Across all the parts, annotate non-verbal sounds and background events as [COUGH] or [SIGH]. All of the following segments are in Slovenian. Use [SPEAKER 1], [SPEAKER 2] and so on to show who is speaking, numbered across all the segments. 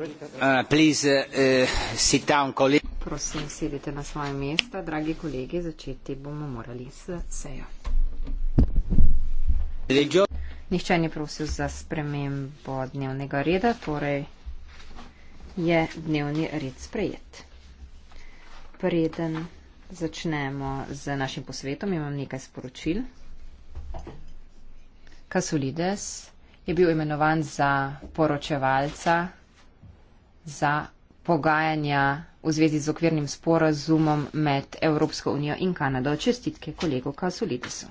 [SPEAKER 1] Uh, uh, uh, Prosim, sedite na svoje mesta. Dragi kolegi, začeti bomo morali s sejo. Nihče ni prosil za spremembo dnevnega reda, torej je dnevni red sprejet. Preden začnemo z našim posvetom, imam nekaj sporočil. Kasulides je bil imenovan za poročevalca za pogajanja v zvezi z okvirnim sporazumom med Evropsko unijo in Kanado. Čestitke kolegu Kasulidesu.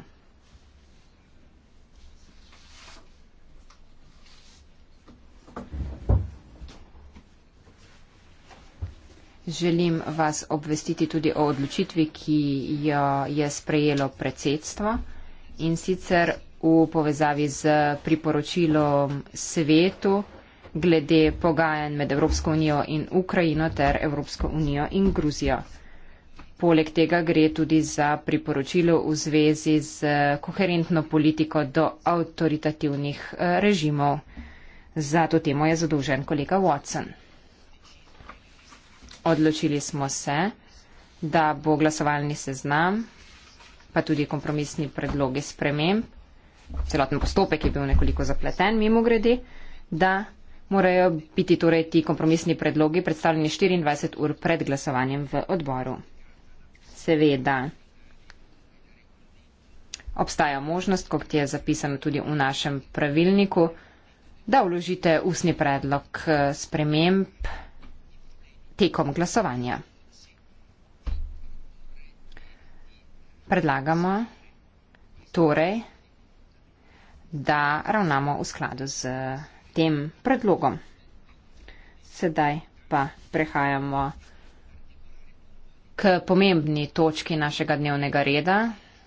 [SPEAKER 1] Želim vas obvestiti tudi o odločitvi, ki jo je sprejelo predsedstvo in sicer v povezavi z priporočilom svetu glede pogajanj med Evropsko unijo in Ukrajino ter Evropsko unijo in Gruzijo. Poleg tega gre tudi za priporočilo v zvezi z koherentno politiko do avtoritativnih eh, režimov. Za to temo je zadolžen kolega Watson. Odločili smo se, da bo glasovalni seznam, pa tudi kompromisni predlogi sprememb, celoten postopek je bil nekoliko zapleten, mimo grede, da morajo biti torej ti kompromisni predlogi predstavljeni 24 ur pred glasovanjem v odboru. Seveda. Obstaja možnost, kot je zapisano tudi v našem pravilniku, da vložite usni predlog eh, sprememb tekom glasovanja. Predlagamo torej, da ravnamo v skladu z tem predlogom. Sedaj pa prehajamo k pomembni točki našega dnevnega reda,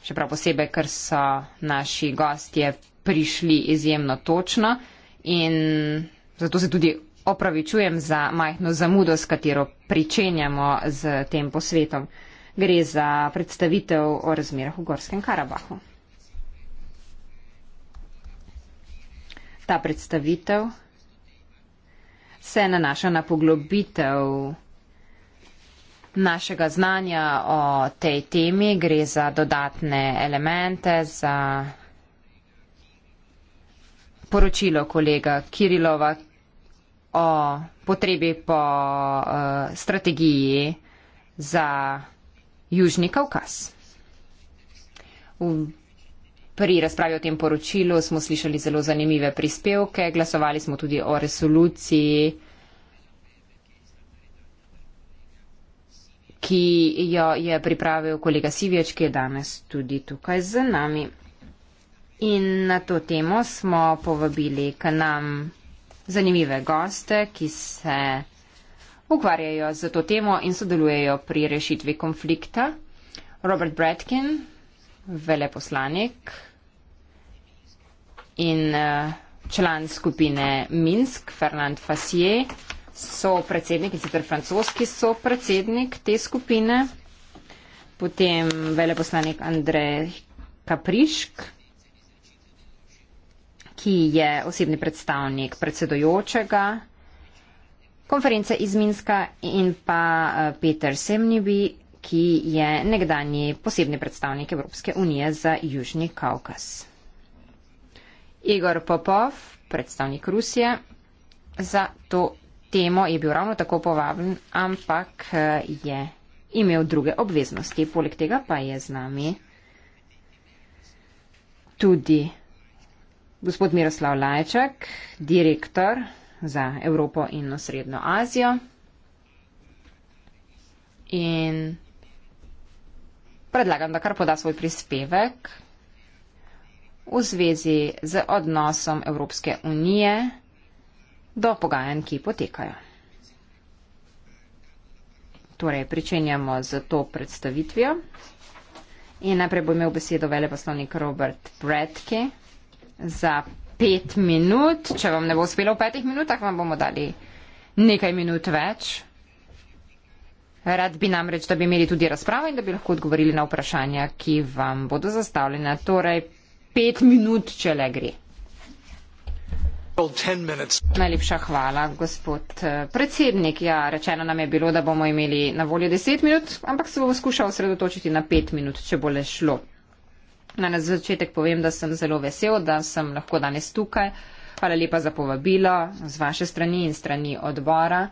[SPEAKER 1] še prav posebej, ker so naši gostje prišli izjemno točno in zato se tudi opravičujem za majhno zamudo, s katero pričenjamo z tem posvetom. Gre za predstavitev o razmerah v Gorskem Karabahu. Ta predstavitev se nanaša na poglobitev našega znanja o tej temi, gre za dodatne elemente, za poročilo kolega Kirilova o potrebi po uh, strategiji za Južni Kaukas. Pri razpravi o tem poročilu smo slišali zelo zanimive prispevke, glasovali smo tudi o resoluciji, ki jo je pripravil kolega Sivjač, ki je danes tudi tukaj z nami. In na to temo smo povabili k nam zanimive goste, ki se ukvarjajo z to temo in sodelujejo pri rešitvi konflikta. Robert Bradkin, veleposlanik in eh, član skupine Minsk, Fernand Fassier, so predsednik in sicer francoski so predsednik te skupine, potem veleposlanik Andrej Kaprišk, ki je osebni predstavnik predsedojočega konference iz Minska in pa eh, Peter Semnibi, ki je nekdani posebni predstavnik Evropske unije za Južni Kaukas. Igor Popov, predstavnik Rusije, za to temo je bil ravno tako povabljen, ampak je imel druge obveznosti. Poleg tega pa je z nami tudi gospod Miroslav Lajček, direktor za Evropo in Srednjo Azijo. In predlagam, da kar poda svoj prispevek v zvezi z odnosom Evropske unije do pogajanj, ki potekajo. Torej, pričenjamo z to predstavitvijo. In najprej bo imel besedo veleposlovnik Robert Bradke za pet minut. Če vam ne bo uspelo v petih minutah, vam bomo dali nekaj minut več. Rad bi namreč, da bi imeli tudi razpravo in da bi lahko odgovorili na vprašanja, ki vam bodo zastavljena. Torej, pet minut, če le gre. Najlepša hvala, gospod eh, predsednik. Ja, rečeno nam je bilo, da bomo imeli na voljo deset minut, ampak se bomo skušali osredotočiti na pet minut, če bo le šlo. Na začetek povem, da sem zelo vesel, da sem lahko danes tukaj. Hvala lepa za povabilo z vaše strani in strani odbora.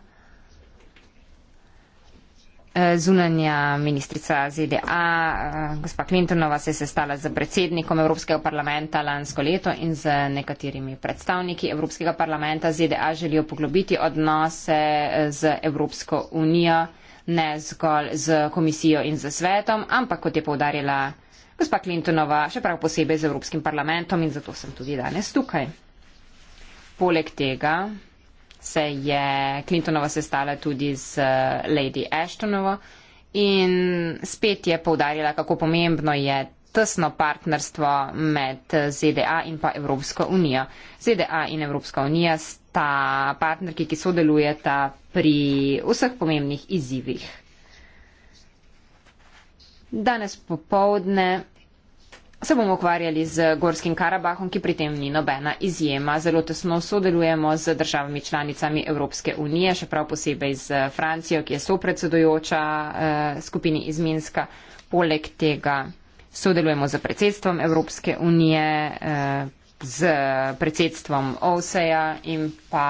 [SPEAKER 1] Eh, zunanja ministrica ZDA, eh, gospa Clintonova, se je sestala z predsednikom Evropskega parlamenta lansko leto in z nekaterimi predstavniki Evropskega parlamenta. ZDA želijo poglobiti odnose eh, z Evropsko unijo, ne zgolj z komisijo in z svetom, ampak kot je povdarjala gospa Clintonova, še prav posebej z Evropskim parlamentom in zato sem tudi danes tukaj. Poleg tega se je Clintonova sestala tudi z eh, Lady Ashtonovo in spet je povdarjala, kako pomembno je tesno partnerstvo med eh, ZDA in pa Evropsko unijo. ZDA in Evropska unija sta partnerki, ki sodelujeta pri vseh pomembnih izzivih. Danes popovdne se bomo ukvarjali z Gorskim Karabahom, ki pri tem ni nobena izjema. Zelo tesno sodelujemo z državami članicami Evropske unije, še prav posebej z Francijo, ki je sopredsedujoča eh, skupini iz Minska. Poleg tega sodelujemo z predsedstvom Evropske unije, eh, z predsedstvom OSEA in pa.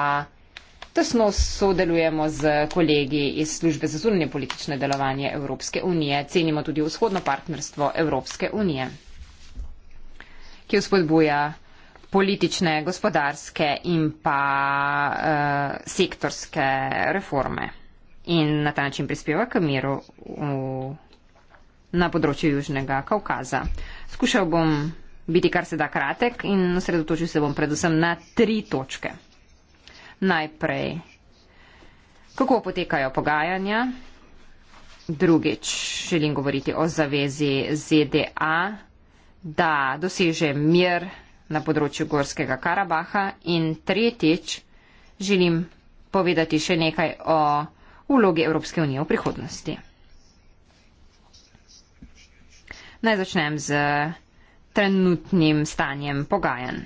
[SPEAKER 1] Tesno sodelujemo z kolegi iz službe za zunanje politične delovanje Evropske unije. Cenimo tudi vzhodno partnerstvo Evropske unije ki vzpodbuja politične, gospodarske in pa uh, sektorske reforme in na ta način prispeva k miru v, na področju Južnega Kaukaza. Skušal bom biti kar se da kratek in osredotočil se bom predvsem na tri točke. Najprej, kako potekajo pogajanja. Drugič, želim govoriti o zavezi ZDA da doseže mir na področju Gorskega Karabaha in tretjič želim povedati še nekaj o vlogi Evropske unije v prihodnosti. Naj začnem z trenutnim stanjem pogajanj.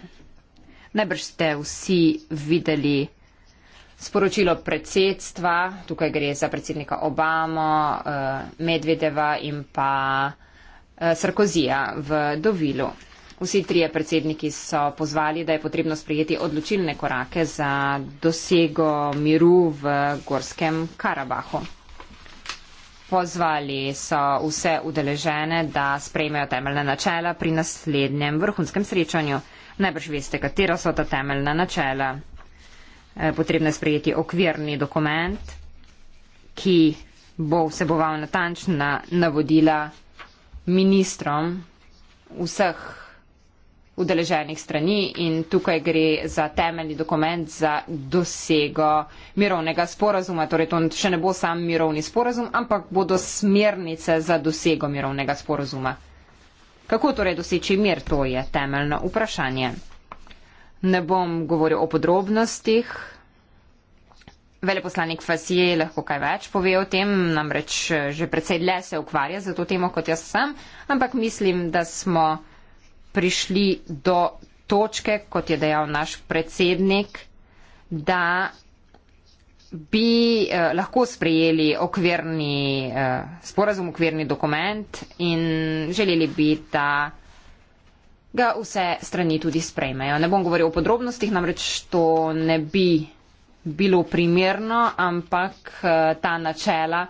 [SPEAKER 1] Najbrž ste vsi videli sporočilo predsedstva, tukaj gre za predsednika Obamo, eh, Medvedeva in pa Eh, Sarkozija v Dovilu. Vsi trije predsedniki so pozvali, da je potrebno sprejeti odločilne korake za dosego miru v Gorskem Karabahu. Pozvali so vse udeležene, da sprejmejo temeljne načela pri naslednjem vrhunskem srečanju. Najbrž veste, katera so ta temeljna načela. Eh, potrebno je sprejeti okvirni dokument, ki bo vseboval natančna navodila ministrom vseh udeleženih strani in tukaj gre za temeljni dokument za dosego mirovnega sporazuma. Torej, to še ne bo sam mirovni sporazum, ampak bodo smernice za dosego mirovnega sporazuma. Kako torej doseči mir, to je temeljno vprašanje. Ne bom govoril o podrobnostih. Veleposlanik Fasije lahko kaj več pove o tem, namreč eh, že predsej dlje se ukvarja za to temo kot jaz sem, ampak mislim, da smo prišli do točke, kot je dejal naš predsednik, da bi eh, lahko sprejeli okvirni eh, sporazum, okvirni dokument in želeli bi, da ga vse strani tudi sprejmejo. Ne bom govoril o podrobnostih, namreč to ne bi bilo primerno, ampak eh, ta načela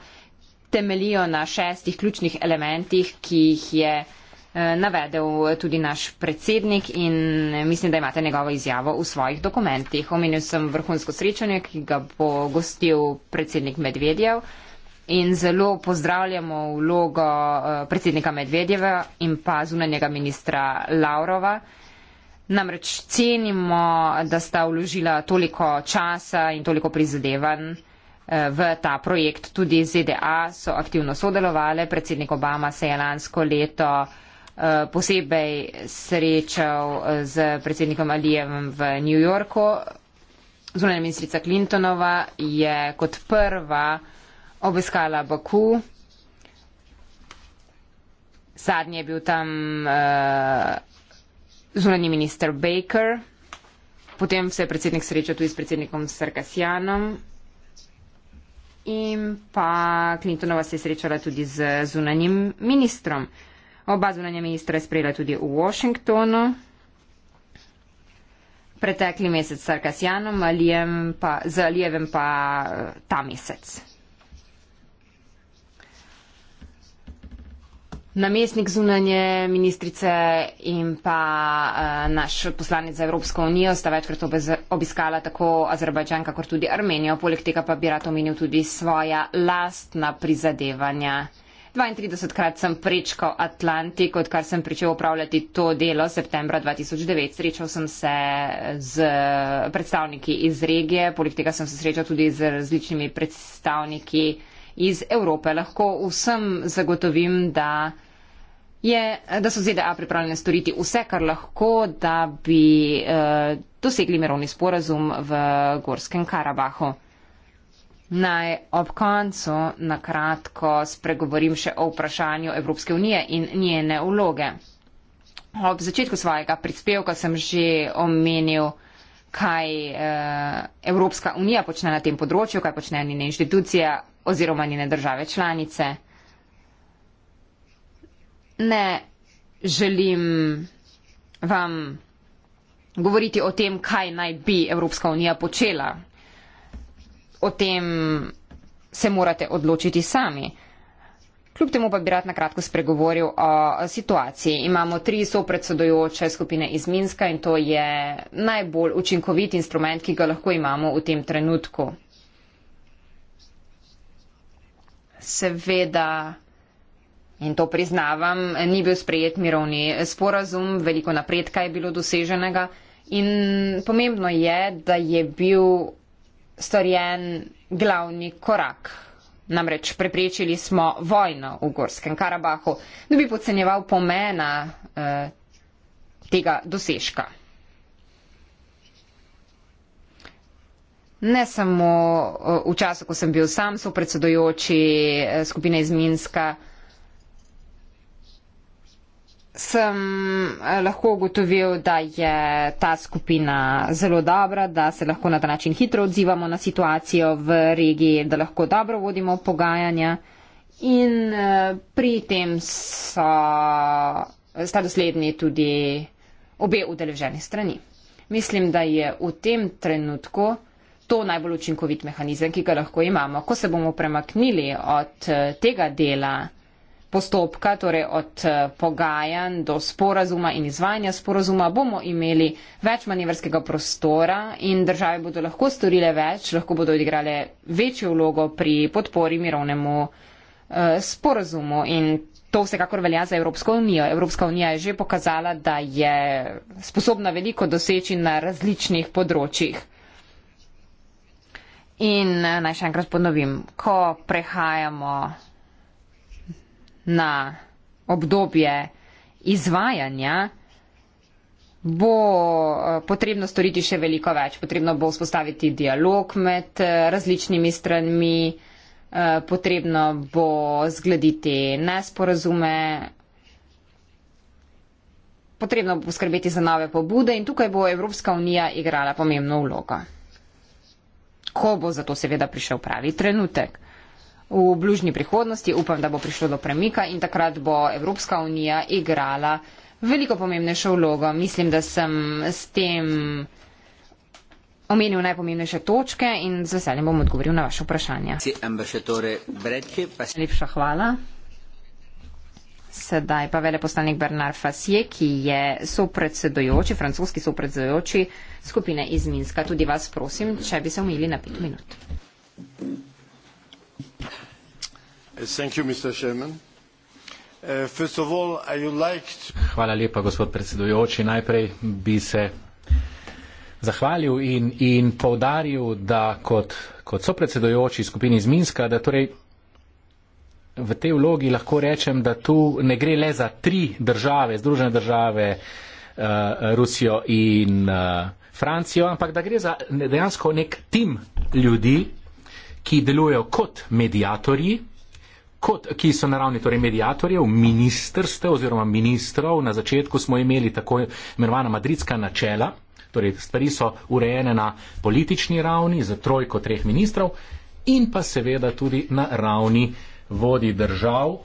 [SPEAKER 1] temelijo na šestih ključnih elementih, ki jih je eh, navedel tudi naš predsednik in eh, mislim, da imate njegovo izjavo v svojih dokumentih. Omenil sem vrhunsko srečanje, ki ga bo gostil predsednik Medvedjev in zelo pozdravljamo vlogo predsednika Medvedjeva in pa zunanjega ministra Laurova. Namreč cenimo, da sta vložila toliko časa in toliko prizadevan eh, v ta projekt. Tudi ZDA so aktivno sodelovali. Predsednik Obama se je lansko leto eh, posebej srečal eh, z predsednikom Alijevem v New Yorku. Zunanja ministrica Clintonova je kot prva obiskala Baku. Zadnji je bil tam uh, zunani minister Baker, potem se je predsednik srečal tudi s predsednikom Sarkasijanom in pa Clintonova se je srečala tudi z zunanim ministrom. Oba zunanja ministra je sprejela tudi v Washingtonu. Pretekli mesec s Sarkasijanom, pa, z Alijevem pa eh, ta mesec. Namestnik zunanje ministrice in pa uh, naš poslanec za Evropsko unijo sta večkrat obiskala tako Azerbajdžan, kakor tudi Armenijo. Poleg tega pa bi rad omenil tudi svoja lastna prizadevanja. 32krat sem prečkal Atlantik, odkar sem pričel upravljati to delo septembra 2009. Srečal sem se z predstavniki iz regije, poleg tega sem se srečal tudi z različnimi predstavniki iz Evrope. Lahko vsem zagotovim, da je, da so ZDA pripravljene storiti vse, kar lahko, da bi eh, dosegli mirovni sporazum v Gorskem Karabahu. Naj ob koncu na kratko spregovorim še o vprašanju Evropske unije in njene vloge. Ob začetku svojega prispevka sem že omenil, kaj eh, Evropska unija počne na tem področju, kaj počnejo njene inštitucije oziroma njene države članice ne želim vam govoriti o tem, kaj naj bi Evropska unija počela. O tem se morate odločiti sami. Kljub temu pa bi rad na kratko spregovoril o situaciji. Imamo tri sopredsedojoče skupine iz Minska in to je najbolj učinkovit instrument, ki ga lahko imamo v tem trenutku. Seveda. In to priznavam, ni bil sprejet mirovni sporazum, veliko napredka je bilo doseženega in pomembno je, da je bil storjen glavni korak. Namreč preprečili smo vojno v Gorskem Karabahu, da bi podcenjeval pomena eh, tega dosežka. Ne samo eh, v času, ko sem bil sam, so predsedojoči eh, skupine iz Minska sem eh, lahko ugotovil, da je ta skupina zelo dobra, da se lahko na ta način hitro odzivamo na situacijo v regiji, da lahko dobro vodimo pogajanja in eh, pri tem so sta dosledni tudi obe udeleženi strani. Mislim, da je v tem trenutku to najbolj učinkovit mehanizem, ki ga lahko imamo. Ko se bomo premaknili od eh, tega dela, postopka, torej od eh, pogajanj do sporazuma in izvajanja sporazuma, bomo imeli več manevrskega prostora in države bodo lahko storile več, lahko bodo odigrale večjo vlogo pri podpori mirovnemu eh, sporazumu. In to vsekakor velja za Evropsko unijo. Evropska unija je že pokazala, da je sposobna veliko doseči na različnih področjih. In eh, naj še enkrat ponovim, ko prehajamo na obdobje izvajanja, bo eh, potrebno storiti še veliko več. Potrebno bo vzpostaviti dialog med eh, različnimi stranmi, eh, potrebno bo zgladiti nesporazume, potrebno bo poskrbeti za nove pobude in tukaj bo Evropska unija igrala pomembno vlogo. Ko bo zato seveda prišel pravi trenutek v bližnji prihodnosti. Upam, da bo prišlo do premika in takrat bo Evropska unija igrala veliko pomembnejšo vlogo. Mislim, da sem s tem omenil najpomembnejše točke in z veseljem bom odgovoril na vaše vprašanje. Lepša hvala. Sedaj pa veleposlanik Bernard Fassier, ki je sopredsedujoči, francoski sopredsedujoči skupine iz Minska. Tudi vas prosim, če bi se omili na pet minut. Uh,
[SPEAKER 2] Hvala lepa, gospod predsedujoči. Najprej bi se zahvalil in, in povdaril, da kot, kot so predsedujoči skupini iz Minska, da torej v tej vlogi lahko rečem, da tu ne gre le za tri države, združene države, uh, Rusijo in uh, Francijo, ampak da gre za dejansko nek tim ljudi, ki delujejo kot medijatorji kot, ki so na ravni torej medijatorjev, ministrstev oziroma ministrov. Na začetku smo imeli tako imenovana madridska načela, torej stvari so urejene na politični ravni za trojko treh ministrov in pa seveda tudi na ravni vodi držav.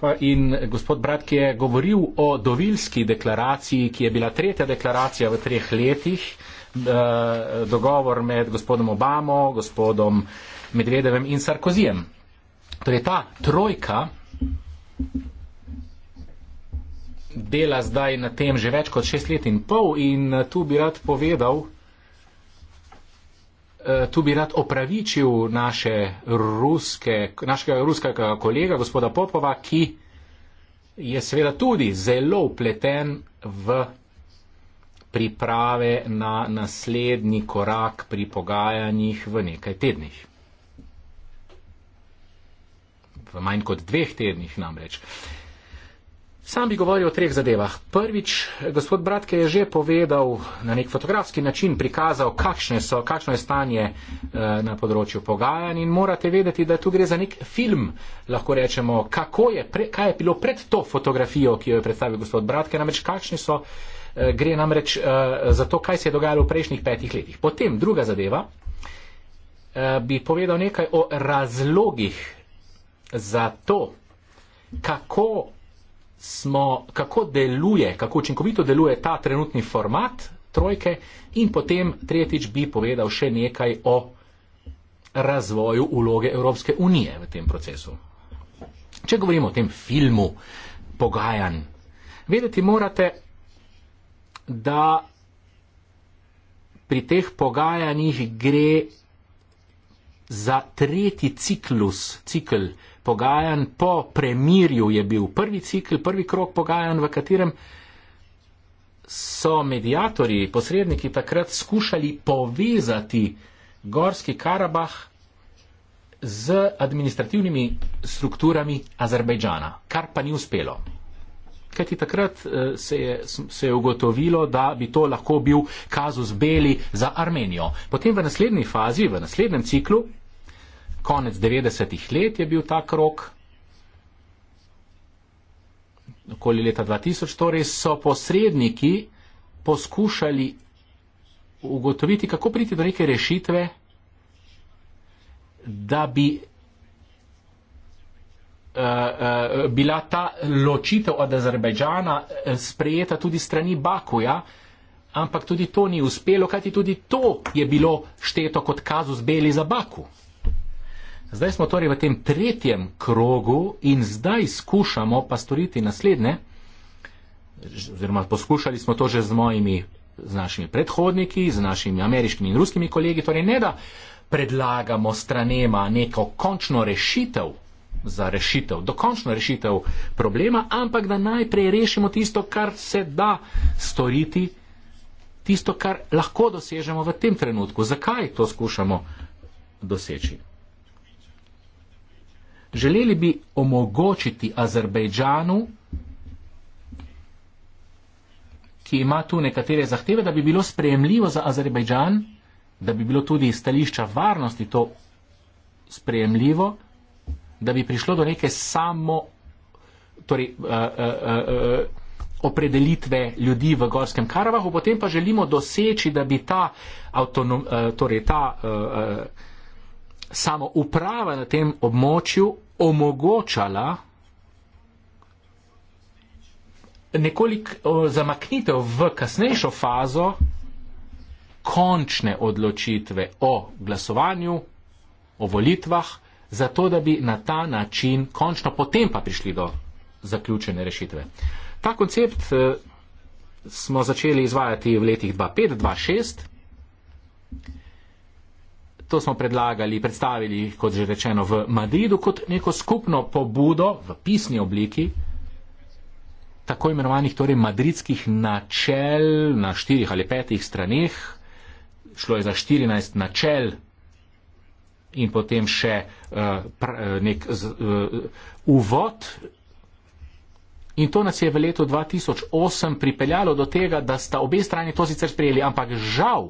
[SPEAKER 2] Pa in gospod Brat, ki je govoril o dovilski deklaraciji, ki je bila tretja deklaracija v treh letih, eh, dogovor med gospodom Obamo, gospodom Medvedevem in Sarkozijem. Torej, ta trojka dela zdaj na tem že več kot šest let in pol in eh, tu bi rad povedal, eh, tu bi rad opravičil naše ruske, našega ruskega kolega, gospoda Popova, ki je seveda tudi zelo upleten v priprave na naslednji korak pri pogajanjih v nekaj tednih v manj kot dveh tednih namreč. Sam bi govoril o treh zadevah. Prvič, gospod Bratke je že povedal na nek fotografski način, prikazal, so, kakšno je stanje eh, na področju pogajanj in morate vedeti, da tu gre za nek film, lahko rečemo, je, pre, kaj je bilo pred to fotografijo, ki jo je predstavil gospod Bratke, namreč kakšni so, eh, gre namreč eh, za to, kaj se je dogajalo v prejšnjih petih letih. Potem druga zadeva, eh, bi povedal nekaj o razlogih za to, kako, smo, kako deluje, kako učinkovito deluje ta trenutni format trojke, in potem tretjič bi povedal še nekaj o razvoju uloge Evropske unije v tem procesu. Če govorimo o tem filmu pogajanj, vedeti morate, da pri teh pogajanjih gre za tretji ciklus, cikl, cikl pogajanj po premirju je bil prvi cikl, prvi krok pogajanj, v katerem so medijatorji, posredniki takrat skušali povezati Gorski Karabah z administrativnimi strukturami Azerbajdžana, kar pa ni uspelo. Kajti takrat eh, se je, se je ugotovilo, da bi to lahko bil kazus beli za Armenijo. Potem v naslednji fazi, v naslednjem ciklu, konec 90-ih let je bil ta krok, okoli leta 2000, torej so posredniki poskušali ugotoviti, kako priti do neke rešitve, da bi uh, uh, bila ta ločitev od Azerbajdžana eh, sprejeta tudi strani Bakuja, ampak tudi to ni uspelo, kajti tudi to je bilo šteto kot kazus beli za Baku. Zdaj smo torej v tem tretjem krogu in zdaj skušamo pa storiti naslednje, oziroma poskušali smo to že z mojimi, z našimi predhodniki, z našimi ameriškimi in ruskimi kolegi, torej ne da predlagamo stranema neko končno rešitev za rešitev, dokončno rešitev problema, ampak da najprej rešimo tisto, kar se da storiti, tisto, kar lahko dosežemo v tem trenutku. Zakaj to skušamo doseči? Želeli bi omogočiti Azerbejdžanu, ki ima tu nekatere zahteve, da bi bilo sprejemljivo za Azerbejdžan, da bi bilo tudi iz stališča varnosti to sprejemljivo, da bi prišlo do neke samo torej, uh, uh, uh, opredelitve ljudi v Gorskem Karavahu, potem pa želimo doseči, da bi ta, avtonom, uh, torej, ta uh, uh, samo uprava na tem območju omogočala nekoliko zamaknitev v kasnejšo fazo končne odločitve o glasovanju, o volitvah, zato da bi na ta način končno potem pa prišli do zaključene rešitve. Ta koncept e, smo začeli izvajati v letih 2005-2006 to smo predlagali, predstavili, kot že rečeno, v Madridu kot neko skupno pobudo v pisni obliki tako imenovanih torej madridskih načel na štirih ali petih straneh, šlo je za 14 načel in potem še uh, eh, pr, eh, nek z, uh, uvod. In to nas je v letu 2008 pripeljalo do tega, da sta obe strani to sicer sprejeli, ampak žal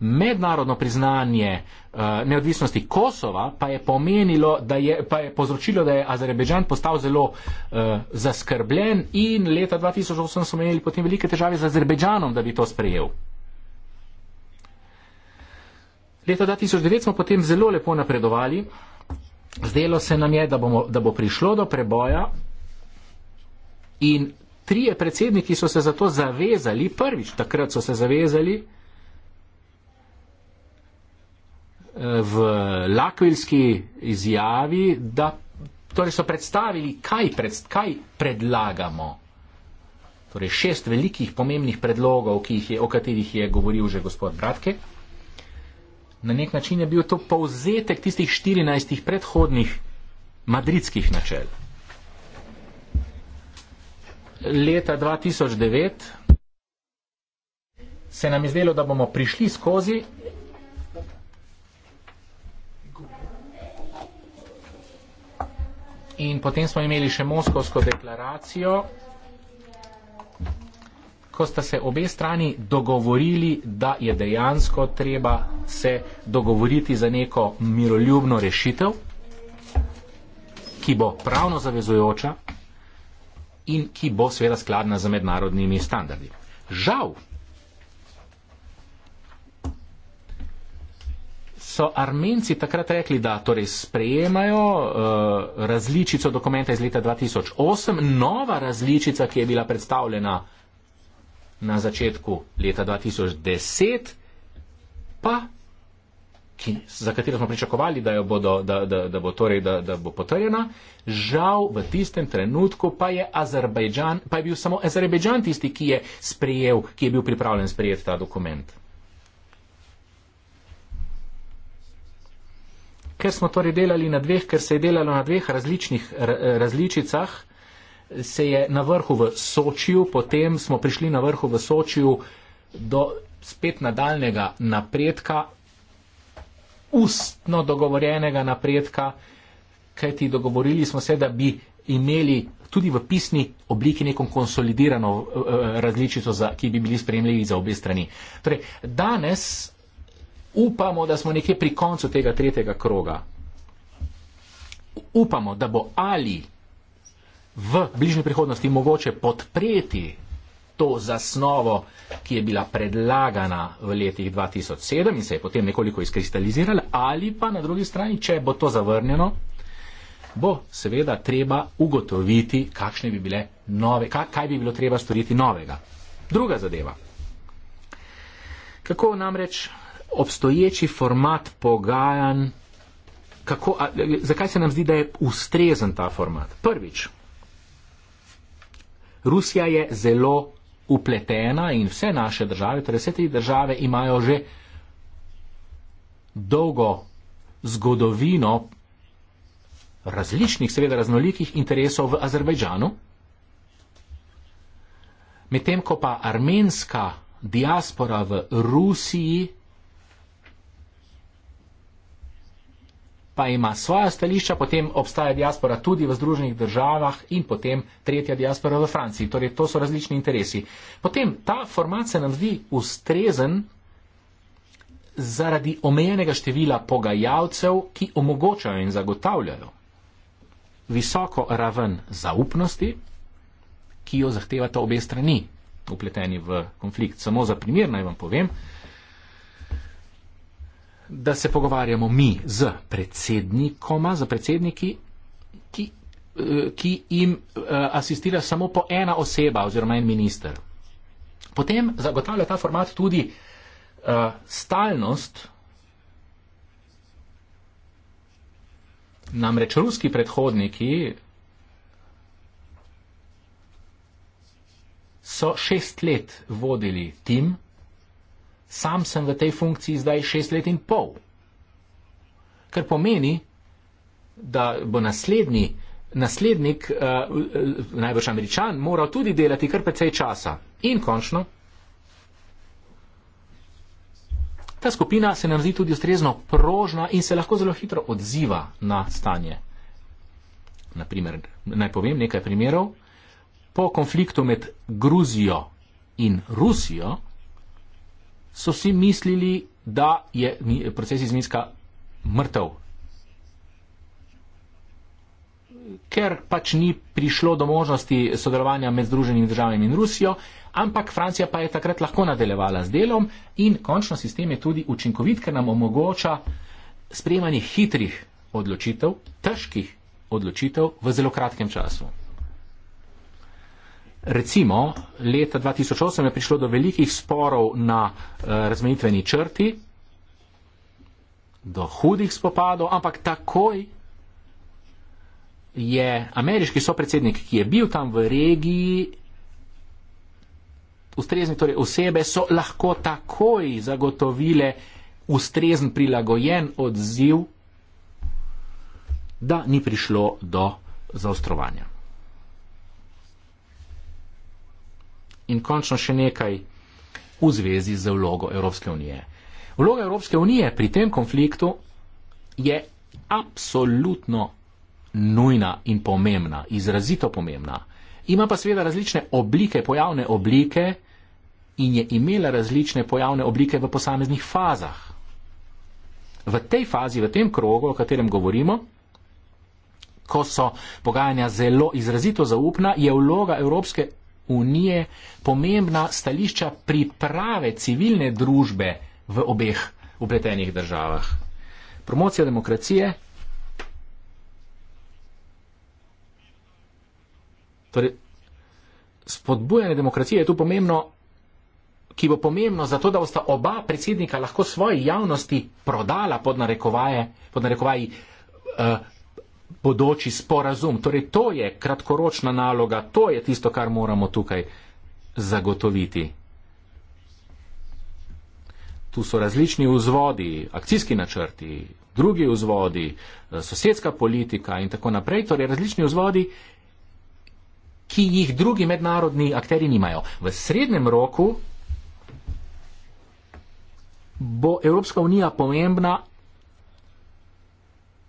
[SPEAKER 2] mednarodno priznanje uh, neodvisnosti Kosova pa je pomenilo, da je, pa je povzročilo, da je Azerbejdžan postal zelo uh, zaskrbljen in leta 2008 smo imeli potem velike težave z Azerbejdžanom, da bi to sprejel. Leta 2009 smo potem zelo lepo napredovali. Zdelo se nam je, da, bomo, da bo prišlo do preboja in trije predsedniki so se za to zavezali, prvič takrat so se zavezali, v Lakvilski izjavi, da torej so predstavili, kaj, pred, kaj predlagamo. Torej šest velikih pomembnih predlogov, je, o katerih je govoril že gospod Bratke. Na nek način je bil to povzetek tistih 14 predhodnih madridskih načel. Leta 2009 se nam je zdelo, da bomo prišli skozi In potem smo imeli še Moskovsko deklaracijo, ko sta se obe strani dogovorili, da je dejansko treba se dogovoriti za neko miroljubno rešitev, ki bo pravno zavezujoča in ki bo seveda skladna z mednarodnimi standardi. Žal, so armenci takrat rekli, da torej sprejemajo uh, različico dokumenta iz leta 2008, nova različica, ki je bila predstavljena na začetku leta 2010, pa ki, za katero smo pričakovali, da, bodo, da, da, da, bo torej, da, da bo potrjena, žal v tistem trenutku pa je, pa je bil samo Azerbejdžan tisti, ki je, sprejel, ki je bil pripravljen sprejeti ta dokument. ker smo torej delali na dveh, ker se je delalo na dveh različnih različicah, se je na vrhu v Sočiju, potem smo prišli na vrhu v Sočiju do spet nadaljnega napredka, ustno dogovorjenega napredka, kajti dogovorili smo se, da bi imeli tudi v pisni obliki neko konsolidirano eh, eh, različico, za, ki bi bili spremljivi za obe strani. Torej, danes upamo, da smo nekje pri koncu tega tretjega kroga. Upamo, da bo ali v bližnji prihodnosti mogoče podpreti to zasnovo, ki je bila predlagana v letih 2007 in se je potem nekoliko izkristalizirala, ali pa na drugi strani, če bo to zavrnjeno, bo seveda treba ugotoviti, kakšne bi bile nove, kaj bi bilo treba storiti novega. Druga zadeva. Kako namreč obstoječi format pogajanj, kako, a, zakaj se nam zdi, da je ustrezen ta format? Prvič, Rusija je zelo upletena in vse naše države, torej vse tri države imajo že dolgo zgodovino različnih, seveda raznolikih interesov v Azerbajdžanu, medtem ko pa armenska diaspora v Rusiji pa ima svoja stališča, potem obstaja diaspora tudi v Združenih državah in potem tretja diaspora v Franciji. Torej, to so različni interesi. Potem ta format se nam zdi ustrezen zaradi omejenega števila pogajalcev, ki omogočajo in zagotavljajo visoko raven zaupnosti, ki jo zahtevata obe strani vpleteni v konflikt. Samo za primer naj vam povem, da se pogovarjamo mi z predsednikoma, z predsedniki, ki, eh, ki jim eh, asistira samo po ena oseba oziroma en minister. Potem zagotavlja ta format tudi eh, stalnost. Namreč ruski predhodniki so šest let vodili tim sam sem v tej funkciji zdaj šest let in pol. Kar pomeni, da bo naslednji, naslednik, uh, najbrž američan, moral tudi delati kar precej časa. In končno, ta skupina se nam zdi tudi ustrezno prožna in se lahko zelo hitro odziva na stanje. Naprimer, naj povem nekaj primerov. Po konfliktu med Gruzijo in Rusijo so vsi mislili, da je proces iz Minska mrtev. Ker pač ni prišlo do možnosti sodelovanja med Združenimi državami in Rusijo, ampak Francija pa je takrat lahko nadaljevala z delom in končno sistem je tudi učinkovit, ker nam omogoča sprejemanje hitrih odločitev, težkih odločitev v zelo kratkem času. Recimo, leta 2008 je prišlo do velikih sporov na eh, razmenitveni črti, do hudih spopadov, ampak takoj je ameriški sopredsednik, ki je bil tam v regiji, ustrezni torej osebe so lahko takoj zagotovile ustrezen prilagojen odziv, da ni prišlo do zaostrovanja. In končno še nekaj v zvezi z vlogo Evropske unije. Vloga Evropske unije pri tem konfliktu je absolutno nujna in pomembna, izrazito pomembna. Ima pa seveda različne oblike, pojavne oblike in je imela različne pojavne oblike v posameznih fazah. V tej fazi, v tem krogu, o katerem govorimo, ko so pogajanja zelo izrazito zaupna, je vloga Evropske unije unije pomembna stališča priprave civilne družbe v obeh upletenih državah. Promocija demokracije. Torej, spodbujanje demokracije je tu pomembno, ki bo pomembno zato, da bosta oba predsednika lahko svoji javnosti prodala pod narekovaji. Pod narekovaji uh, bodoči sporazum. Torej, to je kratkoročna naloga, to je tisto, kar moramo tukaj zagotoviti. Tu so različni vzvodi, akcijski načrti, drugi vzvodi, eh, sosedska politika in tako naprej, torej različni vzvodi, ki jih drugi mednarodni akteri nimajo. V srednjem roku bo Evropska unija pomembna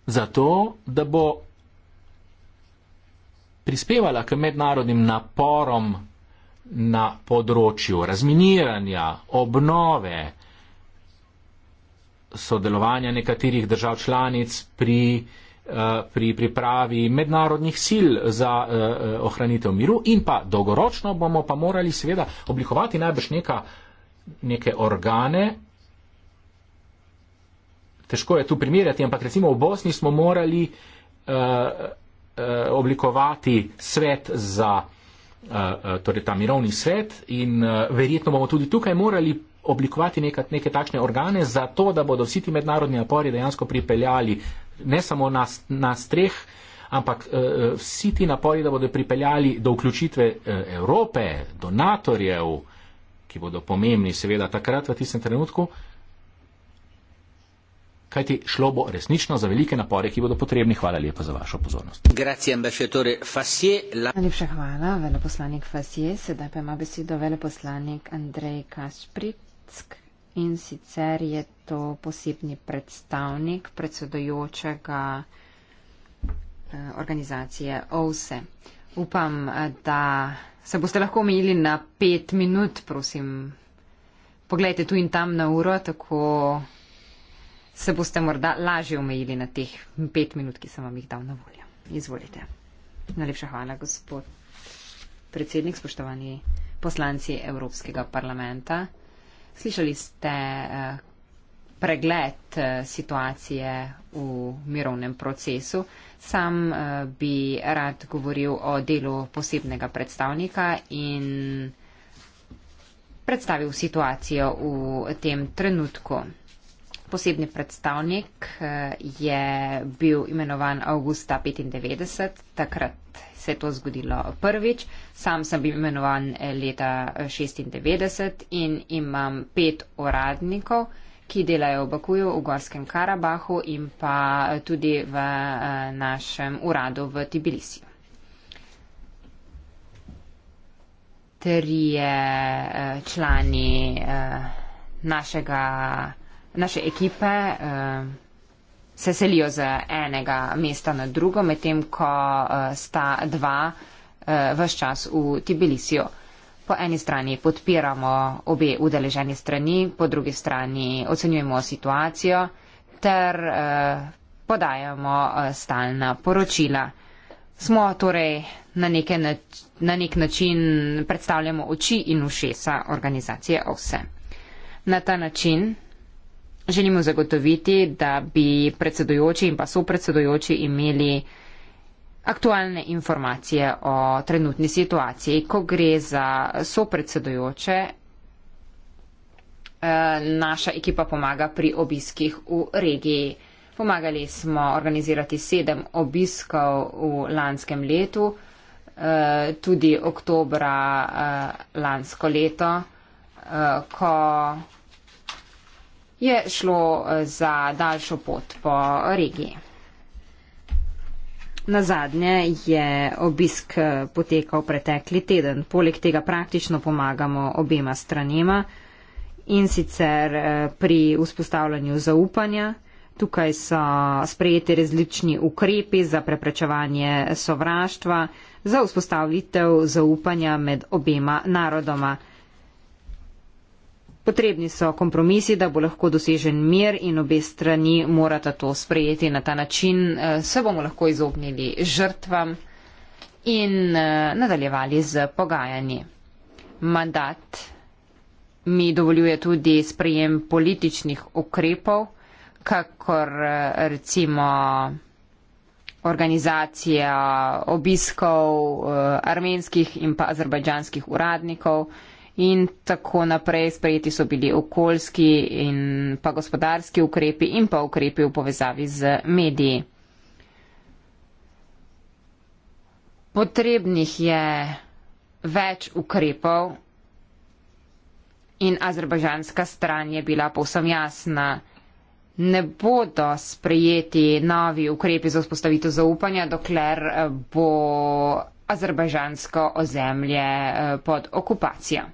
[SPEAKER 2] zato, da bo prispevala k mednarodnim naporom na področju razminiranja, obnove, sodelovanja nekaterih držav članic pri, eh, pri pripravi mednarodnih sil za eh, eh, ohranitev miru in pa dolgoročno bomo pa morali seveda oblikovati najbrž neka, neke organe, težko je tu primerjati, ampak recimo v Bosni smo morali uh, uh, oblikovati svet za uh, uh, torej ta mirovni svet in uh, verjetno bomo tudi tukaj morali oblikovati neka, neke takšne organe za to, da bodo vsi ti mednarodni napori dejansko pripeljali ne samo na, na streh, ampak uh, vsi ti napori, da bodo pripeljali do vključitve uh, Evrope, donatorjev, ki bodo pomembni seveda takrat v tistem trenutku, kajti šlo bo resnično za velike napore, ki bodo potrebni. Hvala lepa za vašo pozornost.
[SPEAKER 1] Najlepša hvala, veleposlanik Fasije. Sedaj pa ima besedo veleposlanik Andrej Kašpritsk in sicer je to posebni predstavnik predsedojočega eh, organizacije OVSE. Upam, da se boste lahko omejili na pet minut, prosim. Poglejte tu in tam na uro, tako se boste morda lažje omejili na teh pet minut, ki sem vam jih dal na voljo. Izvolite. Najlepša hvala, gospod predsednik, spoštovani poslanci Evropskega parlamenta. Slišali ste eh, pregled eh, situacije v mirovnem procesu. Sam eh, bi rad govoril o delu posebnega predstavnika in predstavil situacijo v tem trenutku. Posebni predstavnik eh, je bil imenovan avgusta 95, takrat se je to zgodilo prvič. Sam sem bil imenovan eh, leta 96 eh, in imam pet uradnikov, ki delajo v Bakuju, v Gorskem Karabahu in pa tudi v našem uradu v Tbilisiju. Trije člani našega naše ekipe uh, se selijo z enega mesta na drugo, medtem ko uh, sta dva uh, eh, vse čas v Tbilisiju. Po eni strani podpiramo obe udeleženi strani, po drugi strani ocenjujemo situacijo ter uh, podajamo uh, stalna poročila. Smo torej na, nač na nek način predstavljamo oči in ušesa organizacije OVSE. Na ta način Želimo zagotoviti, da bi predsedujoči in pa so predsedujoči imeli aktualne informacije o trenutni situaciji, ko gre za so predsedujoče. Eh, naša ekipa pomaga pri obiskih v regiji. Pomagali smo organizirati sedem obiskov v lanskem letu, eh, tudi oktobra eh, lansko leto, ko je šlo eh, za daljšo pot po regiji. Na zadnje je obisk eh, potekal pretekli teden. Poleg tega praktično pomagamo obema stranima in sicer eh, pri vzpostavljanju zaupanja. Tukaj so sprejeti različni ukrepi za preprečevanje sovraštva, za vzpostavitev zaupanja med obema narodoma. Potrebni so kompromisi, da bo lahko dosežen mir in obe strani morata to sprejeti. Na ta način eh, se bomo lahko izognili žrtvam in eh, nadaljevali z pogajanji. Mandat mi dovoljuje tudi sprejem političnih ukrepov, kakor eh, recimo organizacija obiskov armenskih in pa azerbajdžanskih uradnikov in tako naprej. Sprejeti so bili okoljski in pa gospodarski ukrepi in pa ukrepi v povezavi z mediji. Potrebnih je več ukrepov in azerbajžanska stran je bila povsem jasna. Ne bodo sprejeti novi ukrepi za vzpostavitev zaupanja, dokler eh, bo azerbajžansko ozemlje eh, pod okupacijo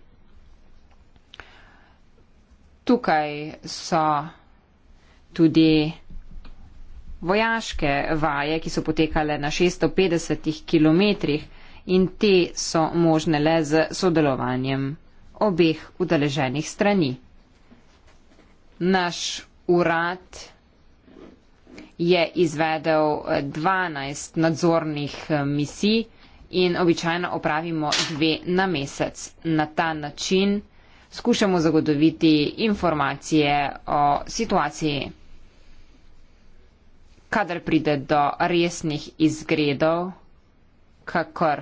[SPEAKER 1] tukaj so tudi vojaške vaje, ki so potekale na 650 km in te so možne le z sodelovanjem obeh udeleženih strani. Naš urad je izvedel 12 nadzornih eh, misij in običajno opravimo dve na mesec. Na ta način skušamo zagotoviti informacije o situaciji, kadar pride do resnih izgredov, kakor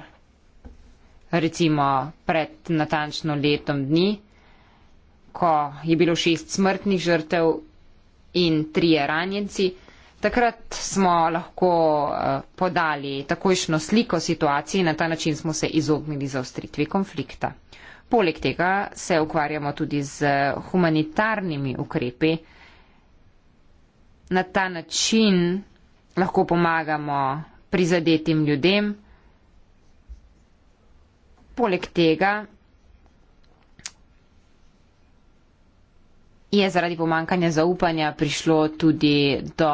[SPEAKER 1] recimo pred natančno letom dni, ko je bilo šest smrtnih žrtev in trije ranjenci. Takrat smo lahko eh, podali takojšno sliko situacije in na ta način smo se izognili zaostritvi konflikta. Poleg tega se ukvarjamo tudi z humanitarnimi ukrepi. Na ta način lahko pomagamo prizadetim ljudem. Poleg tega je zaradi pomankanja zaupanja prišlo tudi do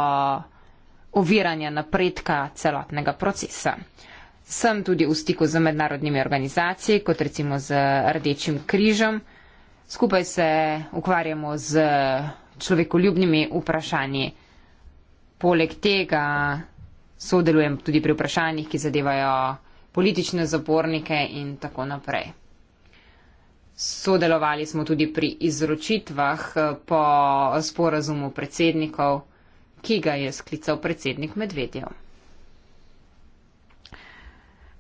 [SPEAKER 1] oviranja napredka celotnega procesa sem tudi v stiku z mednarodnimi organizacijami, kot recimo z Rdečim križem. Skupaj se ukvarjamo z človekoljubnimi vprašanji. Poleg tega sodelujem tudi pri vprašanjih, ki zadevajo politične zapornike in tako naprej. Sodelovali smo tudi pri izročitvah eh, po sporazumu predsednikov, ki ga je sklical predsednik Medvedjev.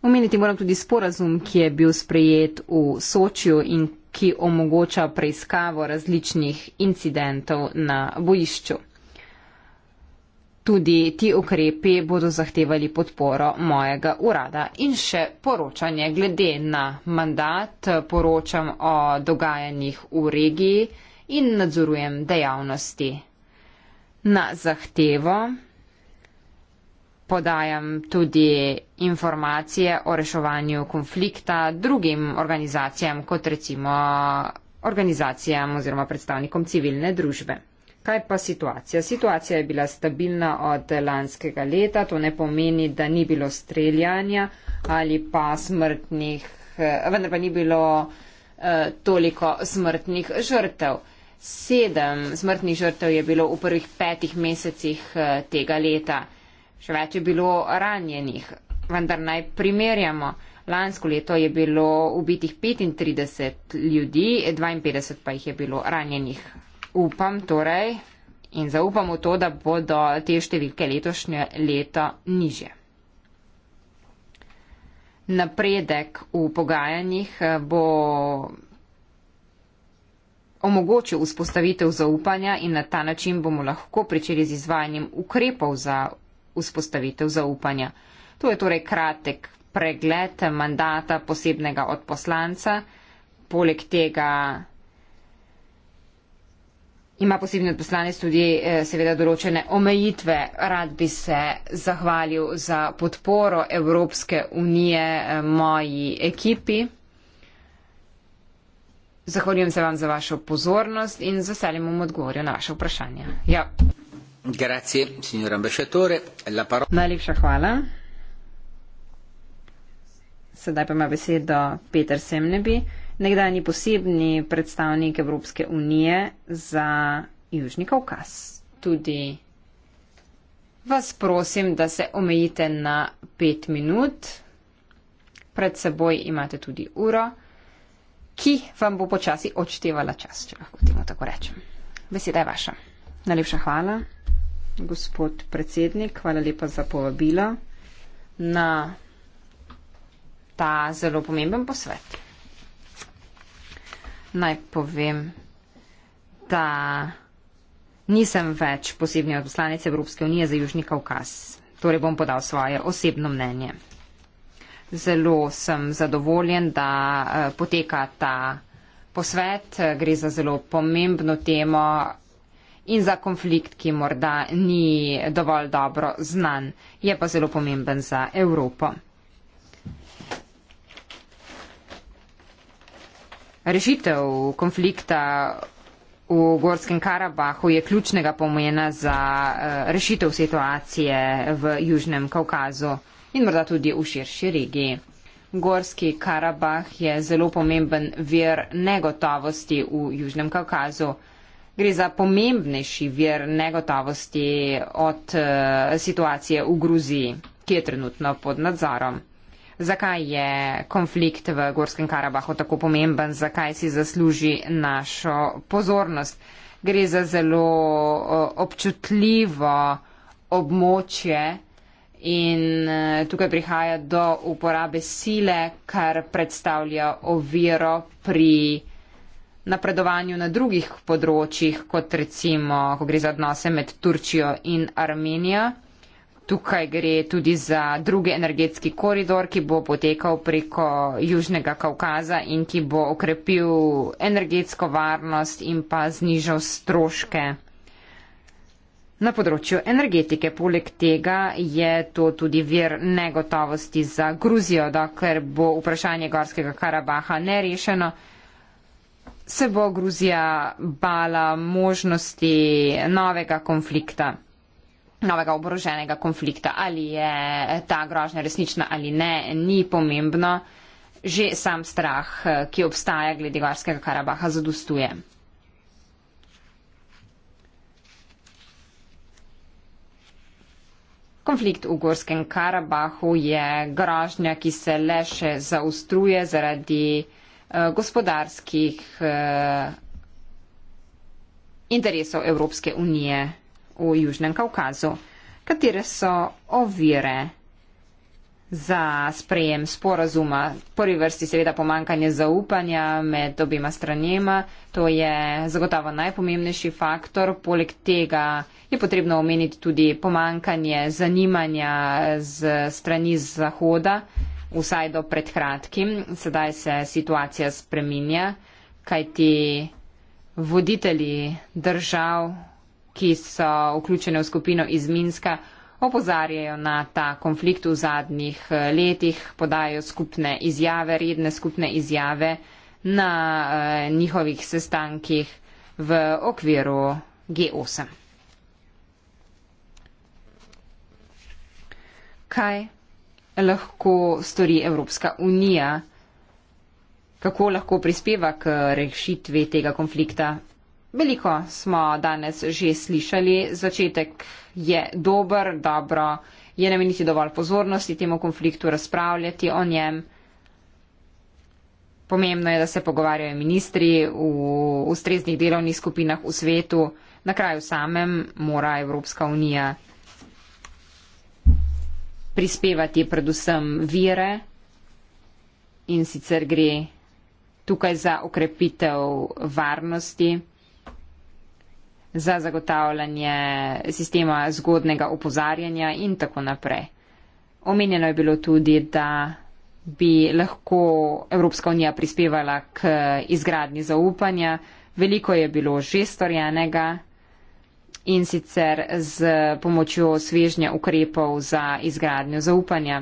[SPEAKER 1] Omeniti moram tudi sporazum, ki je bil sprejet v Sočju in ki omogoča preiskavo različnih incidentov na bojišču. Tudi ti ukrepi bodo zahtevali podporo mojega urada in še poročanje glede na mandat, poročam o dogajanjih v regiji in nadzorujem dejavnosti. Na zahtevo podajam tudi informacije o reševanju konflikta drugim organizacijam, kot recimo organizacijam oziroma predstavnikom civilne družbe. Kaj pa situacija? Situacija je bila stabilna od lanskega leta, to ne pomeni, da ni bilo streljanja ali pa smrtnih, vendar pa ni bilo eh, toliko smrtnih žrtev. Sedem smrtnih žrtev je bilo v prvih petih mesecih eh, tega leta. Še več je bilo ranjenih, vendar naj primerjamo. Lansko leto je bilo ubitih 35 ljudi, 52 pa jih je bilo ranjenih. Upam torej in zaupam v to, da bodo te številke letošnje leto niže. Napredek v pogajanjih eh, bo omogočil vzpostavitev zaupanja in na ta način bomo lahko pričeli z izvajanjem ukrepov za vzpostavitev zaupanja. To je torej kratek pregled mandata posebnega odposlanca. Poleg tega ima posebni odposlanec tudi eh, seveda določene omejitve. Rad bi se zahvalil za podporo Evropske unije eh, moji ekipi. Zahvaljujem se vam za vašo pozornost in z veseljem vam odgovorim na vaše vprašanje. Ja. Najlepša hvala. Sedaj pa ima besedo Peter Semnebi, nekdajni posebni predstavnik Evropske unije za Južni Kaukas. Tudi vas prosim, da se omejite na pet minut. Pred seboj imate tudi uro, ki vam bo počasi odštevala čas, če lahko temu tako rečem. Beseda je vaša. Najlepša hvala gospod predsednik, hvala lepa za povabilo na ta zelo pomemben posvet. Naj povem, da nisem več posebni odposlanec Evropske unije za Južni Kaukaz. Torej bom podal svoje osebno mnenje. Zelo sem zadovoljen, da eh, poteka ta posvet. Gre za zelo pomembno temo in za konflikt, ki morda ni dovolj dobro znan, je pa zelo pomemben za Evropo. Rešitev konflikta v Gorskem Karabahu je ključnega pomena za eh, rešitev situacije v Južnem Kaukazu in morda tudi v širši regiji. Gorski Karabah je zelo pomemben vir negotovosti v Južnem Kaukazu gre za pomembnejši vir negotovosti od uh, situacije v Gruziji, ki je trenutno pod nadzorom. Zakaj je konflikt v Gorskem Karabahu tako pomemben, zakaj si zasluži našo pozornost? Gre za zelo eh, občutljivo območje in eh, tukaj prihaja do uporabe sile, kar predstavlja oviro pri napredovanju na drugih področjih, kot recimo, ko gre za odnose med Turčijo in Armenijo. Tukaj gre tudi za drugi energetski koridor, ki bo potekal preko Južnega Kaukaza in ki bo okrepil energetsko varnost in pa znižal stroške na področju energetike. Poleg tega je to tudi vir negotovosti za Gruzijo, dokler bo vprašanje Gorskega Karabaha nerešeno se bo Gruzija bala možnosti novega konflikta, novega oboroženega konflikta, ali je ta grožnja resnična ali ne, ni pomembno. Že sam strah, ki obstaja glede Gorskega Karabaha, zadostuje. Konflikt v Gorskem Karabahu je grožnja, ki se le še zaustruje zaradi Eh, gospodarskih eh, interesov Evropske unije v Južnem Kaukazu. Katere so ovire za sprejem sporazuma? Prvi vrsti seveda pomankanje zaupanja med obima stranjema, to je zagotovo najpomembnejši faktor. Poleg tega je potrebno omeniti tudi pomankanje zanimanja z strani Zahoda vsaj do pred kratkim. Sedaj se situacija spreminja, kajti voditelji držav, ki so vključene v skupino iz Minska, opozarjajo na ta konflikt v zadnjih eh, letih, podajo skupne izjave, redne skupne izjave na eh, njihovih sestankih v okviru G8. Kaj lahko stori Evropska unija? Kako lahko prispeva k rešitvi tega konflikta? Veliko smo danes že slišali, začetek je dober, dobro je nameniti dovolj pozornosti temu konfliktu, razpravljati o njem. Pomembno je, da se pogovarjajo ministri v ustreznih delovnih skupinah v svetu. Na kraju samem mora Evropska unija prispevati predvsem vire in sicer gre tukaj za okrepitev varnosti, za zagotavljanje sistema zgodnega opozarjanja in tako naprej. Omenjeno je bilo tudi, da bi lahko Evropska unija prispevala k izgradni zaupanja. Veliko je bilo že storjenega in sicer z pomočjo svežnja ukrepov za izgradnjo zaupanja,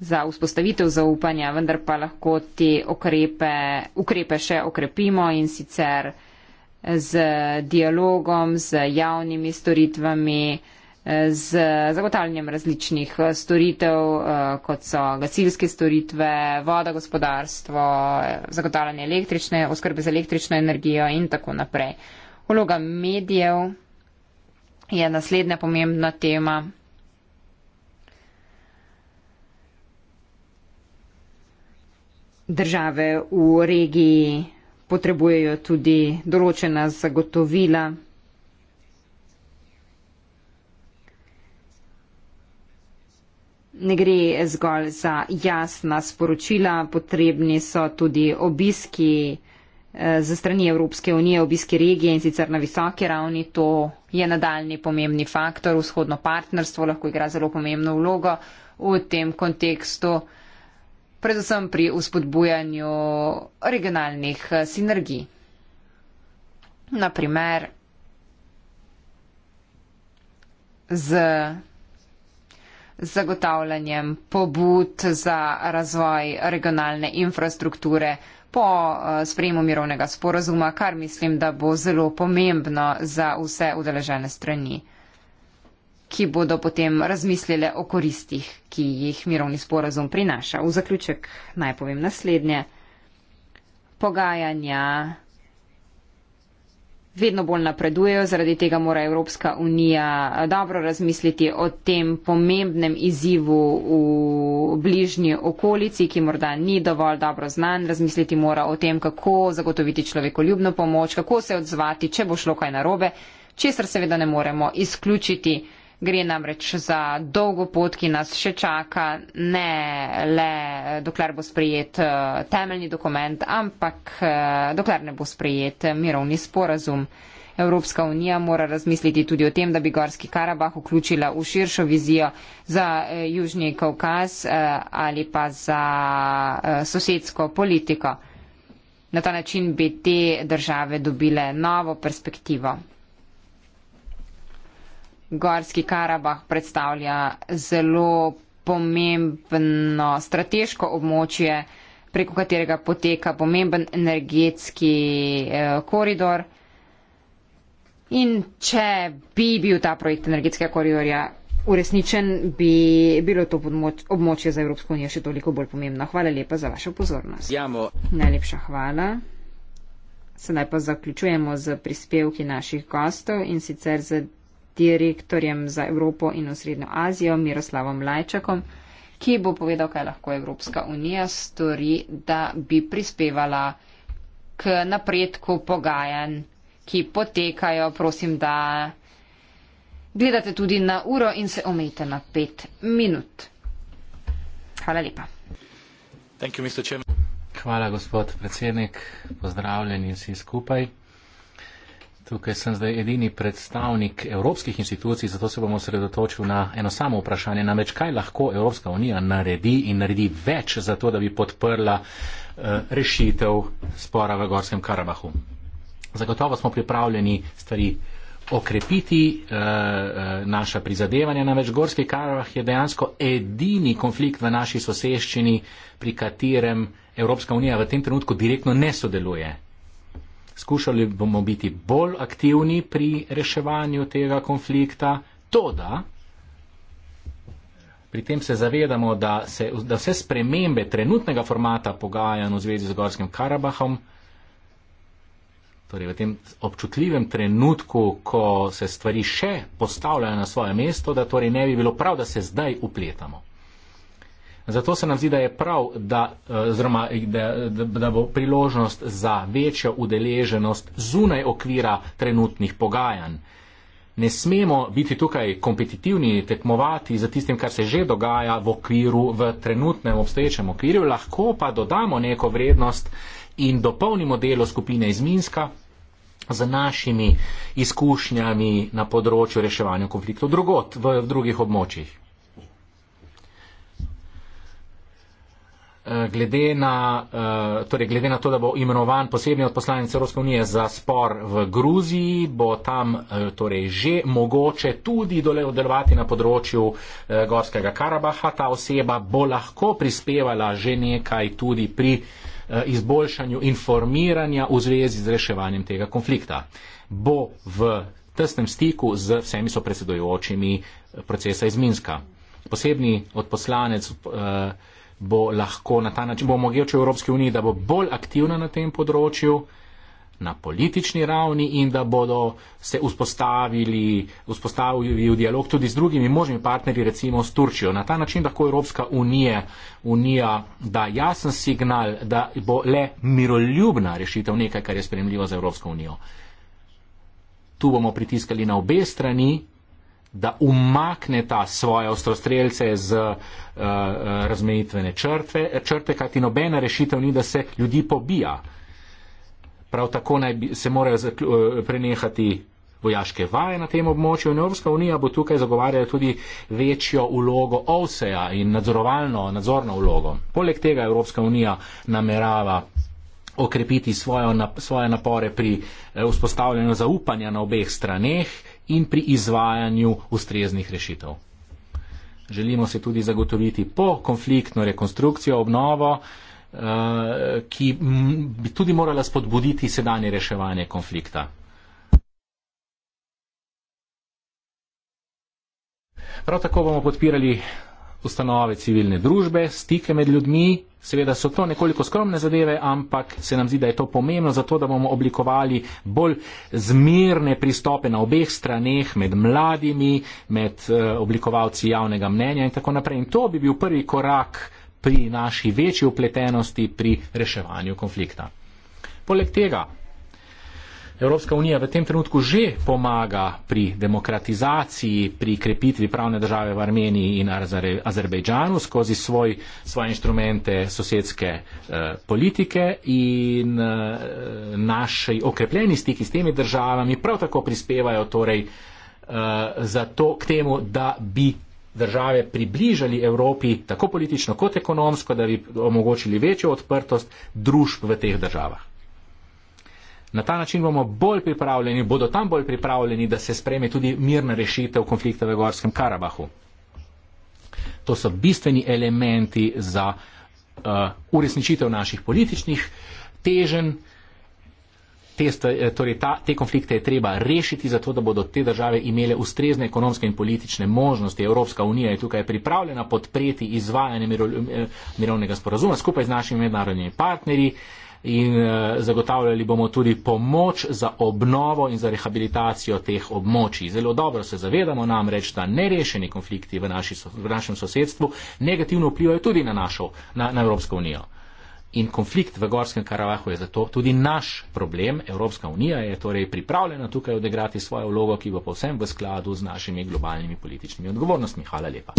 [SPEAKER 1] za vzpostavitev zaupanja, vendar pa lahko te okrepe, ukrepe še okrepimo in sicer z dialogom, z javnimi storitvami, z zagotavljanjem različnih storitev, kot so gasilske storitve, voda, gospodarstvo, zagotavljanje električne, oskrbe z električno energijo in tako naprej. Vloga medijev je naslednja pomembna tema. Države v regiji potrebujejo tudi določena zagotovila. Ne gre zgolj za jasna sporočila, potrebni so tudi obiski Eh, za strani Evropske unije obiske regije in sicer na visoki ravni. To je nadaljni pomembni faktor. Vzhodno partnerstvo lahko igra zelo pomembno vlogo v tem kontekstu, predvsem pri uspodbujanju regionalnih eh, sinergij. Naprimer, z zagotavljanjem pobud za razvoj regionalne infrastrukture, po eh, sprejemu mirovnega sporazuma, kar mislim, da bo zelo pomembno za vse udeležene strani, ki bodo potem razmislile o koristih, ki jih mirovni sporazum prinaša. V zaključek naj povem naslednje. Pogajanja vedno bolj napredujejo, zaradi tega mora Evropska unija eh, dobro razmisliti o tem pomembnem izzivu v bližnji okolici, ki morda ni dovolj dobro znan, razmisliti mora o tem, kako zagotoviti človekoljubno pomoč, kako se odzvati, če bo šlo kaj narobe, česar seveda ne moremo izključiti. Gre namreč za dolgo pot, ki nas še čaka, ne le dokler bo sprejet eh, temeljni dokument, ampak eh, dokler ne bo sprejet mirovni sporazum. Evropska unija mora razmisliti tudi o tem, da bi Gorski Karabah vključila v širšo vizijo za eh, Južni Kaukaz ali pa za sosedsko politiko. Na ta način bi te države dobile novo perspektivo. Gorski Karabah predstavlja zelo pomembno strateško območje, preko katerega poteka pomemben energetski eh, koridor. In če bi bil ta projekt energetskega koridorja uresničen, bi bilo to območje za Evropsko unijo še toliko bolj pomembno. Hvala lepa za vašo pozornost. Jamo. Najlepša hvala. Sedaj pa zaključujemo z prispevki naših gostov in sicer z direktorjem za Evropo in osrednjo Azijo Miroslavom Lajčakom, ki bo povedal, kaj lahko Evropska unija stori, da bi prispevala k napredku pogajanj, ki potekajo. Prosim, da gledate tudi na uro in se omejte na pet minut. Hvala lepa.
[SPEAKER 2] Hvala, gospod predsednik. Pozdravljeni vsi skupaj. Tukaj sem zdaj edini predstavnik evropskih institucij, zato se bom osredotočil na eno samo vprašanje. Namreč, kaj lahko Evropska unija naredi in naredi več za to, da bi podprla uh, rešitev spora v Gorskem Karabahu? Zagotovo smo pripravljeni stvari okrepiti uh, naša prizadevanja. Namreč, Gorski Karabah je dejansko edini konflikt v naši soseščini, pri katerem Evropska unija v tem trenutku direktno ne sodeluje skušali bomo biti bolj aktivni pri reševanju tega konflikta. Toda, pri tem se zavedamo, da, se, da vse spremembe trenutnega formata pogajanj v zvezi z Gorskim Karabahom, torej v tem občutljivem trenutku, ko se stvari še postavljajo na svoje mesto, da torej ne bi bilo prav, da se zdaj upletamo. Zato se nam zdi, da je prav, da, eh, zroma, eh, da, da, da bo priložnost za večjo udeleženost zunaj okvira trenutnih pogajanj. Ne smemo biti tukaj kompetitivni, tekmovati za tistim, kar se že dogaja v okviru, v trenutnem obstoječem okviru, lahko pa dodamo neko vrednost in dopolnimo delo skupine iz Minska z našimi izkušnjami na področju reševanja konfliktov drugot v drugih območjih. Eh, glede na, eh, torej glede na to, da bo imenovan posebni odposlanec Evropske unije za spor v Gruziji, bo tam eh, torej že mogoče tudi delovati na področju Gorskega Karabaha. Ta oseba bo lahko prispevala že nekaj tudi pri izboljšanju informiranja v zvezi z reševanjem tega konflikta. Bo v tesnem stiku z vsemi sopredsedujočimi procesa iz Minska. Posebni odposlanec uh, bo lahko na ta način, bo omogočil Evropski uniji, da bo bolj aktivna na tem področju, na politični ravni in da bodo se vzpostavili, vzpostavili v dialog tudi z drugimi možnimi partnerji, recimo s Turčijo. Na ta način lahko Evropska unije, unija da jasen signal, da bo le miroljubna rešitev nekaj, kar je spremljivo za Evropsko unijo. Tu bomo pritiskali na obe strani, da umakne ta svoje ostrostrelce z uh, razmejitvene črte, črte kajti nobena rešitev ni, da se ljudi pobija. Prav tako naj bi, se morajo zaklju, eh, prenehati vojaške vaje na tem območju. Evropska unija bo tukaj zagovarjala tudi večjo vlogo OVSE-ja in nadzorovalno, nadzorno vlogo. Poleg tega Evropska unija namerava okrepiti svojo, na, svoje napore pri vzpostavljanju zaupanja na obeh straneh in pri izvajanju ustreznih rešitev. Želimo se tudi zagotoviti po konfliktno rekonstrukcijo, obnovo, eh, ki bi tudi morala spodbuditi sedanje reševanje konflikta. Prav tako bomo podpirali ustanove civilne družbe, stike med ljudmi. Seveda so to nekoliko skromne zadeve, ampak se nam zdi, da je to pomembno zato, da bomo oblikovali bolj zmirne pristope na obeh straneh, med mladimi, med eh, oblikovalci javnega mnenja in tako naprej. In to bi bil prvi korak pri naši večji upletenosti pri reševanju konflikta. Poleg tega Evropska unija v tem trenutku že pomaga pri demokratizaciji, pri krepitvi pravne države v Armeniji in Azerbejdžanu skozi svoj, svoje inštrumente sosedske eh, politike in eh, naši okrepljeni stiki s temi državami prav tako prispevajo torej, eh, to, k temu, da bi države približali Evropi tako politično kot ekonomsko, da bi omogočili večjo odprtost družb v teh državah. Na ta način bomo bolj pripravljeni, bodo tam bolj pripravljeni, da se spreme tudi mirna rešitev konflikta v Gorskem Karabahu. To so bistveni elementi za uh, uresničitev naših političnih teženj. Te, eh, torej ta, te konflikte je treba rešiti, zato da bodo te države imele ustrezne ekonomske in politične možnosti. Evropska unija je tukaj pripravljena podpreti izvajanje eh, mirovnega sporazuma skupaj z našimi mednarodnimi partnerji. Uh, in eh, zagotavljali bomo tudi pomoč za obnovo in za rehabilitacijo teh območij. Zelo dobro se zavedamo namreč, da nerešeni konflikti v, naši, v našem sosedstvu negativno vplivajo tudi na našo, na, na Evropsko unijo. In konflikt v Gorskem Karavahu je zato tudi naš problem. Evropska unija je torej pripravljena tukaj odigrati svojo vlogo, ki bo povsem v skladu z našimi globalnimi političnimi odgovornostmi. Hvala lepa.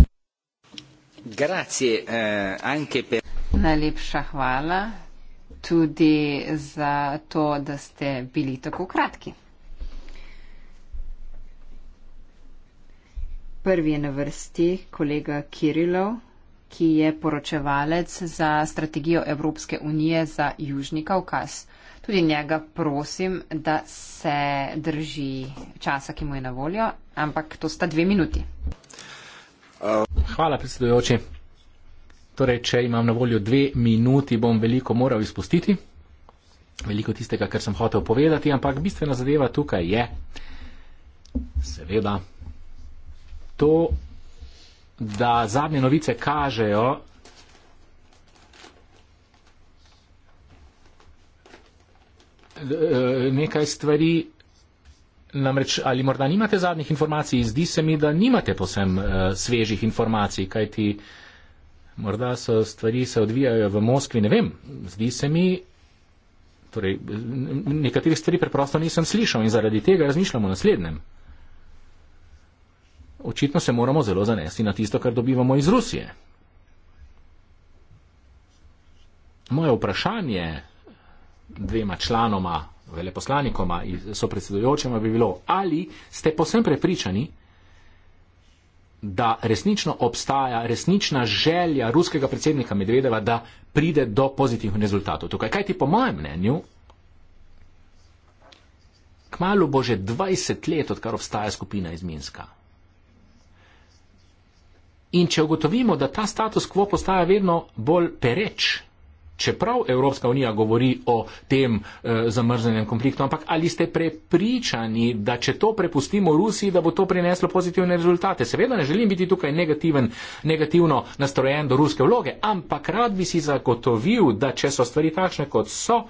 [SPEAKER 3] Grazie, eh, anche per...
[SPEAKER 1] Najlepša hvala tudi za to, da ste bili tako kratki. Prvi je na vrsti kolega Kirilov, ki je poročevalec za strategijo Evropske unije za Južni Kaukas. Tudi njega prosim, da se drži časa, ki mu je na voljo, ampak to sta dve minuti.
[SPEAKER 2] Hvala, predsedujoči. Torej, če imam na voljo dve minuti, bom veliko moral izpustiti, veliko tistega, kar sem hotel povedati, ampak bistvena zadeva tukaj je, seveda, to, da zadnje novice kažejo, eh, nekaj stvari, namreč ali morda nimate zadnjih informacij, zdi se mi, da nimate posem uh, eh, svežih informacij, kajti uh, morda so stvari se odvijajo v Moskvi, ne vem. Zdi se mi, torej, nekaterih stvari preprosto nisem slišal in zaradi tega razmišljamo naslednjem. Očitno se moramo zelo zanesti na tisto, kar dobivamo iz Rusije. Moje vprašanje dvema članoma, veleposlanikoma, so predsedujočima bi bilo, ali ste posem prepričani, da resnično obstaja resnična želja ruskega predsednika Medvedeva, da pride do pozitivnih rezultatov tukaj. Kaj ti po mojem mnenju, kmalo bo že 20 let, odkar obstaja skupina iz Minska. In če ugotovimo, da ta status quo postaja vedno bolj pereč čeprav Evropska unija govori o tem eh, zamrznenem konfliktu, ampak ali ste prepričani, da če to prepustimo Rusiji, da bo to prineslo pozitivne rezultate? Seveda ne želim biti tukaj negativen, negativno nastrojen do ruske vloge, ampak rad bi si zagotovil, da če so stvari takšne, kot so,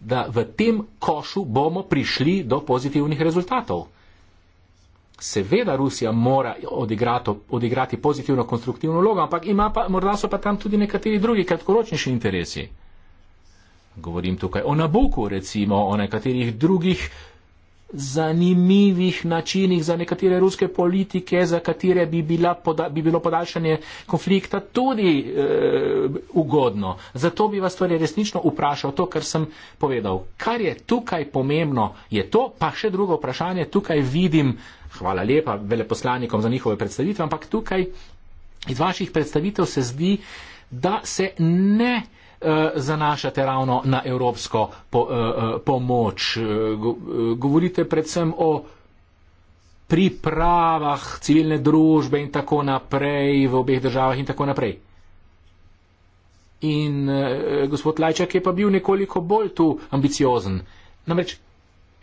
[SPEAKER 2] da v tem košu bomo prišli do pozitivnih rezultatov seveda Rusija mora odigrati, odigrati pozitivno konstruktivno vlogo, ampak ima pa, morda so pa tam tudi nekateri drugi kratkoročnejši interesi. Govorim tukaj o Nabuku, recimo, o nekaterih drugih zanimivih načinih za nekatere ruske politike, za katere bi, bila, bi bilo podaljšanje konflikta tudi eh, ugodno. Zato bi vas torej resnično vprašal to, kar sem povedal. Kar je tukaj pomembno, je to, pa še drugo vprašanje, tukaj vidim eh, hvala lepa veleposlanikom za njihove predstavitve, ampak tukaj iz vaših predstavitev se zdi, da se ne eh, zanašate ravno na evropsko po, eh, eh, pomoč. Govorite predvsem o pripravah civilne družbe in tako naprej v obeh državah in tako naprej. In gospod Lajčak je pa bil nekoliko bolj tu ambiciozen. Namreč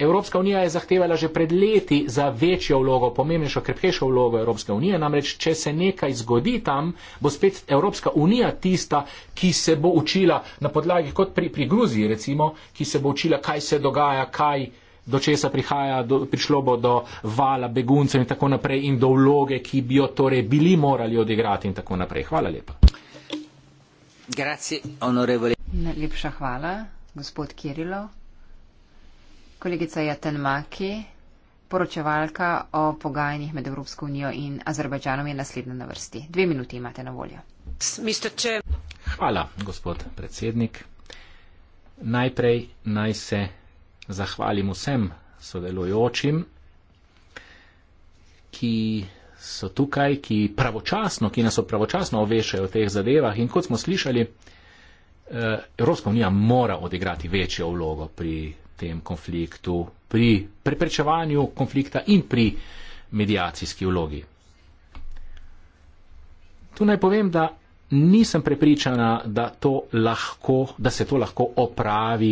[SPEAKER 2] Evropska unija je zahtevala že pred leti za večjo vlogo, pomembnejšo, krepkejšo vlogo Evropske unije, namreč če se nekaj zgodi tam, bo spet Evropska unija tista, ki se bo učila na podlagi, kot pri, pri Gruziji recimo, ki se bo učila, kaj se dogaja, kaj do česa prihaja, do, prišlo bo do vala beguncev in tako naprej in do vloge, ki bi jo torej bili morali odigrati in tako naprej. Hvala lepa.
[SPEAKER 1] Najlepša hvala, gospod Kirilov. Kolegica Jaten Maki, poročevalka o pogajanjih med Evropsko unijo in Azerbajdžanom je naslednja na vrsti. Dve minuti imate na voljo.
[SPEAKER 2] Hvala, gospod predsednik. Najprej naj se zahvalim vsem sodelujočim, ki so tukaj, ki, ki nas pravočasno ovešajo o teh zadevah in kot smo slišali, eh, Evropska unija mora odigrati večjo vlogo pri tem konfliktu, pri preprečevanju konflikta in pri medijacijski vlogi. Tu naj povem, da nisem prepričana, da, to lahko, da se to lahko opravi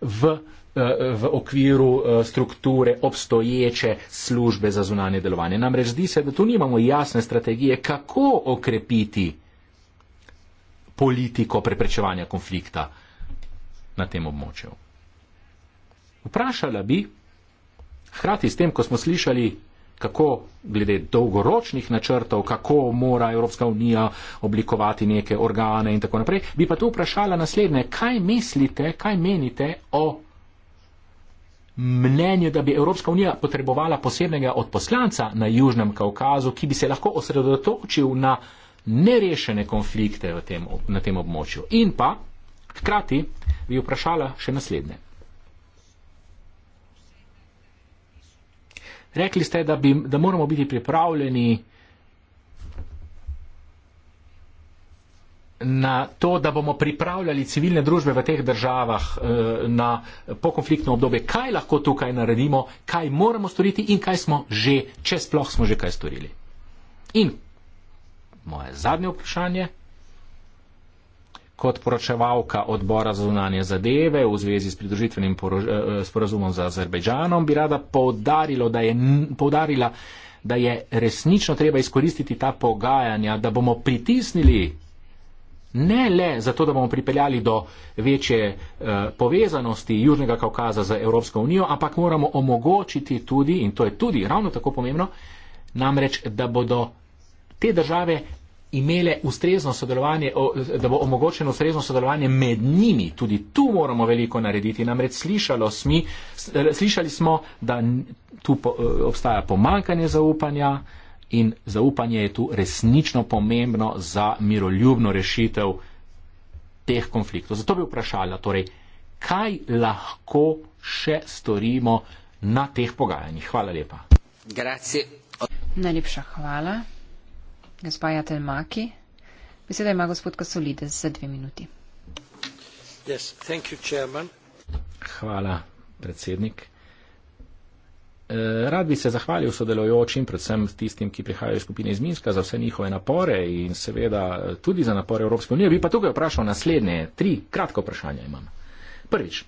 [SPEAKER 2] v, eh, v okviru eh, strukture obstoječe službe za zunanje delovanje. Namreč zdi se, da tu nimamo jasne strategije, kako okrepiti politiko preprečevanja konflikta na tem območju. Vprašala bi, hkrati s tem, ko smo slišali, kako glede dolgoročnih načrtov, kako mora Evropska unija oblikovati neke organe in tako naprej, bi pa tu vprašala naslednje, kaj mislite, kaj menite o mnenju, da bi Evropska unija potrebovala posebnega odposlanca na Južnem Kaukazu, ki bi se lahko osredotočil na nerešene konflikte tem, na tem območju. In pa, hkrati, bi vprašala še naslednje. Rekli ste, da, bi, da moramo biti pripravljeni na to, da bomo pripravljali civilne družbe v teh državah eh, na pokonfliktno obdobje. Kaj lahko tukaj naredimo, kaj moramo storiti in kaj smo že, če sploh smo že kaj storili. In moje zadnje vprašanje kot poročevalka odbora za zunanje zadeve v zvezi s pridružitvenim eh, eh, sporozumom z Azerbejdžanom, bi rada da je, povdarila, da je resnično treba izkoristiti ta pogajanja, da bomo pritisnili ne le zato, da bomo pripeljali do večje eh, povezanosti Južnega Kaukaza z Evropsko unijo, ampak moramo omogočiti tudi, in to je tudi ravno tako pomembno, namreč, da bodo te države imele ustrezno sodelovanje, da bo omogočeno ustrezno sodelovanje med njimi. Tudi tu moramo veliko narediti. Namreč smi, eh, slišali smo, da tu po, eh, obstaja pomankanje zaupanja in zaupanje je tu resnično pomembno za miroljubno rešitev teh konfliktov. Zato bi vprašala, torej, kaj lahko še storimo na teh pogajanjih. Hvala lepa.
[SPEAKER 1] Grazie. Najlepša hvala. Gospa Jatel Maki, beseda ima gospod Kasolides za dve minuti.
[SPEAKER 3] Yes, you,
[SPEAKER 2] Hvala, predsednik. E, rad bi se zahvalil sodelujočim, predvsem tistim, ki prihajajo iz skupine iz Minska, za vse njihove napore in seveda e, tudi za napore Evropske unije. Bi pa tukaj vprašal naslednje, tri kratko vprašanja imam. Prvič,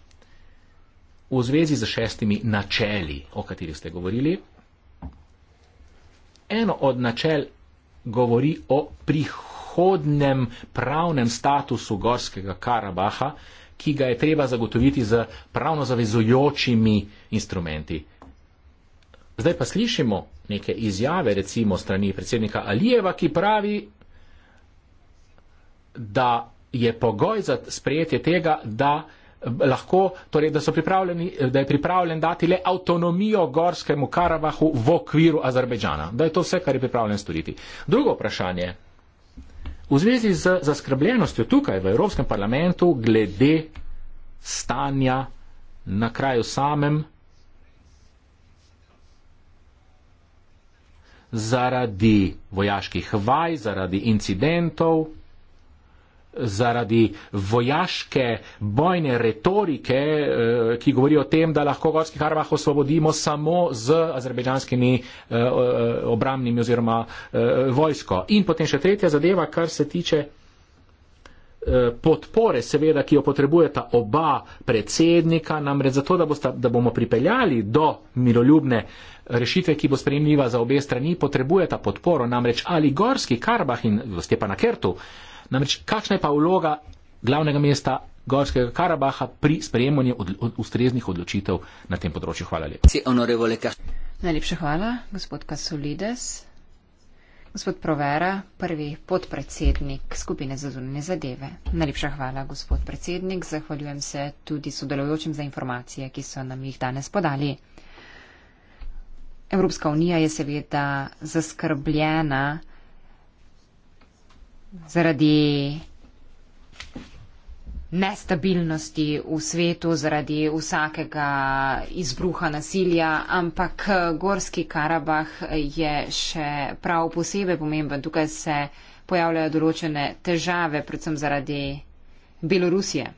[SPEAKER 2] v zvezi z šestimi načeli, o katerih ste govorili, eno od načel govori o prihodnem pravnem statusu Gorskega Karabaha, ki ga je treba zagotoviti z pravno zavezujočimi instrumenti. Zdaj pa slišimo neke izjave, recimo strani predsednika Alijeva, ki pravi, da je pogoj za sprejetje tega, da lahko, torej, da, da je pripravljen dati le avtonomijo Gorskemu Karabahu v okviru Azerbejdžana. Da je to vse, kar je pripravljen storiti. Drugo vprašanje. V zvezi z zaskrbljenostjo tukaj v Evropskem parlamentu glede stanja na kraju samem zaradi vojaških vaj, zaradi incidentov, zaradi vojaške bojne retorike, eh, ki govori o tem, da lahko Gorski Karabah osvobodimo samo z azerbejdžanskimi eh, obramnimi oziroma eh, vojsko. In potem še tretja zadeva, kar se tiče podpore, seveda, ki jo potrebujeta oba predsednika, namreč zato, da, bosta, da bomo pripeljali do miroljubne rešitve, ki bo sprejemljiva za obe strani, potrebujeta podporo, namreč ali Gorski Karabah in Stepana Kertu, Namreč, kakšna je pa vloga glavnega mesta Gorskega Karabaha pri sprejemanju od, od, ustreznih odločitev na tem področju? Hvala lepa.
[SPEAKER 1] Najlepša hvala, gospod Kasolides. Gospod Provera, prvi podpredsednik skupine za zunanje zadeve. Najlepša hvala, gospod predsednik. Zahvaljujem se tudi sodelujočim za informacije, ki so nam jih danes podali. Evropska unija je seveda zaskrbljena zaradi nestabilnosti v svetu, zaradi vsakega izbruha nasilja, ampak eh, Gorski Karabah je še prav posebej pomemben. Tukaj se pojavljajo določene težave, predvsem zaradi Belorusije.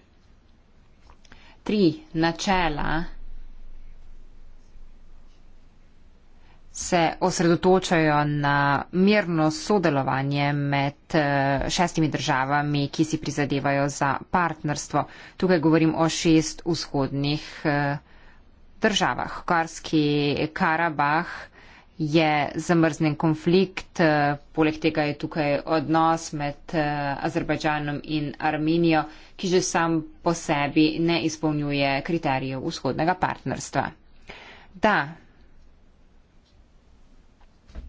[SPEAKER 1] Tri načela se osredotočajo na mirno sodelovanje med eh, šestimi državami, ki si prizadevajo za partnerstvo. Tukaj govorim o šest vzhodnih eh, državah. Hokarski Karabah je zamrznen konflikt, eh, poleg tega je tukaj odnos med Azerbajdžanom in Armenijo, ki že sam po sebi ne izpolnjuje kriterijev vzhodnega partnerstva. Da,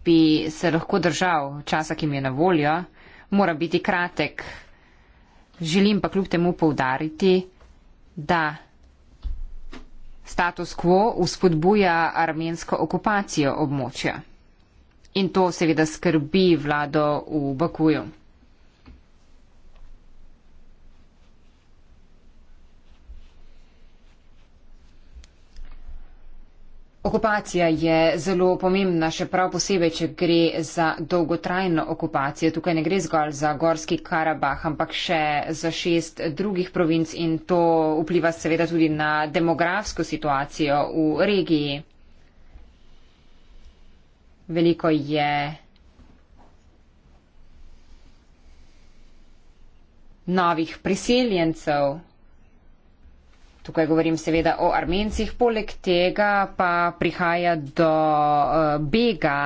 [SPEAKER 1] bi se lahko držal časa, ki mi je na voljo, mora biti kratek. Želim pa kljub temu povdariti, da status quo uspodbuja armensko okupacijo območja. In to seveda skrbi vlado v Bakuju. Okupacija je zelo pomembna, še prav posebej, če gre za dolgotrajno okupacijo. Tukaj ne gre zgolj za Gorski Karabah, ampak še za šest drugih provinc in to vpliva seveda tudi na demografsko situacijo v regiji. Veliko je novih priseljencev, Tukaj govorim seveda o Armencih, poleg tega pa prihaja do eh, bega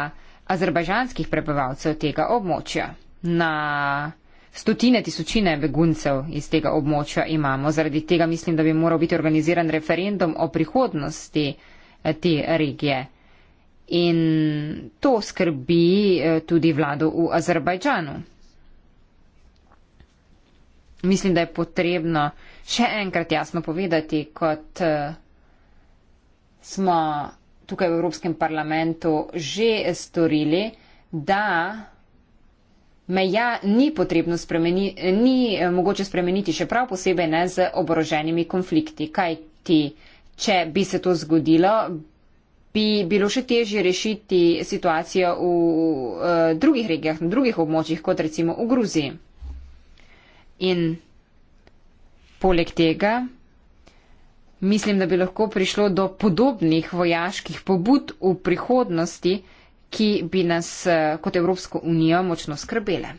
[SPEAKER 1] azerbajžanskih prebivalcev tega območja. Na stotine tisočine beguncev iz tega območja imamo. Zaradi tega mislim, da bi moral biti organiziran referendum o prihodnosti eh, te regije. In to skrbi eh, tudi vlado v Azerbajdžanu. Mislim, da je potrebno še enkrat jasno povedati, kot eh, smo tukaj v Evropskem parlamentu že storili, da meja ni potrebno spremeniti, ni eh, mogoče spremeniti, še prav posebej ne z oboroženimi konflikti. Kaj ti, če bi se to zgodilo, bi bilo še težje rešiti situacijo v eh, drugih regijah, na drugih območjih, kot recimo v Gruziji. In poleg tega mislim, da bi lahko prišlo do podobnih vojaških pobud v prihodnosti, ki bi nas eh, kot Evropsko unijo močno skrbele.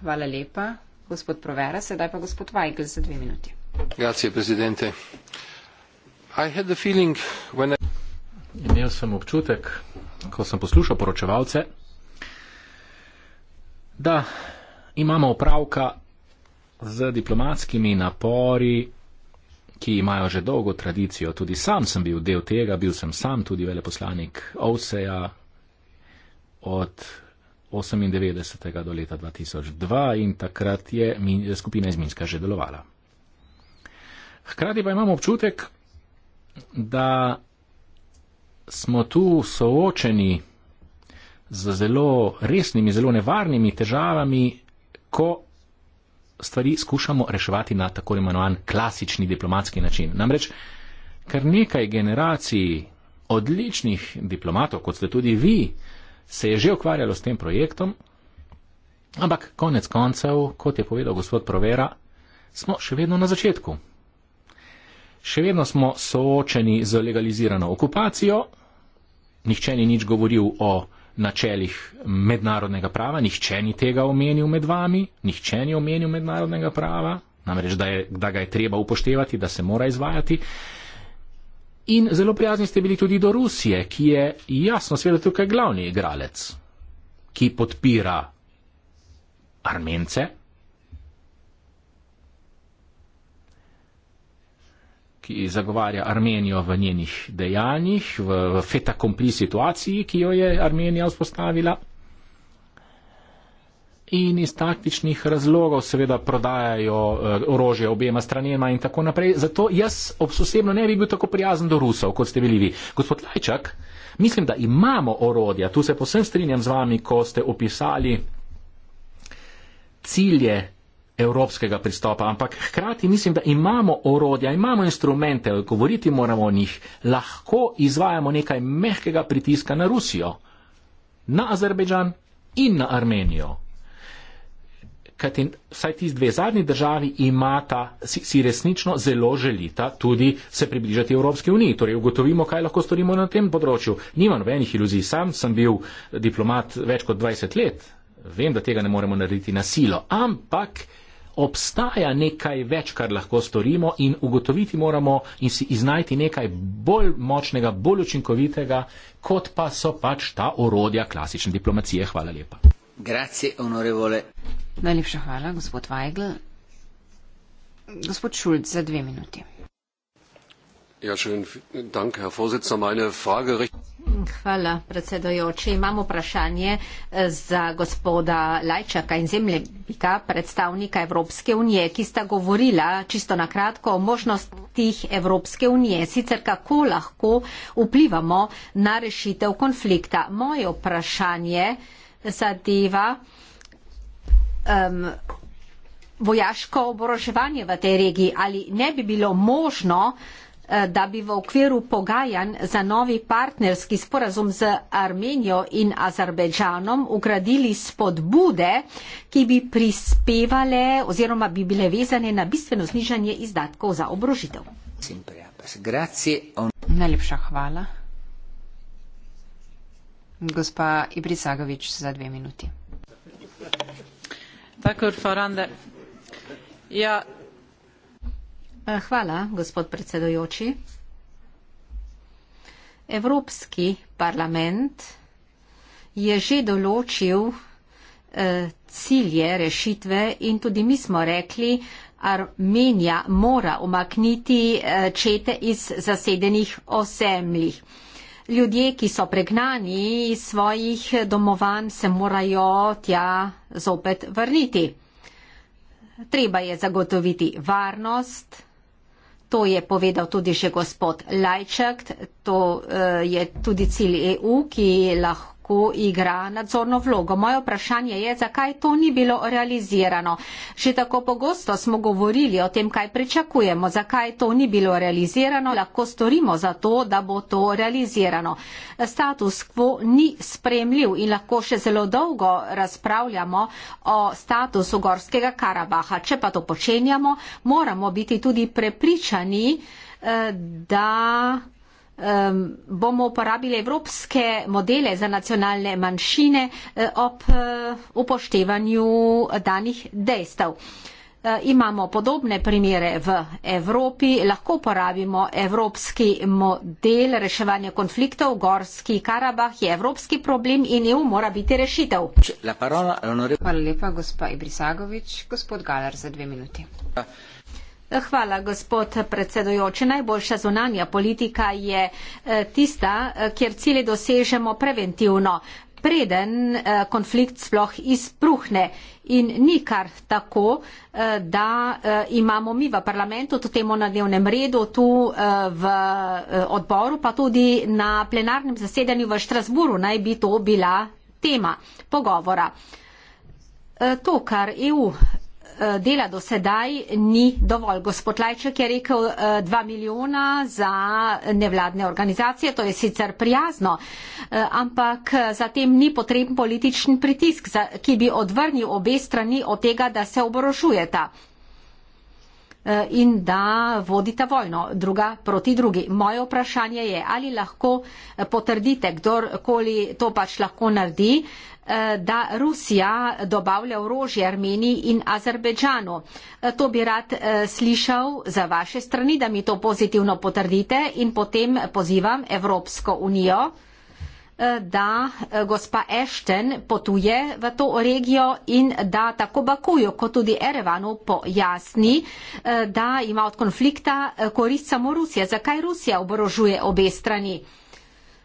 [SPEAKER 1] Hvala lepa, gospod Provera. Sedaj pa gospod Weigl za dve minuti.
[SPEAKER 2] Grazie, prezidente. I... Imel sem občutek, ko sem poslušal poročevalce, da imamo opravka z diplomatskimi napori, ki imajo že dolgo tradicijo. Tudi sam sem bil del tega, bil sem sam tudi veleposlanik Ovseja od 98. do leta 2002 in takrat je skupina iz Minska že delovala. Hkrati pa imam občutek, da smo tu soočeni z zelo resnimi, zelo nevarnimi težavami, ko stvari skušamo reševati na tako imenovan klasični diplomatski način. Namreč kar nekaj generacij odličnih diplomatov, kot ste tudi vi, se je že ukvarjalo s tem projektom, ampak konec koncev, kot je povedal gospod Provera, smo še vedno na začetku. Še vedno smo soočeni z legalizirano okupacijo, nihče ni nič govoril o načelih mednarodnega prava, nihče ni tega omenil med vami, nihče ni omenil mednarodnega prava, namreč da, je, da ga je treba upoštevati, da se mora izvajati. In zelo prijazni ste bili tudi do Rusije, ki je jasno, seveda tukaj glavni igralec, ki podpira Armence, ki zagovarja Armenijo v njenih dejanjih, v, v feta kompli situaciji, ki jo je Armenija vzpostavila. In iz taktičnih razlogov seveda prodajajo eh, orožje obema stranema in tako naprej. Zato jaz obsosebno ne bi bil tako prijazen do Rusov, kot ste bili vi. Gospod Lajčak, mislim, da imamo orodja, tu se posebno strinjam z vami, ko ste opisali cilje evropskega pristopa, ampak hkrati mislim, da imamo orodja, imamo instrumente, govoriti moramo o njih, lahko izvajamo nekaj mehkega pritiska na Rusijo, na Azerbejdžan in na Armenijo. Kajti vsaj ti dve zadnji državi imata, si, si resnično zelo želita tudi se približati Evropski uniji. Torej ugotovimo, kaj lahko storimo na tem področju. Nimam nobenih iluzij, sam sem bil diplomat več kot 20 let. Vem, da tega ne moremo narediti na silo, ampak obstaja nekaj več, kar lahko storimo in ugotoviti moramo in si iznajti nekaj bolj močnega, bolj učinkovitega, kot pa so pač ta orodja klasične diplomacije. Hvala lepa.
[SPEAKER 1] Grazie, onorevole. Najlepša hvala, gospod Weigl. Gospod Šulc, za dve minuti. Ja, schön, danke, Herr Vorsitzender. Meine Frage richtet
[SPEAKER 3] Hvala, predsedojoči. Imam vprašanje eh, za gospoda Lajčaka in Zemljevika, predstavnika Evropske unije, ki sta govorila čisto na kratko o možnostih Evropske unije, sicer kako lahko vplivamo na rešitev konflikta. Moje vprašanje zadeva um, vojaško oboroževanje v tej regiji. Ali ne bi bilo možno, Eh, da bi v okviru pogajanj za novi partnerski sporazum z Armenijo in Azerbejdžanom ugradili spodbude, ki bi prispevale oziroma bi bile vezane na bistveno
[SPEAKER 1] znižanje izdatkov za obrožitev. Najlepša hvala. Gospa Ibrisagovič za dve minuti. Takor, Farande. Ja,
[SPEAKER 3] Eh, hvala, gospod predsedujoči. Evropski parlament je že določil eh, cilje, rešitve in tudi mi smo rekli, Armenija mora umakniti eh, čete iz zasedenih osemljih. Ljudje, ki so pregnani iz svojih domovanj, se morajo tja zopet vrniti. Treba je zagotoviti varnost, To je povedal tudi že gospod Lajčak, to uh, je tudi cilj EU, ki lahko lahko igra nadzorno vlogo. Moje vprašanje je, zakaj to ni bilo realizirano. Že tako pogosto smo govorili o tem, kaj pričakujemo, zakaj to ni bilo realizirano, lahko storimo za to, da bo to realizirano. Status quo ni spremljiv in lahko še zelo dolgo razpravljamo o statusu Gorskega Karabaha. Če pa to počenjamo, moramo biti tudi prepričani, eh, da um, bomo uporabili evropske modele za nacionalne manjšine uh, ob uh, upoštevanju danih dejstev. Eh, imamo podobne primere v Evropi, lahko uporabimo evropski model reševanja konfliktov, Gorski Karabah je evropski problem in EU mora biti rešitev.
[SPEAKER 1] Hvala lepa, gospa Ibrisagovič. Gospod Galar, za dve minuti. Ja.
[SPEAKER 3] Hvala, gospod predsedujoči. Najboljša zunanja politika je eh, tista, eh, kjer cilje dosežemo preventivno, preden eh, konflikt sploh izpruhne. In ni kar tako, da imamo mi v parlamentu to temo na dnevnem redu, tu v odboru, pa tudi na plenarnem zasedanju v Štrasburu naj bi to bila tema pogovora. To, kar EU Eh, dela do sedaj ni dovolj. Gospod Lajček je rekel 2 eh, milijona za nevladne organizacije, to je sicer prijazno, eh, ampak zatem ni potreben politični pritisk, ki bi odvrnil obe strani od tega, da se oborožujeta in da vodita vojno druga proti drugi. Moje vprašanje je, ali lahko potrdite, kdorkoli to pač lahko naredi, Eh, da Rusija dobavlja orožje Armeniji in Azerbejdžanu. Eh, to bi rad eh, slišal za vaše strani, da mi to pozitivno potrdite in potem pozivam Evropsko unijo, da gospa Ešten potuje v to regijo in da tako Bakuju kot tudi Erevanu pojasni, da ima od konflikta korist samo Rusija. Zakaj Rusija oborožuje obe strani?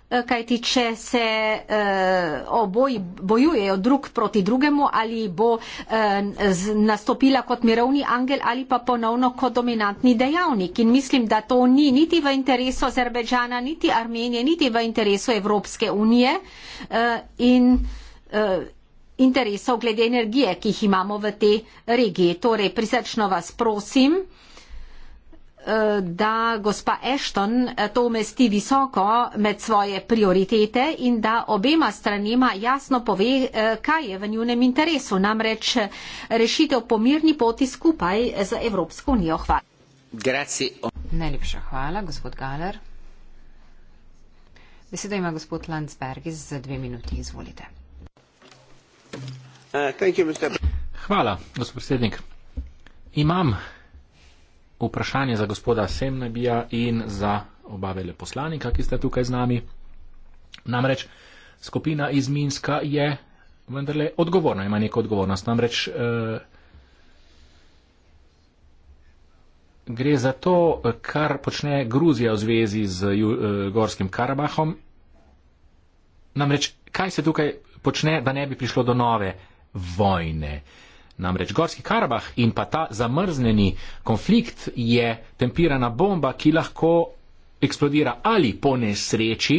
[SPEAKER 3] Eh, kajti če se uh, eh, oboji bojujejo drug proti drugemu ali bo uh, z, nastopila kot mirovni angel ali pa ponovno kot dominantni dejavnik. In mislim, da to ni niti v interesu Azerbejdžana, niti Armenije, niti v interesu Evropske unije uh, in uh, interesov glede energije, ki jih imamo v tej regiji. Torej, prisrčno vas prosim. Eh, da gospa Ashton eh, to umesti visoko med svoje prioritete in da obema stranima jasno pove, eh, kaj je v njunem interesu, namreč rešitev po mirni poti skupaj z Evropsko unijo.
[SPEAKER 1] Hvala. Najlepša hvala, gospod Galer. Besedo ima gospod Landsbergis za dve minuti. Izvolite.
[SPEAKER 2] Uh,
[SPEAKER 3] you,
[SPEAKER 2] hvala, gospod predsednik. Imam vprašanje za gospoda Semnebija in za oba veleposlanika, ki sta tukaj z nami. Namreč skupina iz Minska je vendarle odgovorna, ima neko odgovornost. Namreč eh, gre za to, kar počne Gruzija v zvezi z ju, eh, Gorskim Karabahom. Namreč, kaj se tukaj počne, da ne bi prišlo do nove vojne? Eh, Namreč Gorski Karabah in pa ta zamrznjeni konflikt je tempirana bomba, ki lahko eksplodira ali po nesreči,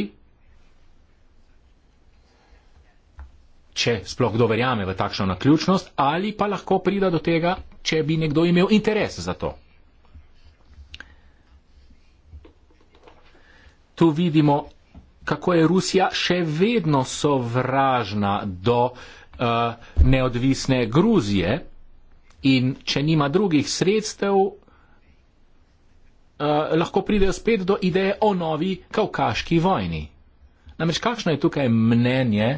[SPEAKER 2] če sploh kdo verjame v takšno naključnost, ali pa lahko prida do tega, če bi nekdo imel interes za to. Tu vidimo, kako je Rusija še vedno sovražna do Eh, neodvisne Gruzije in če nima drugih sredstev, eh, lahko pridejo spet do ideje o novi kavkaški vojni. Namreč kakšno je tukaj mnenje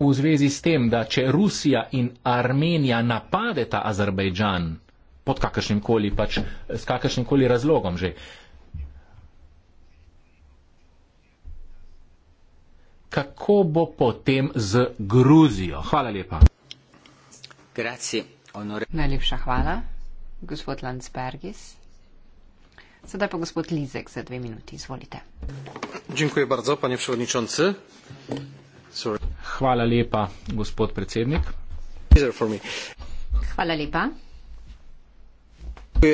[SPEAKER 2] v zvezi s tem, da če Rusija in Armenija napadeta Azerbejdžan pod kakršnim koli pač, razlogom že, kako bo potem z Gruzijo. Hvala lepa. Grazie,
[SPEAKER 1] Najlepša hvala, gospod Landsbergis. Sedaj pa gospod Lizek za dve minuti. Izvolite.
[SPEAKER 3] Dziękuję bardzo, panie przewodniczący.
[SPEAKER 2] Sorry. Hvala lepa, gospod predsednik.
[SPEAKER 1] Hvala lepa.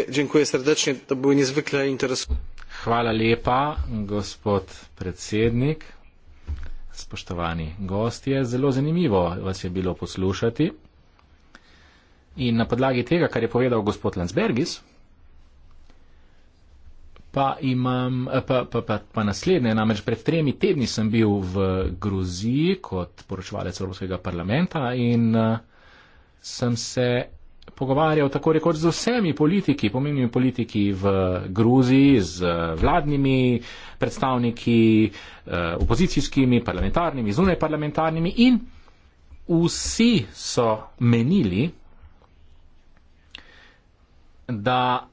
[SPEAKER 3] Dziękuję serdecznie, to były niezwykle interesujące.
[SPEAKER 2] Hvala lepa, gospod predsednik spoštovani gostje. Zelo zanimivo vas je bilo poslušati. In na podlagi tega, kar je povedal gospod Landsbergis, pa imam eh, pa, pa, pa, pa naslednje. Namreč pred tremi tedni sem bil v Gruziji kot poročevalec Evropskega parlamenta in uh, sem se pogovarjal tako rekoč z vsemi politiki, pomembnimi politiki v Gruziji, z eh, vladnimi predstavniki, eh, opozicijskimi, parlamentarnimi, zunaj parlamentarnimi in vsi so menili, da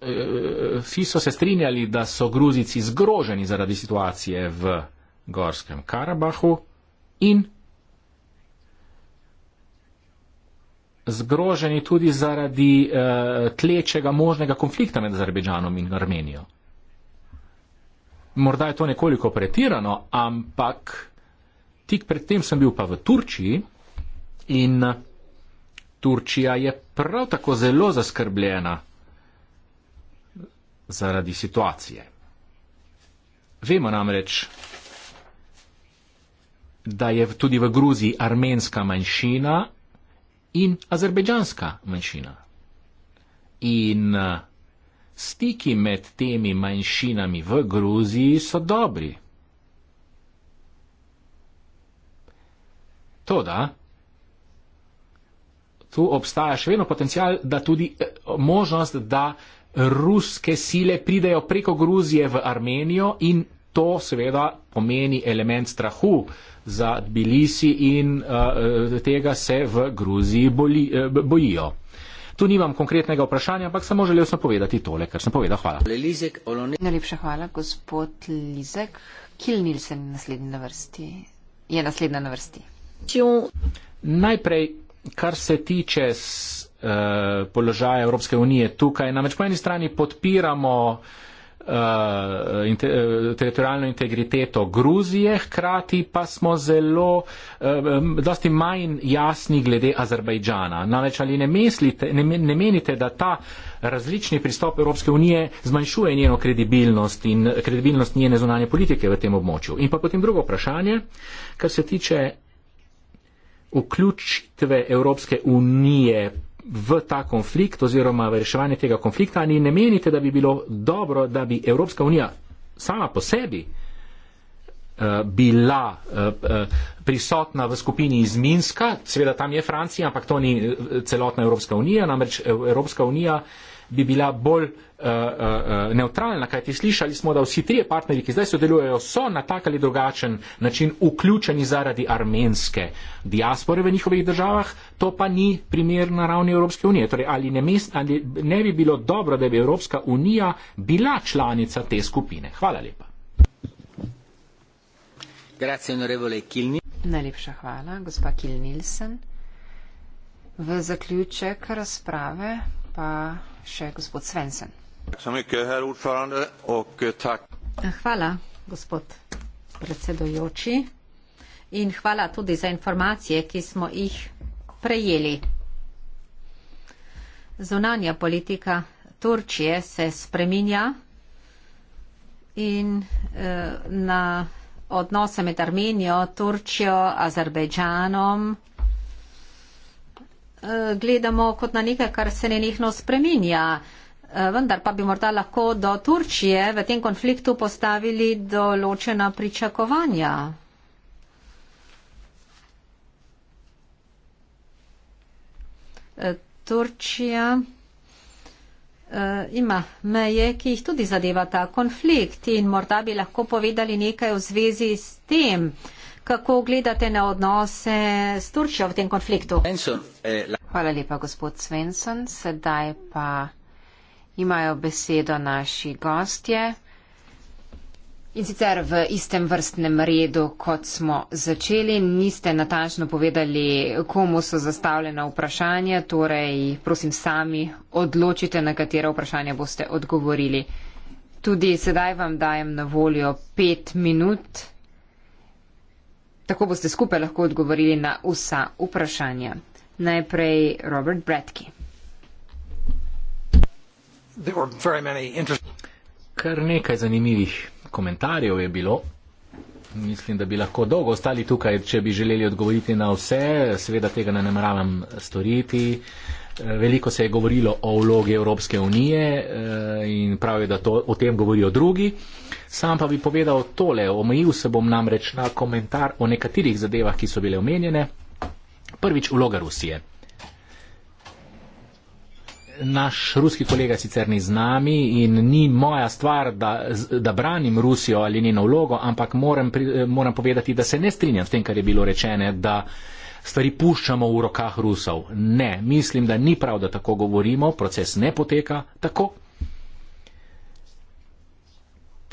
[SPEAKER 2] eh, vsi so se strinjali, da so Gruzici zgroženi zaradi situacije v Gorskem Karabahu in zgroženi tudi zaradi uh, tlečega možnega konflikta med Azerbejdžanom in Armenijo. Morda je to nekoliko pretirano, ampak tik predtem sem bil pa v Turčiji in Turčija je prav tako zelo zaskrbljena zaradi situacije. Vemo namreč, da je tudi v Gruziji armenska manjšina in azerbejdžanska manjšina. In uh, stiki med temi manjšinami v Gruziji so dobri. Toda, tu obstaja še vedno potencial, da tudi eh, možnost, da ruske sile pridejo preko Gruzije v Armenijo in to seveda pomeni element strahu za Tbilisi in uh, tega se v Gruziji boli, uh, bojijo. Tu nimam konkretnega vprašanja, ampak samo želel sem povedati tole, kar sem povedal. Hvala.
[SPEAKER 1] Najlepša hvala, gospod Lizek. Kil Nilsen je naslednja na vrsti. Je naslednja na vrsti.
[SPEAKER 2] Najprej, kar se tiče s, uh, položaja Evropske unije tukaj, namreč po eni strani podpiramo uh, Eh, in te, eh, teritorijalno integriteto Gruzije, hkrati pa smo zelo, uh, dosti manj jasni glede Azerbajdžana. Namreč ali ne, mislite, ne, ne menite, da ta različni pristop Evropske unije zmanjšuje njeno kredibilnost in kredibilnost njene zunanje politike v tem območju? In pa potem drugo vprašanje, kar se tiče vključitve Evropske unije v ta konflikt oziroma v reševanje tega konflikta, ali ne menite, da bi bilo dobro, da bi Evropska unija sama po sebi eh, bila eh, eh, prisotna v skupini iz Minska, seveda tam je Francija, ampak to ni celotna Evropska unija, namreč Evropska unija bi bila bolj uh, eh, uh, eh, eh, neutralna, kajti slišali smo, da vsi trije partnerji, ki zdaj sodelujejo, so na tak ali drugačen način vključeni zaradi armenske diaspore v njihovih državah, to pa ni primer na ravni Evropske unije. Torej, ali ne, mest, ali ne bi bilo dobro, da bi Evropska unija bila članica te skupine? Hvala lepa.
[SPEAKER 1] Najlepša hvala, gospa Kilnilsen. V zaključek razprave Eh, hvala, gospod predsedojoči.
[SPEAKER 3] In hvala tudi za informacije, ki smo jih prejeli. Zunanja politika Turčije se spreminja in eh, na odnose med Armenijo, Turčijo, Azerbejdžanom, Eh, gledamo kot na nekaj, kar se nenehno spreminja. Eh, vendar pa bi morda lahko do Turčije v tem konfliktu postavili določena pričakovanja. Eh, Turčija ima meje, ki jih tudi zadeva ta konflikt in morda bi lahko povedali nekaj v zvezi s tem kako gledate na odnose s Turčjo v tem konfliktu. Hvala
[SPEAKER 1] lepa, gospod Svensson. Sedaj pa imajo besedo naši gostje. In sicer v istem vrstnem redu, kot smo začeli, niste natančno povedali, komu so zastavljena vprašanja, torej prosim sami odločite, na katera vprašanja boste odgovorili. Tudi sedaj vam dajem na voljo pet minut Tako boste skupaj lahko odgovorili na vsa vprašanja. Najprej Robert Bratki.
[SPEAKER 2] Kar nekaj zanimivih komentarjev je bilo. Mislim, da bi lahko dolgo ostali tukaj, če bi želeli odgovoriti na vse. Seveda tega ne nameravam storiti. Uh, Eh, veliko se je govorilo o vlogi Evropske unije eh, in prav je, da to, o tem govorijo drugi. Sam pa bi povedal tole, omejil se bom namreč na komentar o nekaterih zadevah, ki so bile omenjene. Prvič, vloga Rusije. Naš ruski kolega sicer ni z nami in ni moja stvar, da, da branim Rusijo ali njeno vlogo, ampak moram, eh, moram povedati, da se ne strinjam s tem, kar je bilo rečeno, da uh, stvari puščamo v rokah Rusov. Ne, mislim, da ni prav, da tako govorimo, proces ne poteka tako.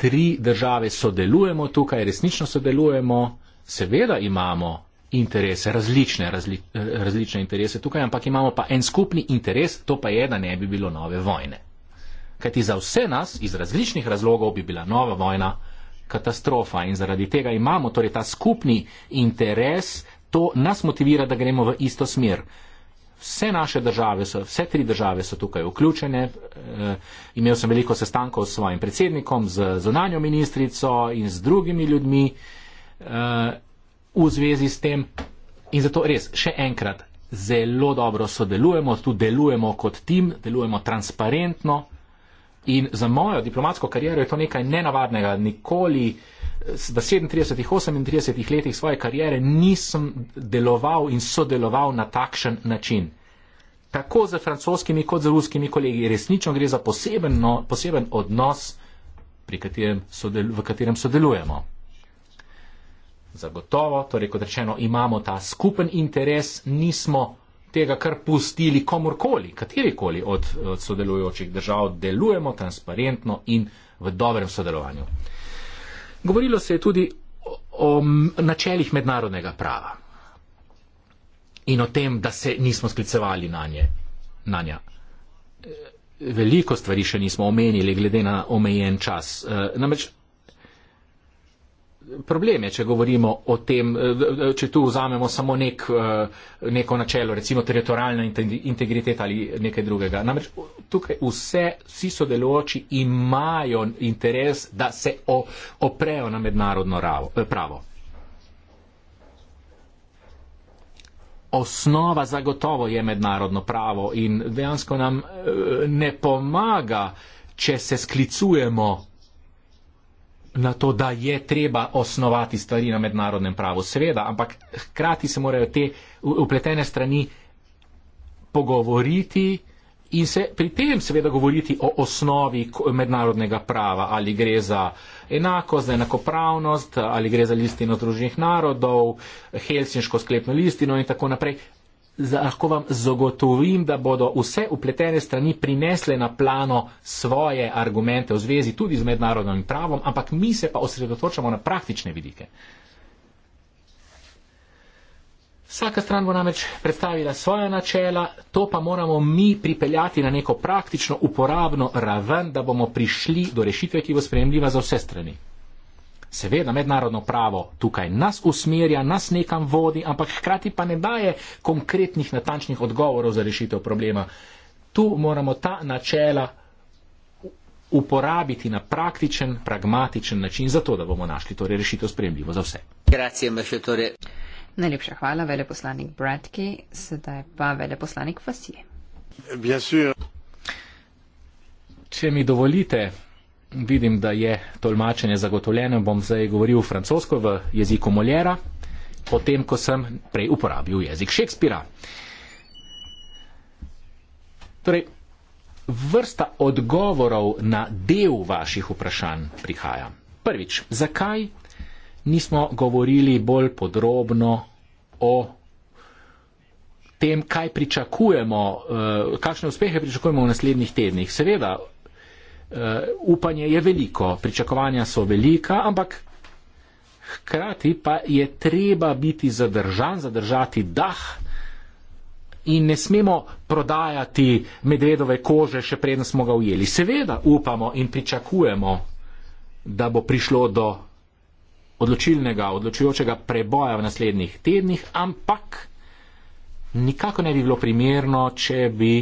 [SPEAKER 2] Tri države sodelujemo tukaj, resnično sodelujemo, seveda imamo interese, različne, razli, različne interese tukaj, ampak imamo pa en skupni interes, to pa je, da ne bi bilo nove vojne. Kajti za vse nas iz različnih razlogov bi bila nova vojna katastrofa in zaradi tega imamo torej ta skupni interes, to nas motivira, da gremo v isto smer. Vse naše države, so, vse tri države so tukaj vključene. E, imel sem veliko sestankov s svojim predsednikom, z zunanjo ministrico in z drugimi ljudmi e, v zvezi s tem. In zato res, še enkrat, zelo dobro sodelujemo, tu delujemo kot tim, delujemo transparentno. In za mojo diplomatsko kariero je to nekaj nenavadnega. Nikoli uh, da 37, 38 letih svoje karijere nisem deloval in sodeloval na takšen način. Tako z francoskimi kot z ruskimi kolegi. Resnično gre za poseben, no, poseben odnos, katerem sodel, v katerem sodelujemo. Zagotovo, torej kot rečeno, imamo ta skupen interes, nismo tega kar pustili komorkoli, katerikoli od, od sodelujočih držav, delujemo transparentno in v dobrem sodelovanju. Govorilo se je tudi o, o načelih mednarodnega prava in o tem, da se nismo sklicevali na, nje, na nja. E, veliko stvari še nismo omenili, glede na omejen čas. E, namreč probleme, če govorimo o tem, eh, če tu vzamemo samo nek, eh, neko načelo, recimo teritorijalna integriteta ali nekaj drugega. Namreč tukaj vse, vsi sodelujoči imajo interes, da se o, oprejo na mednarodno ravo, eh, pravo. Osnova zagotovo je mednarodno pravo in dejansko nam ne pomaga, če se sklicujemo na to, da je treba osnovati stvari na mednarodnem pravu. Seveda, ampak hkrati se morajo te upletene strani pogovoriti in se pri tem seveda govoriti o osnovi mednarodnega prava, ali gre za enakost, za enakopravnost, ali gre za listino združenih narodov, helsinško sklepno listino in tako naprej lahko vam zagotovim, da bodo vse upletene strani prinesle na plano svoje argumente v zvezi tudi z mednarodnim pravom, ampak mi se pa osredotočamo na praktične vidike. Vsaka stran bo namreč predstavila svoja načela, to pa moramo mi pripeljati na neko praktično uporabno raven, da bomo prišli do rešitve, ki bo sprejemljiva za vse strani. Seveda, mednarodno pravo tukaj nas usmerja, nas nekam vodi, ampak hkrati pa ne daje konkretnih, natančnih odgovorov za rešitev problema. Tu moramo ta načela uporabiti na praktičen, pragmatičen način, zato da bomo našli torej rešitev sprejemljivo za vse. Grazie,
[SPEAKER 3] mašetore.
[SPEAKER 1] Najlepša hvala, veleposlanik Bratki, sedaj pa veleposlanik Fasije.
[SPEAKER 2] Če mi dovolite, vidim, da je tolmačenje zagotovljeno, bom zdaj govoril francosko v jeziku Moljera, potem, ko sem prej uporabil jezik Šekspira. Torej, vrsta odgovorov na del vaših vprašanj prihaja. Prvič, zakaj nismo govorili bolj podrobno o tem, kaj pričakujemo, eh, kakšne uspehe pričakujemo v naslednjih tednih. Seveda, uh, upanje je veliko, pričakovanja so velika, ampak hkrati pa je treba biti zadržan, zadržati dah in ne smemo prodajati medvedove kože, še preden smo ga ujeli. Seveda upamo in pričakujemo, da bo prišlo do odločilnega, odločujočega preboja v naslednjih tednih, ampak nikako ne bi bilo primerno, če bi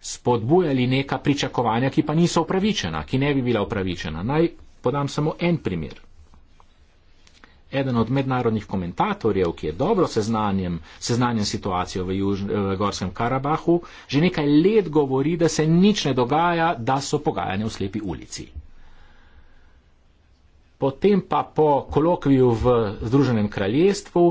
[SPEAKER 2] spodbujali neka pričakovanja, ki pa niso upravičena, ki ne bi bila upravičena. Naj podam samo en primer. Eden od mednarodnih komentatorjev, ki je dobro seznanjen, seznanjen situacijo v, Južn, v Gorskem Karabahu, že nekaj let govori, da se nič ne dogaja, da so pogajanja v slepi ulici. Potem pa po kolokviju v Združenem kraljestvu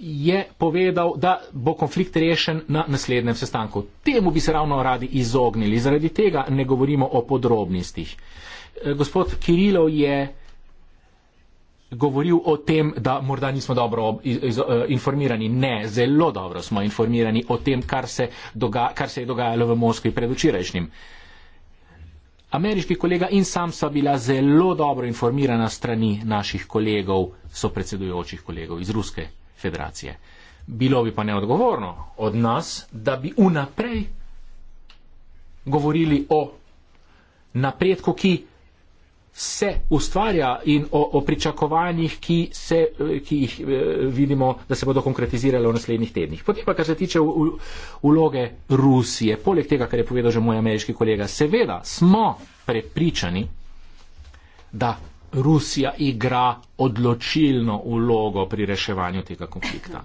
[SPEAKER 2] je povedal, da bo konflikt rešen na naslednjem sestanku. Temu bi se ravno radi izognili, zaradi tega ne govorimo o podrobnostih. Eh, gospod Kirilov je govoril o tem, da morda nismo dobro eh, informirani. Ne, zelo dobro smo informirani o tem, kar se, doga kar se je dogajalo v Moskvi pred včerajšnjim. Ameriški kolega in sam sta bila zelo dobro informirana strani naših kolegov, sopredsedujočih kolegov iz Ruske federacije. Bilo bi pa neodgovorno od nas, da bi unaprej govorili o napredku, ki se ustvarja in o, o pričakovanjih, ki, se, ki jih eh, vidimo, da se bodo konkretizirale v naslednjih tednih. Potem pa, kar se tiče uloge Rusije, poleg tega, kar je povedal že moj ameriški kolega, seveda smo prepričani, da Rusija igra odločilno vlogo pri reševanju tega konflikta.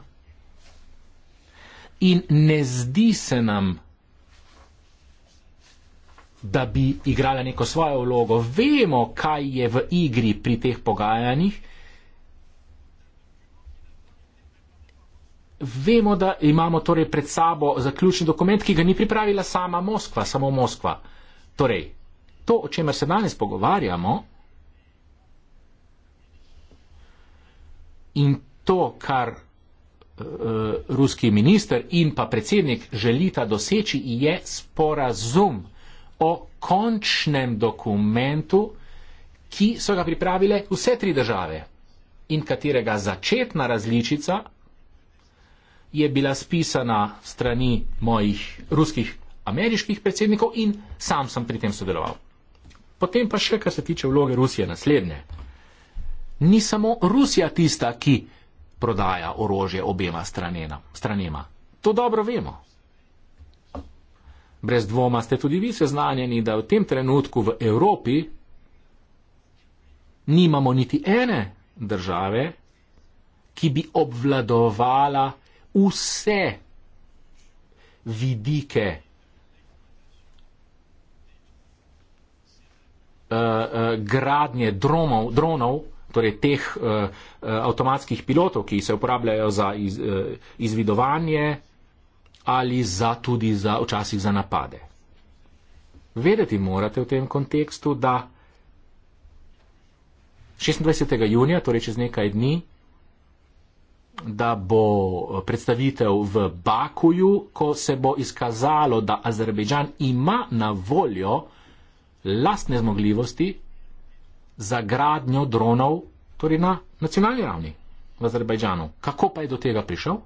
[SPEAKER 2] In ne zdi se nam, da bi igrala neko svojo vlogo. Vemo, kaj je v igri pri teh pogajanjih. Vemo, da imamo torej pred sabo zaključni dokument, ki ga ni pripravila sama Moskva, samo Moskva. Torej, to, o čemer se danes pogovarjamo, In to, kar uh, ruski minister in pa predsednik želita doseči, je sporazum o končnem dokumentu, ki so ga pripravile vse tri države in katerega začetna različica je bila spisana strani mojih ruskih ameriških predsednikov in sam sem pri tem sodeloval. Potem pa še, kar se tiče vloge Rusije, naslednje ni samo Rusija tista, ki prodaja orožje obema stranena, stranema. To dobro vemo. Brez dvoma ste tudi vi seznanjeni, da v tem trenutku v Evropi nimamo niti ene države, ki bi obvladovala vse vidike uh, uh, gradnje dronov, dronov torej teh uh, avtomatskih pilotov, ki se uporabljajo za iz, uh, izvidovanje ali za, tudi za, včasih za napade. Vedeti morate v tem kontekstu, da 26. junija, torej čez nekaj dni, da bo predstavitev v Bakuju, ko se bo izkazalo, da Azerbejdžan ima na voljo lastne zmogljivosti za gradnjo dronov torej na nacionalni ravni v Azerbajdžanu. Kako pa je do tega prišel?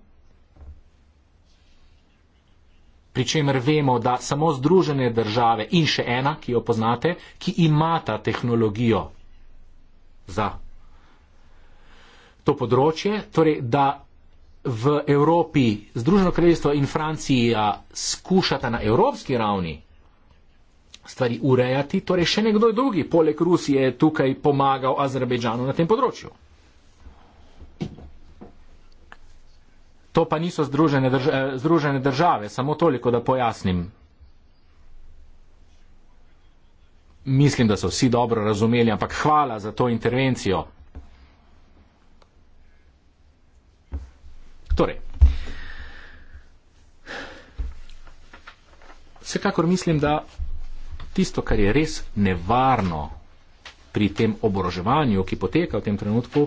[SPEAKER 2] Pričemer vemo, da samo Združene države in še ena, ki jo poznate, ki ima ta tehnologijo za to področje, torej da v Evropi Združeno kraljestvo in Francija skušata na evropski ravni stvari urejati, torej še nekdo drugi poleg Rusije je tukaj pomagal Azerbejdžanu na tem področju. To pa niso združene, drž eh, združene države, samo toliko, da pojasnim. Mislim, da so vsi dobro razumeli, ampak hvala za to intervencijo. Torej, vsekakor mislim, da tisto, kar je res nevarno pri tem oboroževanju, ki poteka v tem trenutku,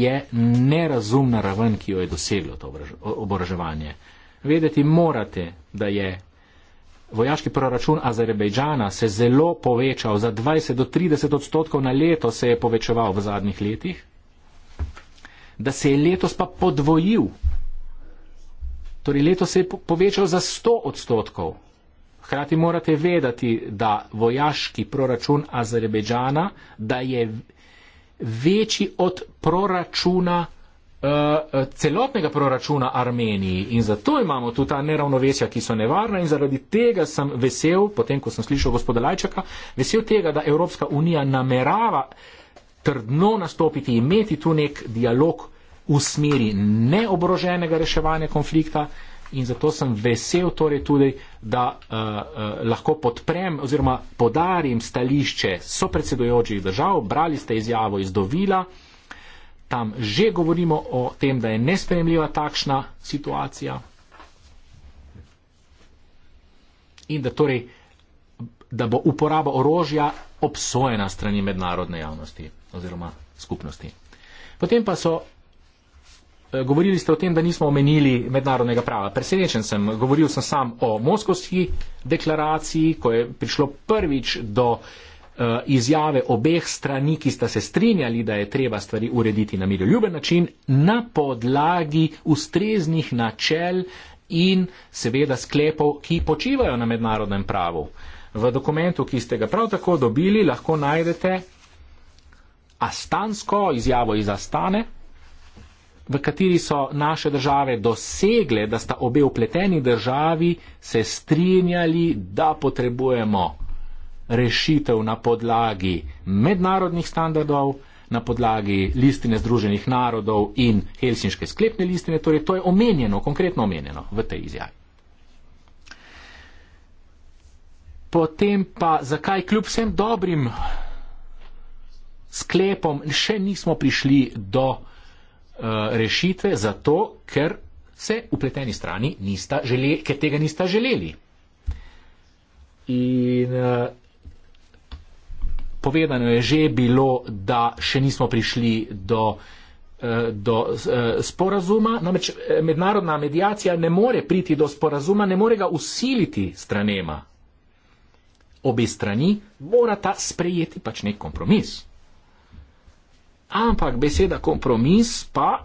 [SPEAKER 2] je nerazumna raven, ki jo je doseglo to oboroževanje. Vedeti morate, da je vojaški proračun Azerbejdžana se zelo povečal, za 20 do 30 odstotkov na leto se je povečeval v zadnjih letih, da se je letos pa podvojil. Torej, letos se je povečal za 100 odstotkov. Hkrati morate vedeti, da vojaški proračun Azerbejdžana je večji od proračuna, eh, celotnega proračuna Armeniji. In zato imamo tu ta neravnovesja, ki so nevarna in zaradi tega sem vesel, potem ko sem slišal gospoda Lajčaka, vesel tega, da Evropska unija namerava trdno nastopiti, imeti tu nek dialog v smeri neobroženega reševanja konflikta in zato sem vesel torej tudi, da uh, uh, lahko podprem oziroma podarim stališče sopredsedujočih držav. Brali ste izjavo iz Dovila, tam že govorimo o tem, da je nespremljiva takšna situacija. In da, torej, da bo uporaba orožja obsojena strani mednarodne javnosti oziroma skupnosti. Potem pa so Eh, govorili ste o tem, da nismo omenili mednarodnega prava. Presenečen sem, govoril sem sam o Moskovski deklaraciji, ko je prišlo prvič do eh, izjave obeh strani, ki sta se strinjali, da je treba stvari urediti na miroljuben način, na podlagi ustreznih načel in seveda sklepov, ki počivajo na mednarodnem pravu. V dokumentu, ki ste ga prav tako dobili, lahko najdete astansko izjavo iz Astane, v kateri so naše države dosegle, da sta obe upleteni državi se strinjali, da potrebujemo rešitev na podlagi mednarodnih standardov, na podlagi listine Združenih narodov in Helsinške sklepne listine. Torej, to je omenjeno, konkretno omenjeno v tej izjavi. Potem pa, zakaj kljub vsem dobrim sklepom še nismo prišli do Eh, rešitve zato, ker se upleteni strani nista želeli, ker tega nista želeli. In eh, povedano je že bilo, da še nismo prišli do, eh, do sporazuma, namreč mednarodna medijacija ne more priti do sporazuma, ne more ga usiliti stranema. Obe strani morata sprejeti pač nek kompromis. Ampak beseda kompromis pa,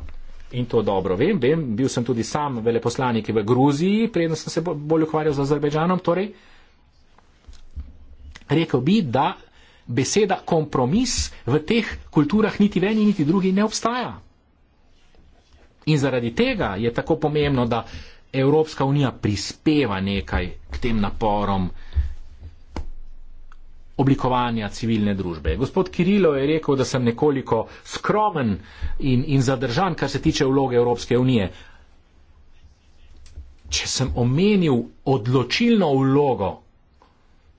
[SPEAKER 2] in to dobro vem, vem, bil sem tudi sam veleposlanik v Gruziji, preden sem se bolj ukvarjal z Azerbejdžanom, torej rekel bi, da beseda kompromis v teh kulturah niti veni, niti drugi ne obstaja. In zaradi tega je tako pomembno, da Evropska unija prispeva nekaj k tem naporom, uh, oblikovanja civilne družbe. Gospod Kirilo je rekel, da sem nekoliko skromen in, in zadržan, kar se tiče vloge Evropske unije. Če sem omenil odločilno vlogo,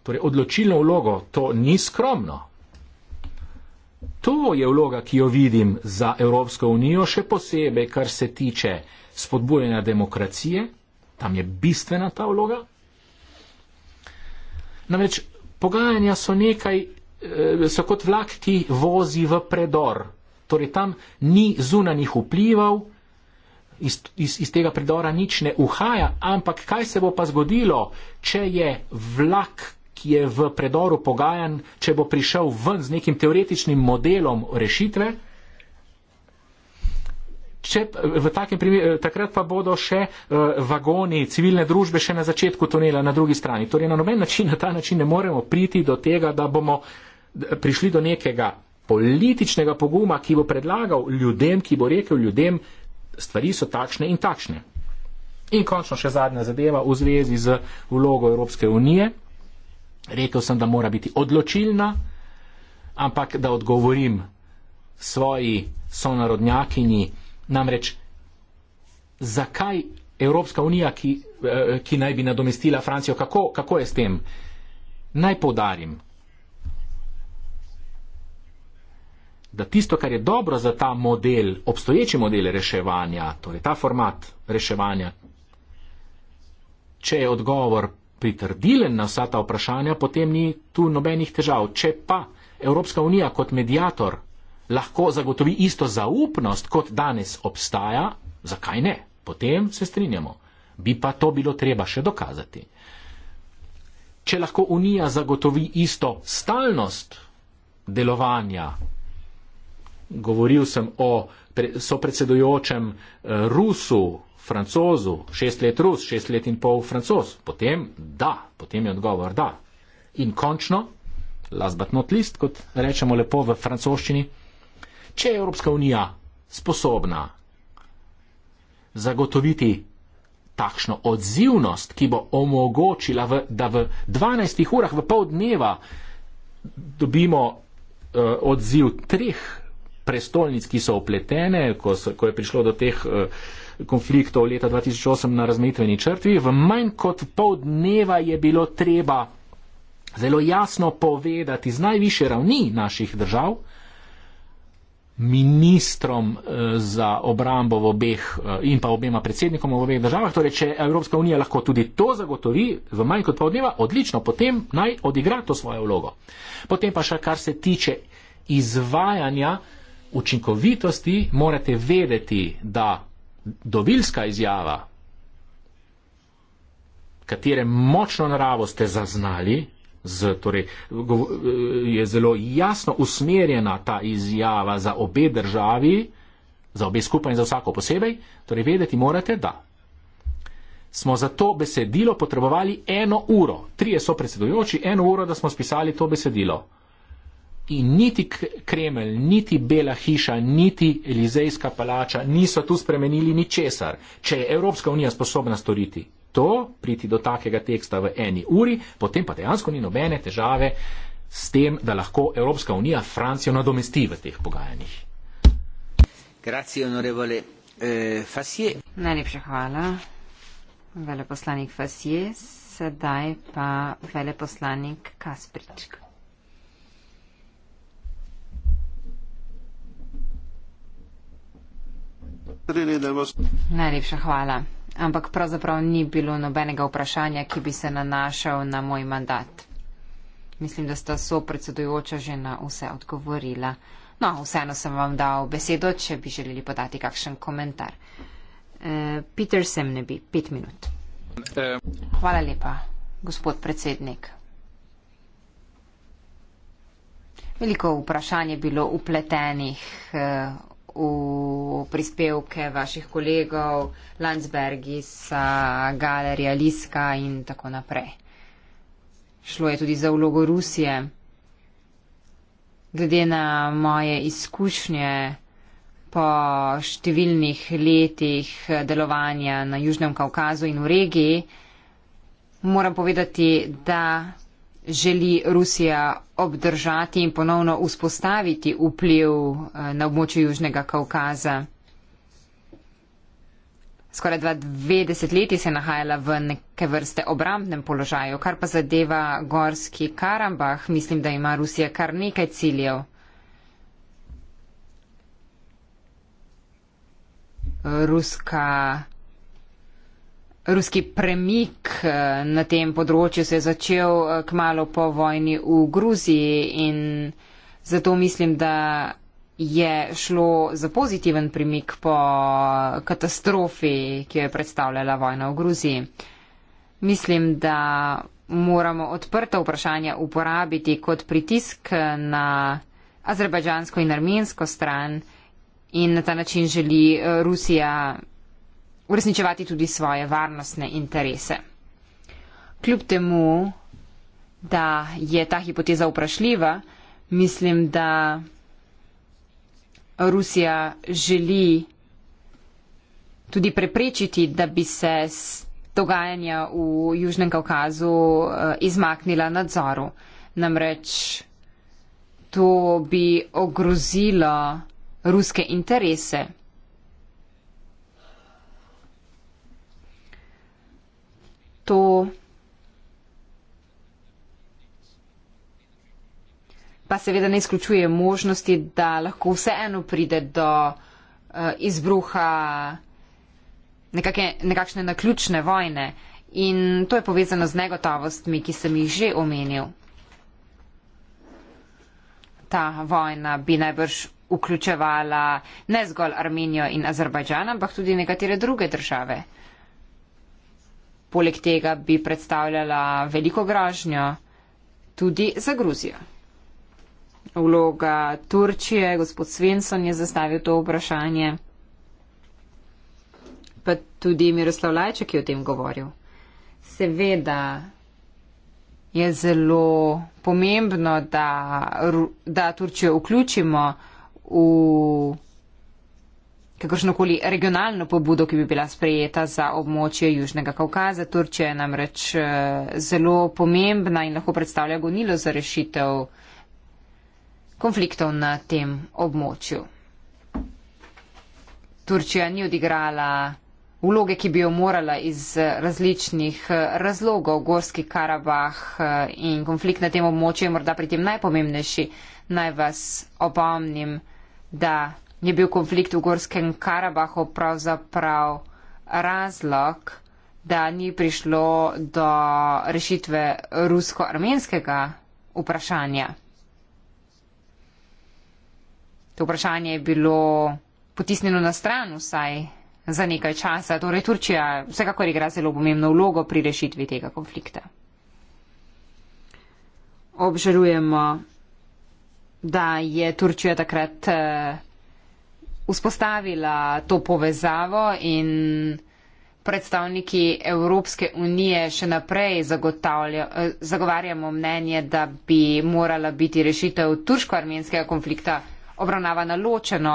[SPEAKER 2] torej odločilno vlogo, to ni skromno. To je vloga, ki jo vidim za Evropsko unijo, še posebej, kar se tiče spodbujanja demokracije. Tam je bistvena ta vloga. Namreč Pogajanja so nekaj, eh, so kot vlak, ki vozi v predor. Torej tam ni zunanih vplivov, iz, iz, iz tega predora nič ne uhaja, ampak kaj se bo pa zgodilo, če je vlak, ki je v predoru pogajan, če bo prišel ven z nekim teoretičnim modelom rešitve, Če, v takem primeru, eh, takrat pa bodo še uh, vagoni civilne družbe še na začetku tunela na drugi strani. Torej na noben način, na ta način ne moremo priti do tega, da bomo prišli do nekega političnega poguma, ki bo predlagal ljudem, ki bo rekel ljudem, stvari so takšne in takšne. In končno še zadnja zadeva v zvezi z vlogo Evropske unije. Rekel sem, da mora biti odločilna, ampak da odgovorim svoji sonarodnjakini, Namreč, zakaj Evropska unija, ki, eh, ki naj bi nadomestila Francijo, kako, kako je s tem? Naj podarim, da tisto, kar je dobro za ta model, obstoječi model reševanja, torej ta format reševanja, če je odgovor pritrdilen na vsa ta vprašanja, potem ni tu nobenih težav. Če pa Evropska unija kot medijator lahko zagotovi isto zaupnost, kot danes obstaja, zakaj ne? Potem se strinjamo. Bi pa to bilo treba še dokazati. Če lahko Unija zagotovi isto stalnost delovanja, govoril sem o sopredsedujočem eh, Rusu, Francozu, šest let Rus, šest let in pol Francoz, potem da, potem je odgovor da. In končno, last but not least, kot rečemo lepo v francoščini, če je Evropska unija sposobna zagotoviti takšno odzivnost, ki bo omogočila, v, da v 12 urah, v pol dneva dobimo uh, odziv treh prestolnic, ki so opletene, ko, so, ko je prišlo do teh uh, konfliktov leta 2008 na razmetveni črtvi, v manj kot pol dneva je bilo treba zelo jasno povedati z najviše ravni naših držav, uh, ministrom eh, za obrambo v obeh eh, in pa obema predsednikom v obeh državah. Torej, če Evropska unija lahko tudi to zagotovi v manj kot pol dneva, odlično, potem naj odigra to svojo vlogo. Potem pa še kar se tiče izvajanja učinkovitosti, morate vedeti, da dovilska izjava, katere močno naravo ste zaznali, Z, torej, je zelo jasno usmerjena ta izjava za obe državi, za obe skupaj in za vsako posebej. Torej, vedeti morate, da smo za to besedilo potrebovali eno uro. Trije so predsedujoči, eno uro, da smo spisali to besedilo. In niti Kremelj, niti Bela hiša, niti Elizejska palača niso tu spremenili ničesar, če je Evropska unija sposobna storiti to, priti do takega teksta v eni uri, potem pa dejansko ni nobene težave s tem, da lahko Evropska unija Francijo nadomesti v teh pogajanjih. Grazie, onorevole eh, Fassie.
[SPEAKER 1] Najlepša hvala, veleposlanik Fassie, sedaj pa veleposlanik Kasprička. Najlepša hvala ampak pravzaprav ni bilo nobenega vprašanja, ki bi se nanašal na moj mandat. Mislim, da sta so predsedujoča že na vse odgovorila. No, vseeno sem vam dal besedo, če bi želeli podati kakšen komentar. E, Peter sem ne bi, pet minut. Hvala lepa, gospod predsednik. Veliko vprašanje je bilo upletenih eh, v prispevke vaših kolegov Landsbergisa, Galerija Liska in tako naprej. Šlo je tudi za vlogo Rusije. Glede na moje izkušnje po številnih letih delovanja na Južnem Kaukazu in v regiji, moram povedati, da želi Rusija obdržati in ponovno vzpostaviti vpliv eh, na območju Južnega Kaukaza. Skoraj 20 leti se je nahajala v neke vrste obrambnem položaju, kar pa zadeva gorski Karambah, mislim, da ima Rusija kar nekaj ciljev. Ruska Ruski premik eh, na tem področju se je začel eh, kmalo po vojni v Gruziji in zato mislim, da je šlo za pozitiven premik po eh, katastrofi, ki jo je predstavljala vojna v Gruziji. Mislim, da moramo odprta vprašanja uporabiti kot pritisk na azerbajdžansko in armensko stran in na ta način želi Rusija uresničevati tudi svoje varnostne interese. Kljub temu, da je ta hipoteza vprašljiva, mislim, da Rusija želi tudi preprečiti, da bi se dogajanja v Južnem Kaukazu eh, izmaknila nadzoru. Namreč to bi ogrozilo ruske interese, to pa seveda ne izključuje možnosti, da lahko vseeno pride do uh, izbruha nekake, nekakšne naključne vojne. In to je povezano z negotovostmi, ki sem jih že omenil. Ta vojna bi najbrž vključevala ne zgolj Armenijo in Azerbajdžan, ampak tudi nekatere druge države. Poleg tega bi predstavljala veliko gražnjo tudi za Gruzijo. Vloga Turčije, gospod Svensson je zastavil to vprašanje, pa tudi Miroslav Lajček je o tem govoril. Seveda je zelo pomembno, da, da Turčijo vključimo v kakršnokoli regionalno pobudo, ki bi bila sprejeta za območje Južnega Kaukaza. Turčija je namreč eh, zelo pomembna in lahko predstavlja gonilo za rešitev konfliktov na tem območju. Turčija ni odigrala vloge, ki bi jo morala iz eh, različnih eh, razlogov. Gorski Karabah in konflikt na tem območju je morda pri tem najpomembnejši. Naj vas opomnim, da je bil konflikt v Gorskem Karabahu pravzaprav razlog, da ni prišlo do rešitve rusko-armenskega vprašanja. To vprašanje je bilo potisnjeno na stran vsaj za nekaj časa. Torej, Turčija vsekakor igra zelo pomembno vlogo pri rešitvi tega konflikta. Obžalujemo, da je Turčija takrat eh, vzpostavila to povezavo in predstavniki Evropske unije še naprej zagovarjamo mnenje, da bi morala biti rešitev turško-armenskega konflikta obravnavana ločeno,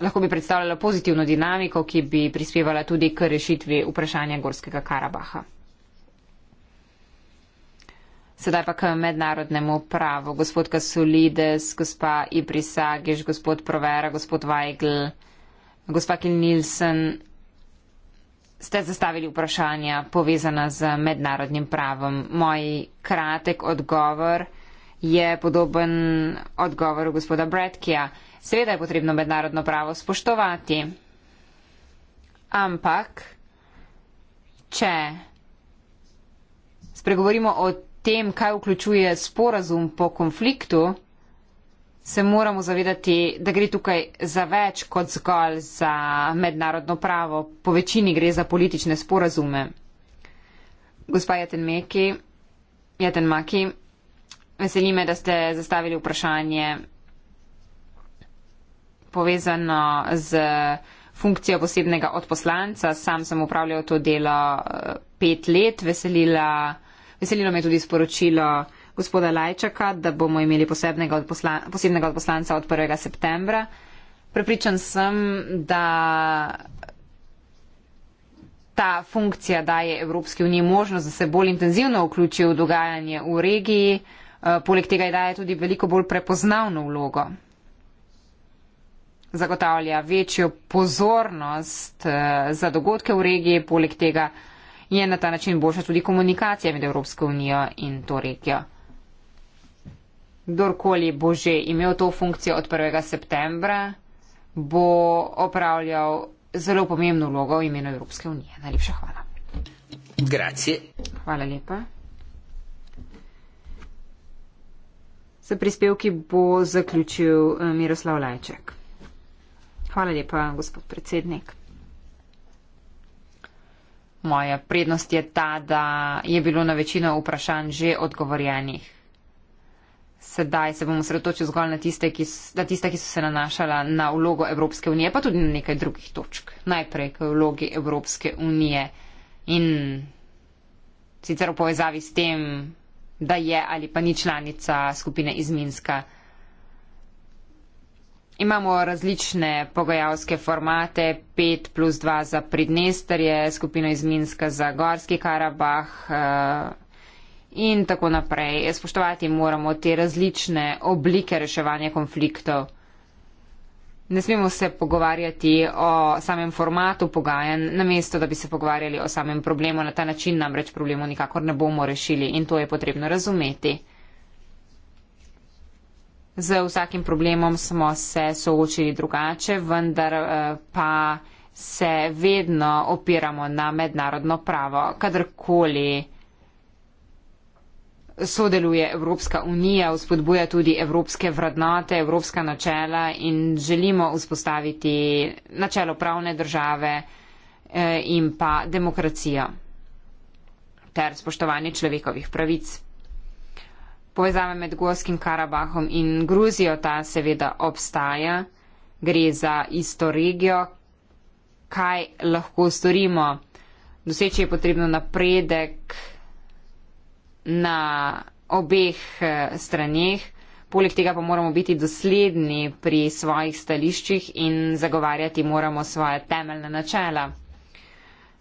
[SPEAKER 1] lahko bi predstavljala pozitivno dinamiko, ki bi prispevala tudi k rešitvi vprašanja Gorskega Karabaha. Sedaj pa k mednarodnemu pravu. Gospod Kasulides, gospa Ibrisagiš, gospod Provera, gospod Weigl, gospa Kil Nilsen, ste zastavili vprašanja povezana z mednarodnim pravom. Moj kratek odgovor je podoben odgovoru gospoda Bredkija. Seveda je potrebno mednarodno pravo spoštovati. Ampak, če spregovorimo o tem, kaj vključuje sporazum po konfliktu, se moramo zavedati, da gre tukaj za več kot zgolj za mednarodno pravo. Po večini gre za politične sporazume. Gospa Jatenmeki, Jatenmaki, veseli me, da ste zastavili vprašanje povezano z funkcijo posebnega odposlanca. Sam sem upravljal to delo eh, pet let, veselila. Veselilo me je tudi sporočilo gospoda Lajčaka, da bomo imeli posebnega odposla, posebnega odposlanca od 1. septembra. Prepričan sem, da ta funkcija daje Evropski uniji možnost, da se bolj intenzivno vključi v dogajanje v regiji, eh, poleg tega je daje tudi veliko bolj prepoznavno vlogo. Zagotavlja večjo pozornost eh, za dogodke v regiji, poleg tega je na ta način boljša tudi komunikacija med Evropsko unijo in to regijo. Kdorkoli bo že imel to funkcijo od 1. septembra, bo opravljal zelo pomembno vlogo v imenu Evropske unije. Najlepša hvala. Grazie. Hvala lepa. Se prispevki bo zaključil eh, Miroslav Lajček. Hvala lepa, gospod predsednik. Moja prednost je ta, da je bilo na večino vprašanj že odgovorjenih. Sedaj se bom osredotočil zgolj na tiste, ki, na tiste, ki so se nanašala na vlogo Evropske unije, pa tudi na nekaj drugih točk. Najprej k vlogi Evropske unije in sicer v povezavi s tem, da je ali pa ni članica skupine iz Minska. Imamo različne pogajalske formate, 5 plus 2 za Pridnesterje, skupino iz Minska za Gorski Karabah eh, in tako naprej. Spoštovati moramo te različne oblike reševanja konfliktov. Ne smemo se pogovarjati o samem formatu pogajanj, namesto da bi se pogovarjali o samem problemu. Na ta način namreč problemu nikakor ne bomo rešili in to je potrebno razumeti z vsakim problemom smo se soočili drugače, vendar eh, pa se vedno opiramo na mednarodno pravo, kadarkoli sodeluje Evropska unija, vzpodbuja tudi evropske vrednote, evropska načela in želimo vzpostaviti načelo pravne države eh, in pa demokracijo ter spoštovanje človekovih pravic povezave med Gorskim Karabahom in Gruzijo ta seveda obstaja, gre za isto regijo. Kaj lahko storimo? Doseči je potrebno napredek na obeh eh, straneh. Poleg tega pa moramo biti dosledni pri svojih stališčih in zagovarjati moramo svoje temeljne načela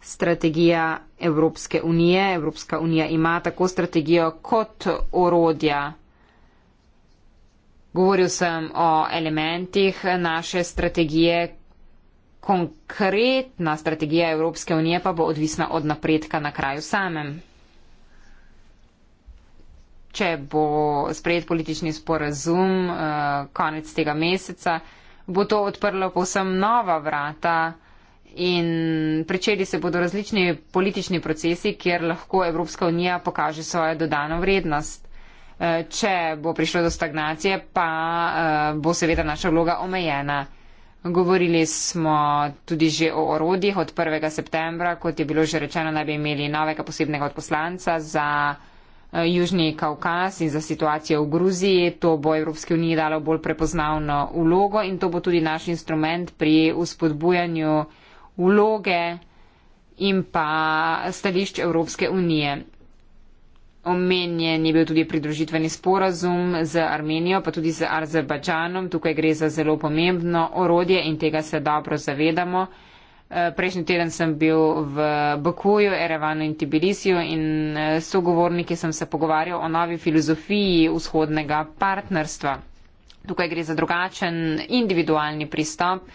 [SPEAKER 1] strategija Evropske unije. Evropska unija ima tako strategijo kot orodja. Govoril sem o elementih naše strategije. Konkretna strategija Evropske unije pa bo odvisna od napredka na kraju samem. Če bo sprejet politični sporazum eh, konec tega meseca, bo to odprlo povsem nova vrata in pričeli se bodo različni politični procesi, kjer lahko Evropska unija pokaže svojo dodano vrednost. Eh, če bo prišlo do stagnacije, pa eh, bo seveda naša vloga omejena. Govorili smo tudi že o orodjih od 1. septembra, kot je bilo že rečeno, naj bi imeli novega posebnega odposlanca za eh, Južni Kaukaz in za situacijo v Gruziji. To bo Evropski uniji dalo bolj prepoznavno vlogo in to bo tudi naš instrument pri uspodbujanju vloge in pa stališč Evropske unije. Omenjen je bil tudi pridružitveni sporazum z Armenijo, pa tudi z Azerbajdžanom. Tukaj gre za zelo pomembno orodje in tega se dobro zavedamo. Eh, prejšnji teden sem bil v Bakuju, Erevanu in Tbilisiju in eh, s sogovorniki sem se pogovarjal o novi filozofiji vzhodnega partnerstva. Tukaj gre za drugačen individualni pristop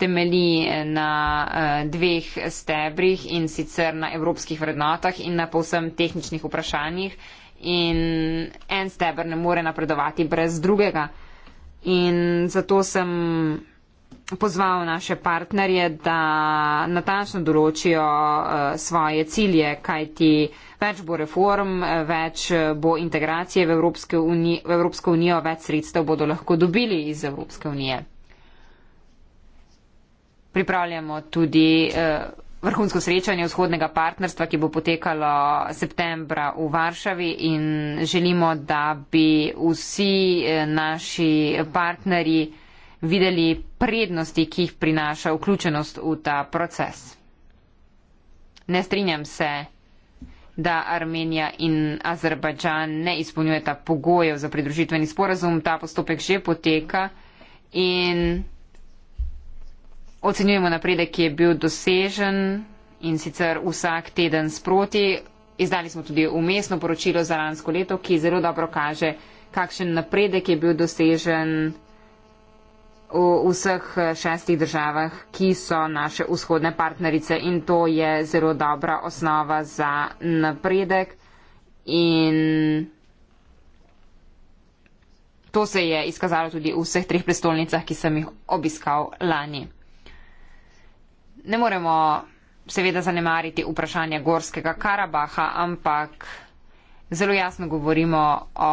[SPEAKER 1] temelji na eh, dveh stebrih in sicer na evropskih vrednotah in na povsem tehničnih vprašanjih. In en steber ne more napredovati brez drugega. In zato sem pozval naše partnerje, da natančno določijo eh, svoje cilje, kajti več bo reform, eh, več bo integracije v Evropsko unijo, več sredstev bodo lahko dobili iz Evropske unije pripravljamo tudi eh, vrhunsko srečanje vzhodnega partnerstva, ki bo potekalo septembra v Varšavi in želimo, da bi vsi eh, naši partnerji videli prednosti, ki jih prinaša vključenost v ta proces. Ne strinjam se, da Armenija in Azerbajdžan ne izpolnjujeta pogojev za pridružitveni sporazum, ta postopek že poteka in Ocenjujemo napredek, ki je bil dosežen in sicer vsak teden sproti. Izdali smo tudi umestno poročilo za lansko leto, ki zelo dobro kaže, kakšen napredek je bil dosežen v vseh šestih državah, ki so naše vzhodne partnerice in to je zelo dobra osnova za napredek. In to se je izkazalo tudi v vseh treh prestolnicah, ki sem jih obiskal lani ne moremo seveda zanemariti vprašanja Gorskega Karabaha, ampak zelo jasno govorimo o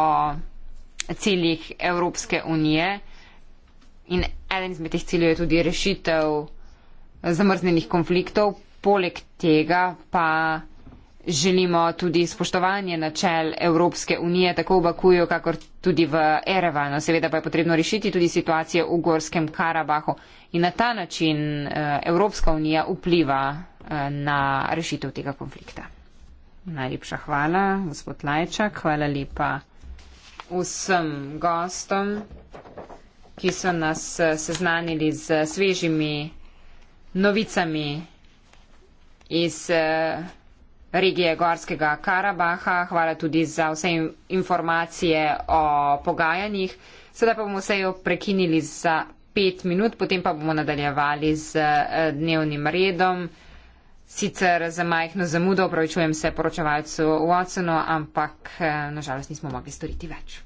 [SPEAKER 1] ciljih Evropske unije in eden izmed teh ciljev je tudi rešitev zamrznjenih konfliktov, poleg tega pa želimo tudi spoštovanje načel Evropske unije, tako v Bakuju, kakor tudi v Erevanu. Seveda pa je potrebno rešiti tudi situacijo v Gorskem Karabahu in na ta način eh, Evropska unija vpliva eh, na rešitev tega konflikta. Najlepša hvala, gospod Lajčak, hvala lepa vsem gostom, ki so nas eh, seznanili z svežimi novicami iz regije Gorskega Karabaha. Hvala tudi za vse informacije o pogajanjih. Sedaj pa bomo sejo prekinili za pet minut, potem pa bomo nadaljevali z eh, dnevnim redom. Sicer za majhno zamudo opravičujem se poročevalcu Watsonu, ampak eh, nažalost nismo mogli storiti več.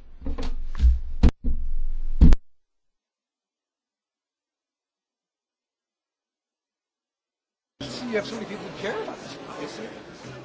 [SPEAKER 1] Absolutely didn't care about this policy.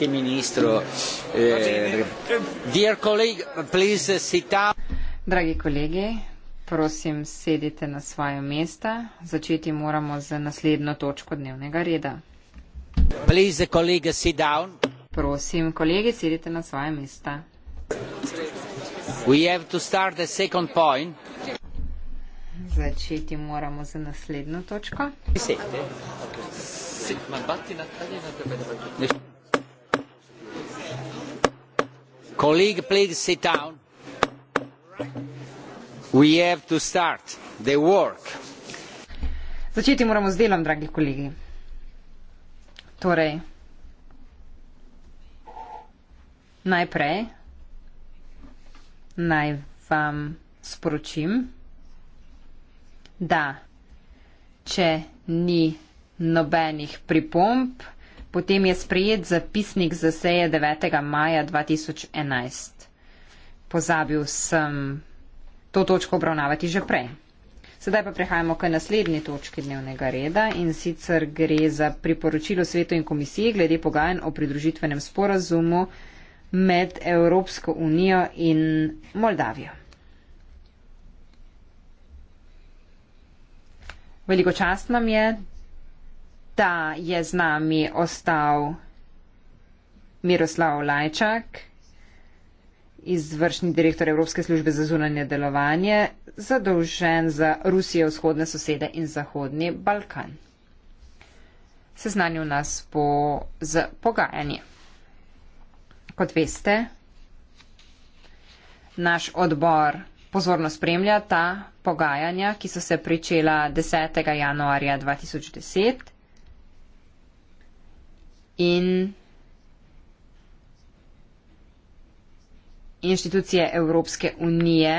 [SPEAKER 2] Eh, eh, eh,
[SPEAKER 1] Dragi kolegi, prosim, sedite na svoje mesta. Začeti moramo z naslednjo točko dnevnega reda. Prosim, kolegi, sedite na svoje mesta. Začeti moramo z naslednjo točko. Sedite.
[SPEAKER 3] Sedite.
[SPEAKER 1] colleagues please sit down we have to start the work Začeti moramo z delom, dragi kolegi. Torej, najprej naj vam sporočim, da če ni nobenih pripomb, Potem je sprejet zapisnik za seje 9. maja 2011. Pozabil sem to točko obravnavati že prej. Sedaj pa prehajamo k naslednji točki dnevnega reda in sicer gre za priporočilo svetu in komisiji glede pogajanj o pridružitvenem sporazumu med Evropsko unijo in Moldavijo. Veliko čast nam je, da je z nami ostal Miroslav Lajčak, izvršni direktor Evropske službe za zunanje delovanje, zadolžen za Rusijo, vzhodne sosede in Zahodni Balkan. Seznanil nas bo z pogajanje. Kot veste, naš odbor pozorno spremlja ta pogajanja, ki so se pričela 10. januarja 2010 in inštitucije Evropske unije,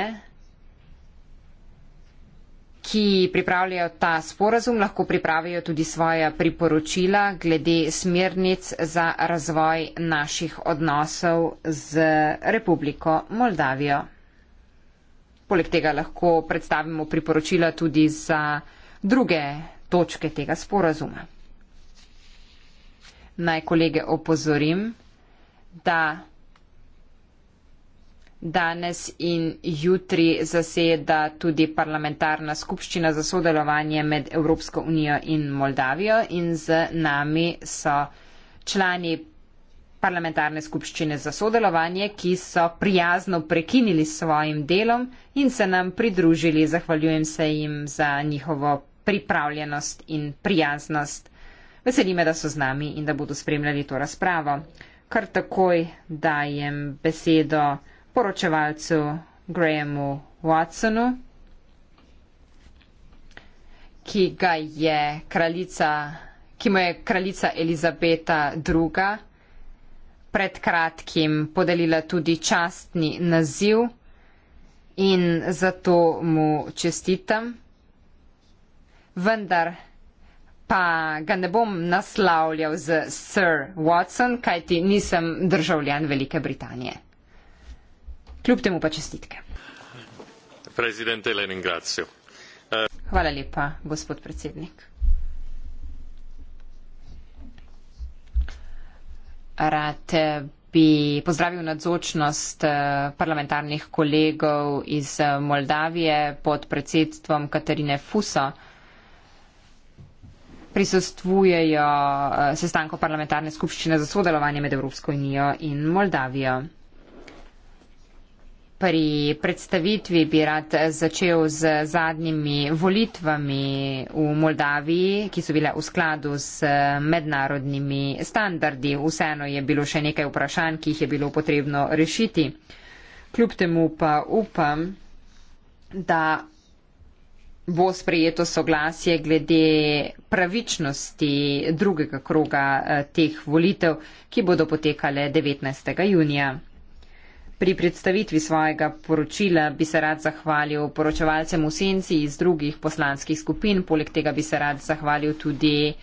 [SPEAKER 1] ki pripravljajo ta sporazum, lahko pripravijo tudi svoje priporočila glede smernic za razvoj naših odnosov z Republiko Moldavijo. Poleg tega lahko predstavimo priporočila tudi za druge točke tega sporazuma naj kolege opozorim, da danes in jutri zaseda tudi parlamentarna skupščina za sodelovanje med Evropsko unijo in Moldavijo in z nami so člani parlamentarne skupščine za sodelovanje, ki so prijazno prekinili s svojim delom in se nam pridružili. Zahvaljujem se jim za njihovo pripravljenost in prijaznost. Veselime, da so z nami in da bodo spremljali to razpravo. Kar takoj dajem besedo poročevalcu Grahamu Watsonu, ki ga je kraljica, ki mu je kraljica Elizabeta II. pred kratkim podelila tudi častni naziv in zato mu čestitam. Vendar pa ga ne bom naslavljal z Sir Watson, kajti nisem državljan Velike Britanije. Kljub temu pa čestitke. Hvala lepa, gospod predsednik. Rad bi pozdravil nadzočnost eh, parlamentarnih kolegov iz eh, Moldavije pod predsedstvom Katarine Fuso prisostvujejo eh, sestanku parlamentarne skupščine za sodelovanje med Evropsko unijo in Moldavijo. Pri predstavitvi bi rad začel z zadnjimi volitvami v Moldaviji, ki so bile v skladu s eh, mednarodnimi standardi. Vseeno je bilo še nekaj vprašanj, ki jih je bilo potrebno rešiti. Kljub temu pa upam, da bo sprejeto soglasje glede pravičnosti drugega kroga eh, teh volitev, ki bodo potekale 19. junija. Pri predstavitvi svojega poročila bi se rad zahvalil poročevalcem v senci iz drugih poslanskih skupin, poleg tega bi se rad zahvalil tudi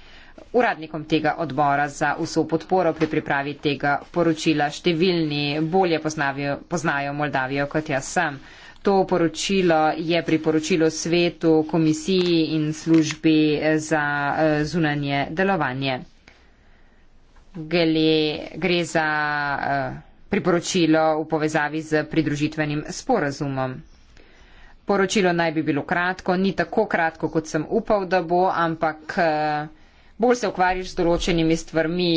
[SPEAKER 1] uradnikom tega odbora za vso podporo pri pripravi tega poročila. Številni bolje poznajo Moldavijo kot jaz sem to poročilo je priporočilo svetu, komisiji in službi za eh, zunanje delovanje. Gle, gre za eh, priporočilo v povezavi z pridružitvenim sporazumom. Poročilo naj bi bilo kratko, ni tako kratko, kot sem upal, da bo, ampak eh, bolj se ukvarjaš z določenimi stvarmi,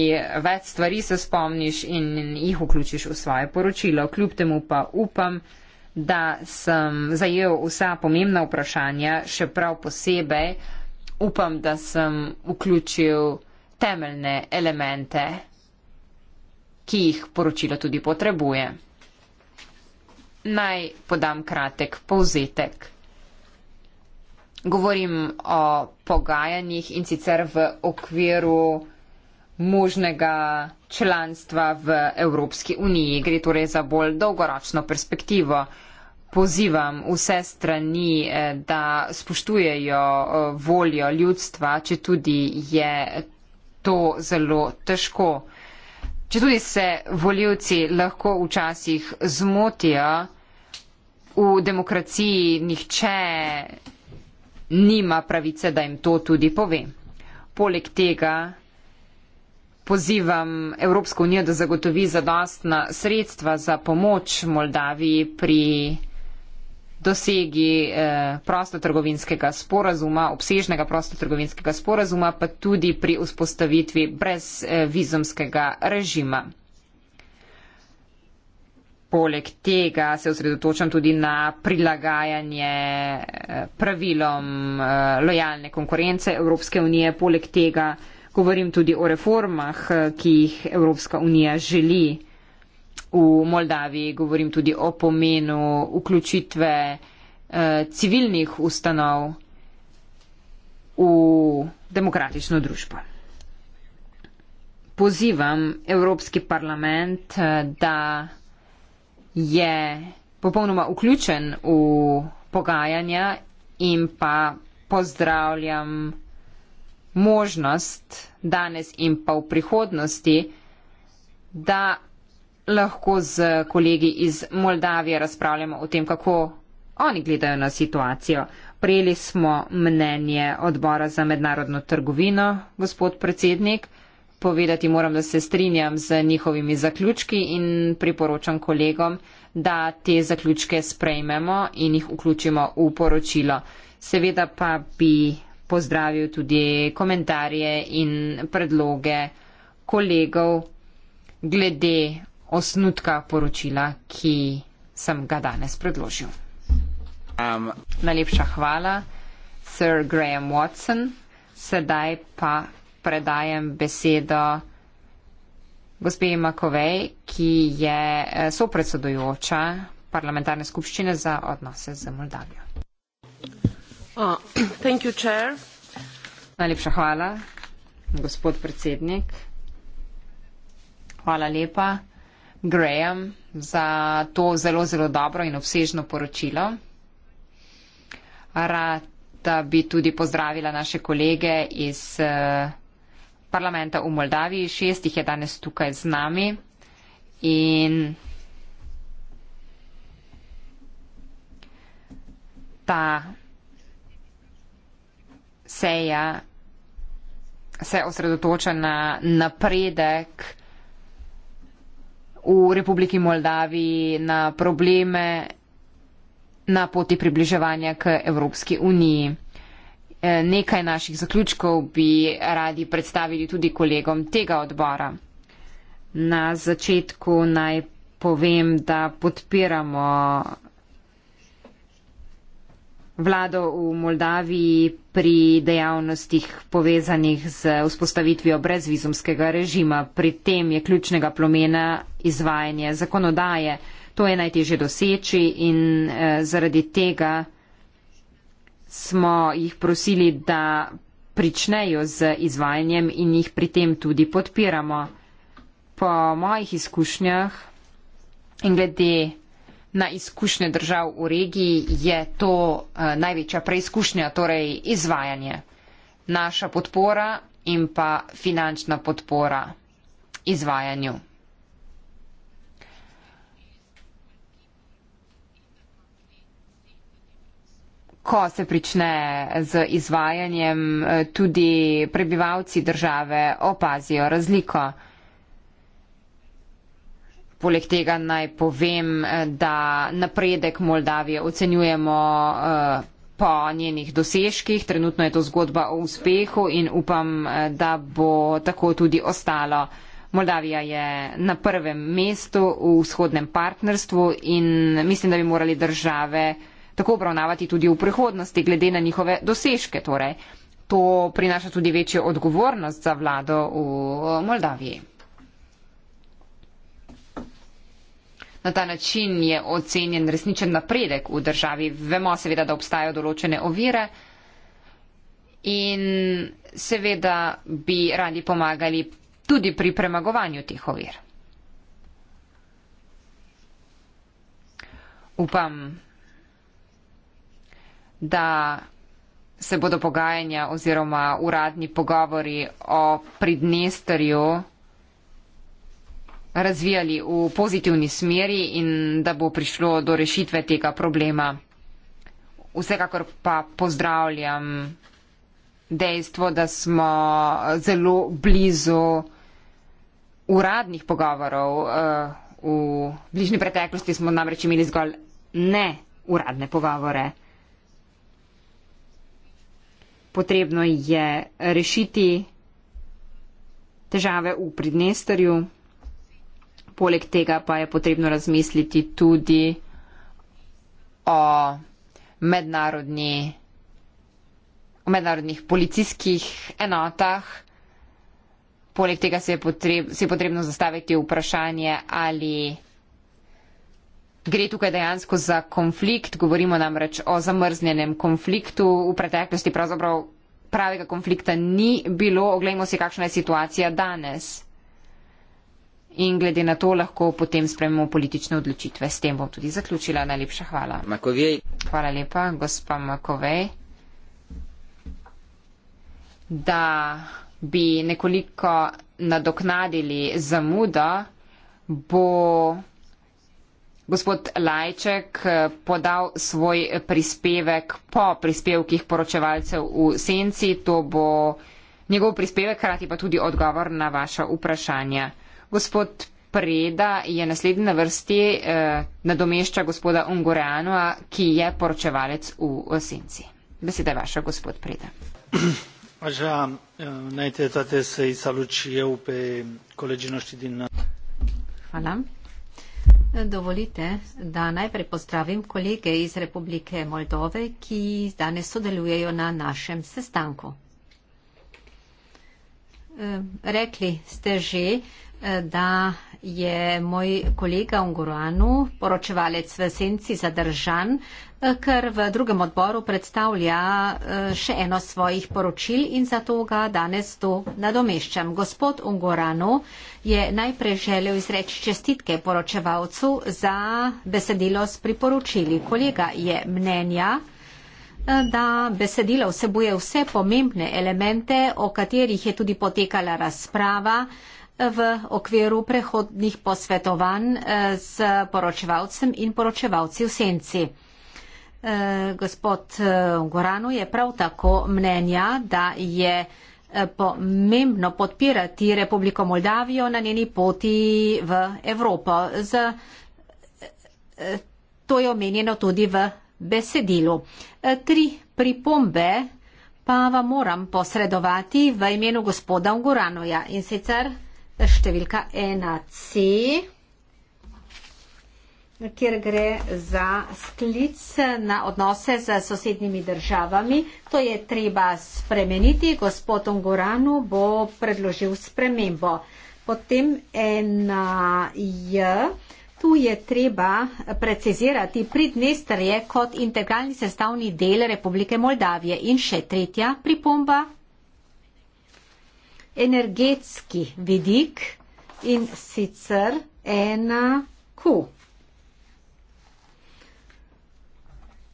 [SPEAKER 1] več stvari se spomniš in jih vključiš v svoje poročilo. Kljub temu pa upam, da sem zajel vsa pomembna vprašanja, še prav posebej upam, da sem vključil temeljne elemente, ki jih poročilo tudi potrebuje. Naj podam kratek povzetek. Govorim o pogajanjih in sicer v okviru možnega članstva v Evropski uniji. Gre torej za bolj dolgoročno perspektivo pozivam vse strani, eh, da spoštujejo eh, voljo ljudstva, če tudi je to zelo težko. Če tudi se voljivci lahko včasih zmotijo, v demokraciji nihče nima pravice, da jim to tudi pove. Poleg tega pozivam Evropsko unijo, da zagotovi zadostna sredstva za pomoč Moldaviji pri dosegi eh, prostotrgovinskega sporazuma, obsežnega prostotrgovinskega sporazuma, pa tudi pri vzpostavitvi brez eh, vizumskega režima. Poleg tega se osredotočam tudi na prilagajanje eh, pravilom lojalne konkurence Evropske unije. Poleg tega govorim tudi o reformah, ki jih Evropska unija želi v Moldaviji, govorim tudi o pomenu vključitve eh, civilnih ustanov v demokratično družbo. Pozivam Evropski parlament, eh, da je popolnoma vključen v pogajanja in pa pozdravljam možnost danes in pa v prihodnosti, da lahko z kolegi iz Moldavije razpravljamo o tem, kako oni gledajo na situacijo. Prejeli smo mnenje odbora za mednarodno trgovino, gospod predsednik. Povedati moram, da se strinjam z njihovimi zaključki in priporočam kolegom, da te zaključke sprejmemo in jih vključimo v poročilo. Seveda pa bi pozdravil tudi komentarje in predloge kolegov glede osnutka poročila, ki sem ga danes predložil. Um. Najlepša hvala, Sir Graham Watson. Sedaj pa predajem besedo gospej Makovej, ki je eh, sopredsedujoča parlamentarne skupščine za odnose z Moldavijo. Uh, [CLEARS THROAT] you, Najlepša hvala, gospod predsednik. Hvala lepa. Graham za to zelo, zelo dobro in obsežno poročilo. Rada bi tudi pozdravila naše kolege iz eh, parlamenta v Moldaviji. Šest jih je danes tukaj z nami. In ta seja se osredotoča na napredek v Republiki Moldaviji, na probleme na poti približevanja k Evropski uniji. E, nekaj naših zaključkov bi radi predstavili tudi kolegom tega odbora. Na začetku naj povem, da podpiramo vlado v Moldaviji pri dejavnostih povezanih z vzpostavitvijo brezvizumskega režima. Pri tem je ključnega plomena izvajanje zakonodaje. To je najtežje doseči in eh, zaradi tega smo jih prosili, da pričnejo z izvajanjem in jih pri tem tudi podpiramo. Po mojih izkušnjah in glede na izkušnje držav v regiji, je to eh, največja preizkušnja, torej izvajanje. Naša podpora in pa finančna podpora izvajanju. Ko se prične z izvajanjem, eh, tudi prebivalci države opazijo razliko. Poleg tega naj povem, eh, da napredek Moldavije ocenjujemo eh, po njenih dosežkih. Trenutno je to zgodba o uspehu in upam, eh, da bo tako tudi ostalo. Moldavija je na prvem mestu v vzhodnem partnerstvu in mislim, da bi morali države tako obravnavati tudi v prihodnosti, glede na njihove dosežke. Torej. To prinaša tudi večjo odgovornost za vlado v Moldaviji. Na ta način je ocenjen resničen napredek v državi. Vemo seveda, da obstajajo določene ovire in seveda bi radi pomagali tudi pri premagovanju teh ovir. Upam, da se bodo pogajanja oziroma uradni pogovori o Pridnesterju razvijali v pozitivni smeri in da bo prišlo do rešitve tega problema. Vsekakor pa pozdravljam dejstvo, da smo zelo blizu uradnih pogovorov. Eh, v bližnji preteklosti smo namreč imeli zgolj ne uradne pogovore. Potrebno je rešiti težave v Pridnesterju poleg tega pa je potrebno razmisliti tudi o mednarodni, o mednarodnih policijskih enotah. Poleg tega se je, potreb, se je potrebno zastaviti vprašanje, ali gre tukaj dejansko za konflikt. Govorimo namreč o zamrznjenem konfliktu. V preteklosti pravzaprav pravega konflikta ni bilo. Oglejmo si, kakšna je situacija danes in glede na to lahko potem sprememo politične odločitve. S tem bom tudi zaključila. Najlepša hvala. Makovej. Hvala lepa, gospa Makovej. Da bi nekoliko nadoknadili zamudo, bo gospod Lajček eh, podal svoj prispevek po prispevkih poročevalcev v senci. To bo njegov prispevek, hkrati pa tudi odgovor na vaše vprašanje. Gospod Preda je naslednji na vrsti eh, nadomešča gospoda Ungoreanoa, ki je poročevalec v Osenci. Beseda je vaša, gospod Preda. [CLEARS THROAT]
[SPEAKER 3] Așa, eh, înainte de toate să-i salut și eu pe colegii noștri din... Eh, Hvala. Dovolite, da najprej pozdravim kolege iz Republike Moldove, ki danes sodelujejo na našem sestanku. Eh, rekli ste že, da je moj kolega Ungoranu, poročevalec v Senci zadržan, ker v drugem odboru predstavlja eh, še eno svojih poročil in zato ga danes tu nadomeščam. Gospod Ungoranu je najprej želel izreči čestitke poročevalcu za besedilo s priporočili. Kolega je mnenja, eh, da besedilo vsebuje vse pomembne elemente, o katerih je tudi potekala razprava v okviru prehodnih posvetovanj z eh, poročevalcem in poročevalci v senci. Eh, gospod eh, Goranu je prav tako mnenja, da je pomembno podpirati Republiko Moldavijo na njeni poti v Evropo. Z, to je omenjeno tudi v besedilu. Tri pripombe pa vam moram posredovati v imenu gospoda Goranoja in sicer številka ena C, kjer gre za sklic na odnose z sosednjimi državami. To je treba spremeniti. Gospod Ongoranu bo predložil spremembo. Potem ena J, tu je treba precizirati Pridnester je kot integralni sestavni del Republike Moldavije. In še tretja pripomba, energetski vidik in sicer ena Q.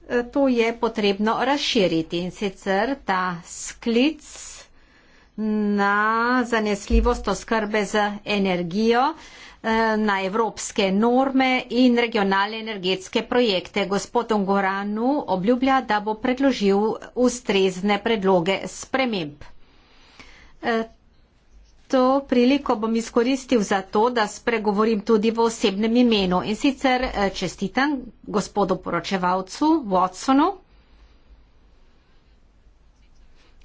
[SPEAKER 3] E, to je potrebno razširiti in sicer ta sklic na zanesljivost oskrbe z energijo e, na evropske norme in regionalne energetske projekte. Gospod Ungoranu obljublja, da bo predložil ustrezne predloge sprememb. E, to priliko bom izkoristil za to, da spregovorim tudi v osebnem imenu in sicer eh, čestitam gospodu poročevalcu Watsonu.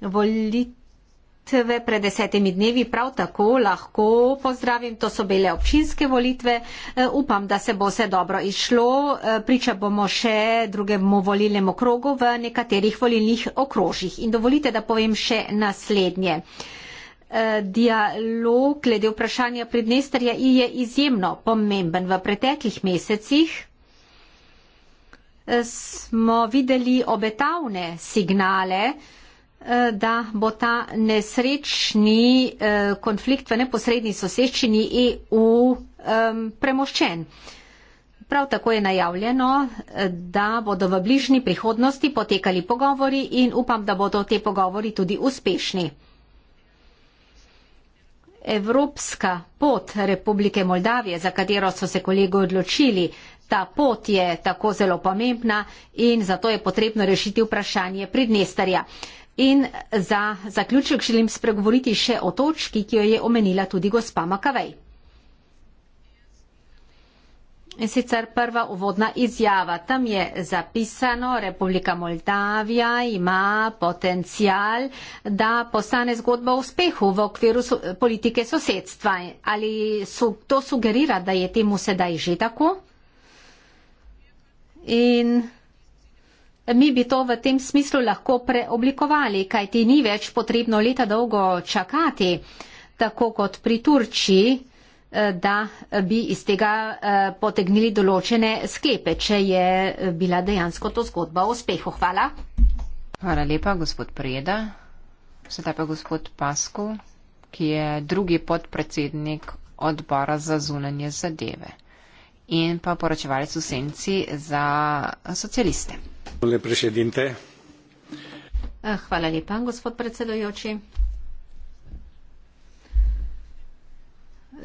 [SPEAKER 3] Volitve pred desetimi dnevi prav tako lahko pozdravim, to so bile občinske volitve. Eh, upam, da se bo vse dobro išlo. Eh, priča bomo še drugemu volilnemu krogu v nekaterih volilnih okrožjih. In dovolite, da povem še naslednje dialog glede vprašanja prednestarja I je izjemno pomemben. V preteklih mesecih eh, smo videli obetavne signale, eh, da bo ta nesrečni eh, konflikt v neposrednji soseščini EU premoščen. Prav tako je najavljeno, da bodo v bližnji prihodnosti potekali pogovori in upam, da bodo te pogovori tudi uspešni evropska pot Republike Moldavije, za katero so se kolegi odločili. Ta pot je tako zelo pomembna in zato je potrebno rešiti vprašanje Pridnestarja. In za zaključek želim spregovoriti še o točki, ki jo je omenila tudi gospa Makavej. In sicer prva uvodna izjava. Tam je zapisano, Republika Moldavija ima potencial, da postane zgodba uspehu v okviru su politike sosedstva. Ali su to sugerira, da je temu sedaj že tako? In mi bi to v tem smislu lahko preoblikovali, kajti ni več potrebno leta dolgo čakati, tako kot pri Turčiji. Eh, da bi iz tega eh, potegnili določene sklepe, če je bila dejansko to zgodba o uspehu. Hvala.
[SPEAKER 1] Hvala lepa, gospod Preda. Sedaj pa gospod Pasku, ki je drugi podpredsednik odbora za zunanje zadeve in pa poročevalec v senci za socialiste. Eh, hvala lepa, gospod predsedujoči.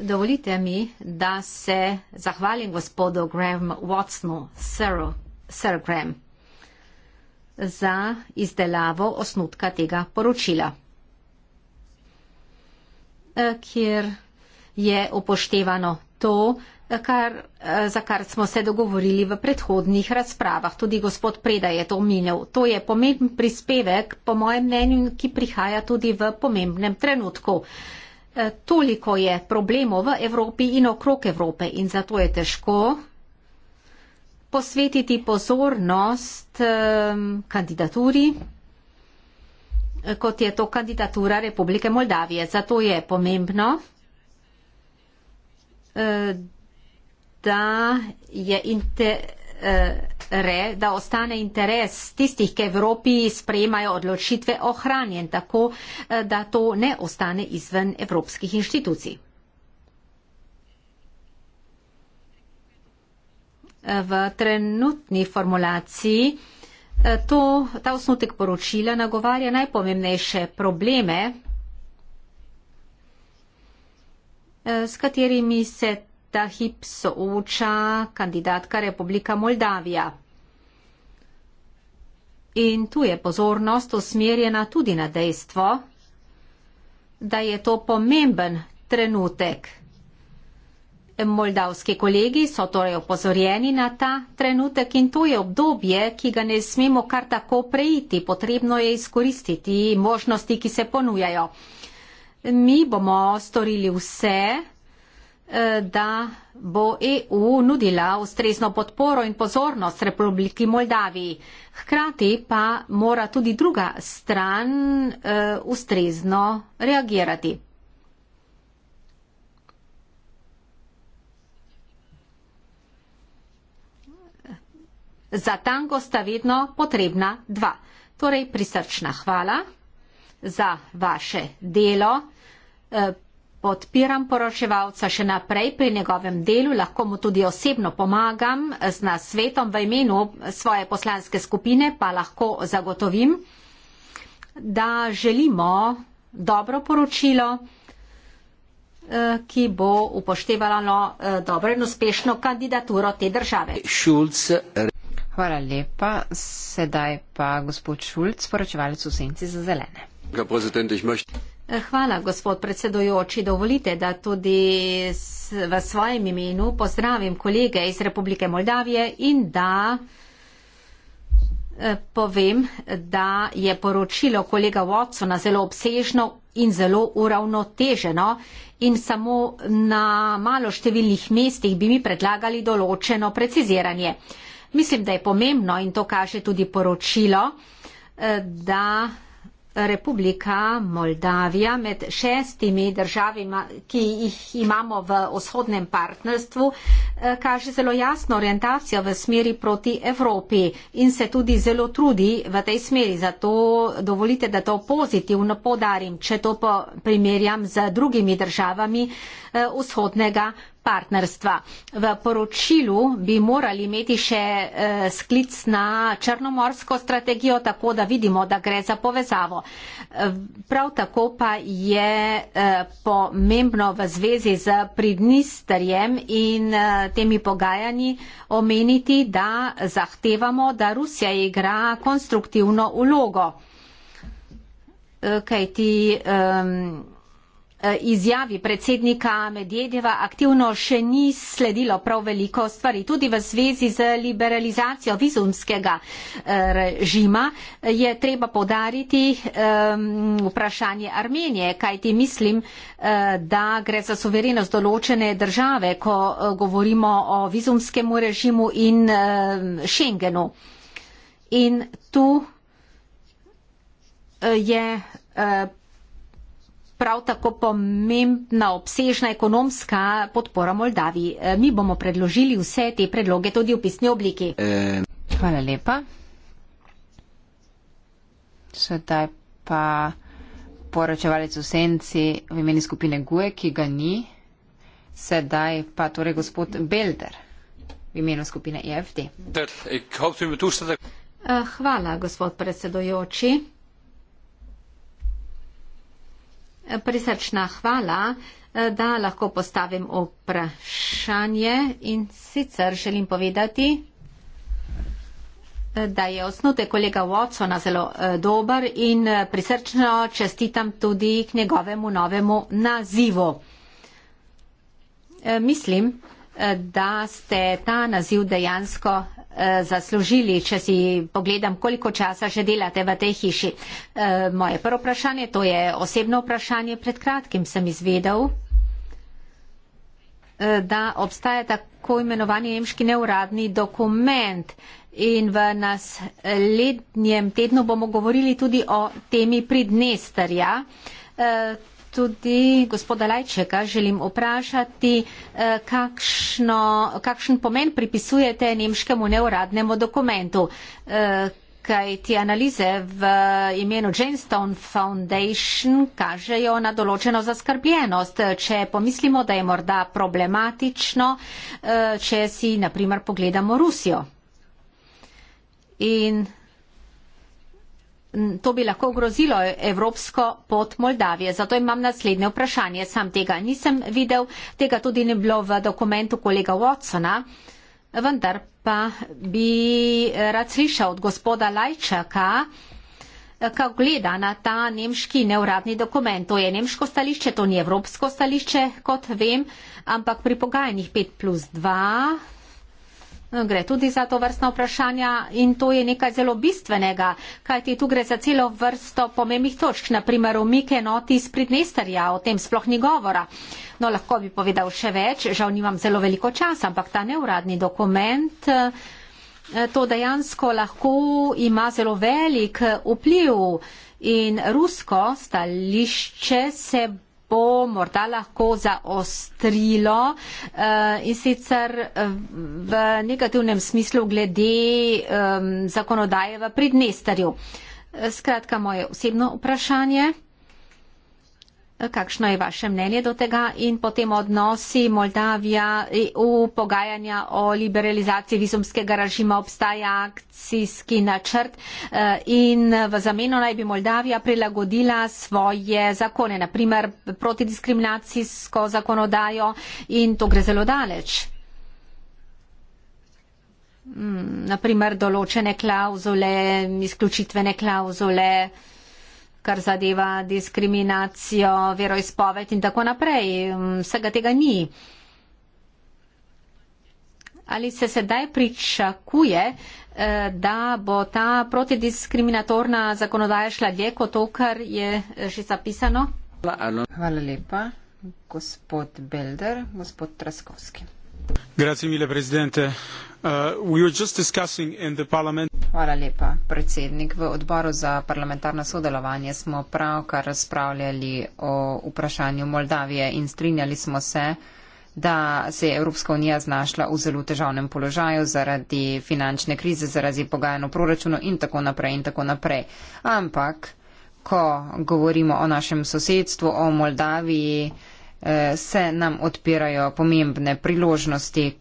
[SPEAKER 3] Dovolite mi, da se zahvalim gospodu Graham Watsonu, Sir, Sir Graham, za izdelavo osnutka tega poročila, eh, kjer je upoštevano to, eh, kar, eh, za kar smo se dogovorili v predhodnih razpravah. Tudi gospod Preda je to omenil. To je pomemben prispevek, po mojem mnenju, ki prihaja tudi v pomembnem trenutku. Eh, toliko je problemov v Evropi in okrog Evrope in zato je težko posvetiti pozornost ehm, kandidaturi, eh, kot je to kandidatura Republike Moldavije. Zato je pomembno, eh, da je inter Eh, re, da ostane interes tistih, ki v Evropi sprejemajo odločitve ohranjen, tako eh, da to ne ostane izven evropskih inštitucij. Eh, v trenutni formulaciji to, ta osnutek poročila nagovarja najpomembnejše probleme, s katerimi se ta hip sooča kandidatka Republika Moldavija. In tu je pozornost usmerjena tudi na dejstvo, da je to pomemben trenutek. Moldavski kolegi so torej opozorjeni na ta trenutek in to je obdobje, ki ga ne smemo kar tako preiti. Potrebno je izkoristiti možnosti, ki se ponujajo. Mi bomo storili vse, Eh, da bo EU nudila ustrezno podporo in pozornost Republiki Moldaviji. Hkrati pa mora tudi druga stran eh, ustrezno reagirati. Za tango sta vedno potrebna dva. Torej, prisrčna hvala za vaše delo. Eh, podpiram poročevalca še naprej pri njegovem delu, lahko mu tudi osebno pomagam z nasvetom v imenu svoje poslanske skupine, pa lahko zagotovim, da želimo dobro poročilo, eh, ki bo upoštevalo eh, dobro in uspešno kandidaturo
[SPEAKER 1] te države. Šulc. Eh, Hvala lepa. Sedaj pa gospod Šulc, poročevalec v senci za zelene. Herr Präsident, ich möchte. Eh, hvala, gospod
[SPEAKER 3] predsedojoči. Dovolite, da tudi v svojem imenu pozdravim kolege iz Republike Moldavije in da eh, povem, da je poročilo kolega Watsona zelo obsežno in zelo uravnoteženo in samo na malo številnih mestih bi mi predlagali določeno preciziranje. Mislim, da je pomembno in to kaže tudi poročilo, eh, da Republika Moldavija med šestimi državima, ki jih imamo v vzhodnem partnerstvu, eh, kaže zelo jasno orientacijo v smeri proti Evropi in se tudi zelo trudi v tej smeri. Zato dovolite, da to pozitivno podarim, če to primerjam z drugimi državami eh, vzhodnega partnerstva. V poročilu bi morali imeti še eh, sklic na črnomorsko strategijo, tako da vidimo, da gre za povezavo. Eh, prav tako pa je eh, pomembno v zvezi z pridnisterjem in temi pogajanji omeniti, da zahtevamo, da Rusija igra konstruktivno ulogo. Kaj ti um, Eh, izjavi predsednika Medvedjeva aktivno še ni sledilo prav veliko stvari. Tudi v zvezi z liberalizacijo vizumskega eh, režima eh, je treba podariti ehm, vprašanje Armenije, kajti mislim, da gre za suverenost določene države, ko govorimo o vizumskemu režimu in Schengenu. In tu je prav tako pomembna obsežna ekonomska podpora Moldaviji. E, mi bomo predložili vse
[SPEAKER 1] te predloge tudi v pisni obliki. E, hvala lepa. Sedaj pa poročevalec v senci v imeni skupine GUE, ki ga ni. Sedaj pa torej gospod Belder v imenu skupine EFD.
[SPEAKER 2] E,
[SPEAKER 1] hvala, gospod
[SPEAKER 3] predsedojoči. Prisrčna hvala, eh, da lahko postavim vprašanje in sicer želim povedati, eh, da je osnutek kolega Watsona zelo eh, dober in prisrčno čestitam tudi k njegovemu novemu nazivu. Mislim, da ste ta naziv dejansko Eh, zaslužili, če si pogledam, koliko časa že delate v tej hiši. Eh, moje prvo vprašanje, to je osebno vprašanje, pred kratkim sem izvedel, eh, da obstaja tako imenovani nemški neuradni dokument in v naslednjem tednu bomo govorili tudi o temi pridnestarja tudi gospoda Lajčeka želim vprašati, eh, kakšno, kakšen pomen pripisujete nemškemu neuradnemu dokumentu, eh, kaj ti analize v imenu Jamestown Foundation kažejo na določeno zaskrbljenost, če pomislimo, da je morda problematično, eh, če si naprimer pogledamo Rusijo. In to bi lahko ogrozilo evropsko pot Moldavije. Zato imam naslednje vprašanje. Sam tega nisem videl, tega tudi ni bilo v dokumentu kolega Watsona. Vendar pa bi rad slišal od gospoda Lajčaka, kako gleda na ta nemški neuradni dokument. To je nemško stališče, to ni evropsko stališče, kot vem, ampak pri pogajanjih 5 plus 2. Gre tudi za to vrstno vprašanje in to je nekaj zelo bistvenega, kajti tu gre za celo vrsto pomembnih točk, naprimer omike noti iz Pridnesterja, o tem sploh ni govora. No, lahko bi povedal še več, žal nimam zelo veliko časa, ampak ta neuradni dokument. Eh, to dejansko lahko ima zelo velik vpliv in rusko stališče se bo morda lahko zaostrilo eh, in sicer eh, v negativnem smislu glede eh, zakonodaje v Pridnestarju. Skratka, moje osebno vprašanje kakšno je vaše mnenje do tega in potem odnosi Moldavija v e pogajanja o liberalizaciji vizumskega režima obstaja akcijski načrt eh, in v zameno naj bi Moldavija prilagodila svoje zakone, naprimer protidiskriminacijsko zakonodajo in to gre zelo daleč. Hmm, naprimer določene klauzule, izključitvene klauzule kar zadeva diskriminacijo, veroizpoved in tako naprej. Mm, Vsega tega ni. Ali se sedaj pričakuje, eh, da bo ta protidiskriminatorna zakonodaja šla dlje kot to, kar je eh, že zapisano?
[SPEAKER 1] Hvala lepa, gospod Belder, gospod Traskovski.
[SPEAKER 2] Grazie mille, presidente. Uh,
[SPEAKER 1] Hvala lepa, predsednik. V odboru za parlamentarno sodelovanje smo pravkar razpravljali o vprašanju Moldavije in strinjali smo se, da se je Evropska unija znašla v zelo težavnem položaju zaradi finančne krize, zaradi pogajanja proračuna in tako naprej in tako naprej. Ampak, ko govorimo o našem sosedstvu, o Moldaviji, eh, se nam odpirajo pomembne priložnosti,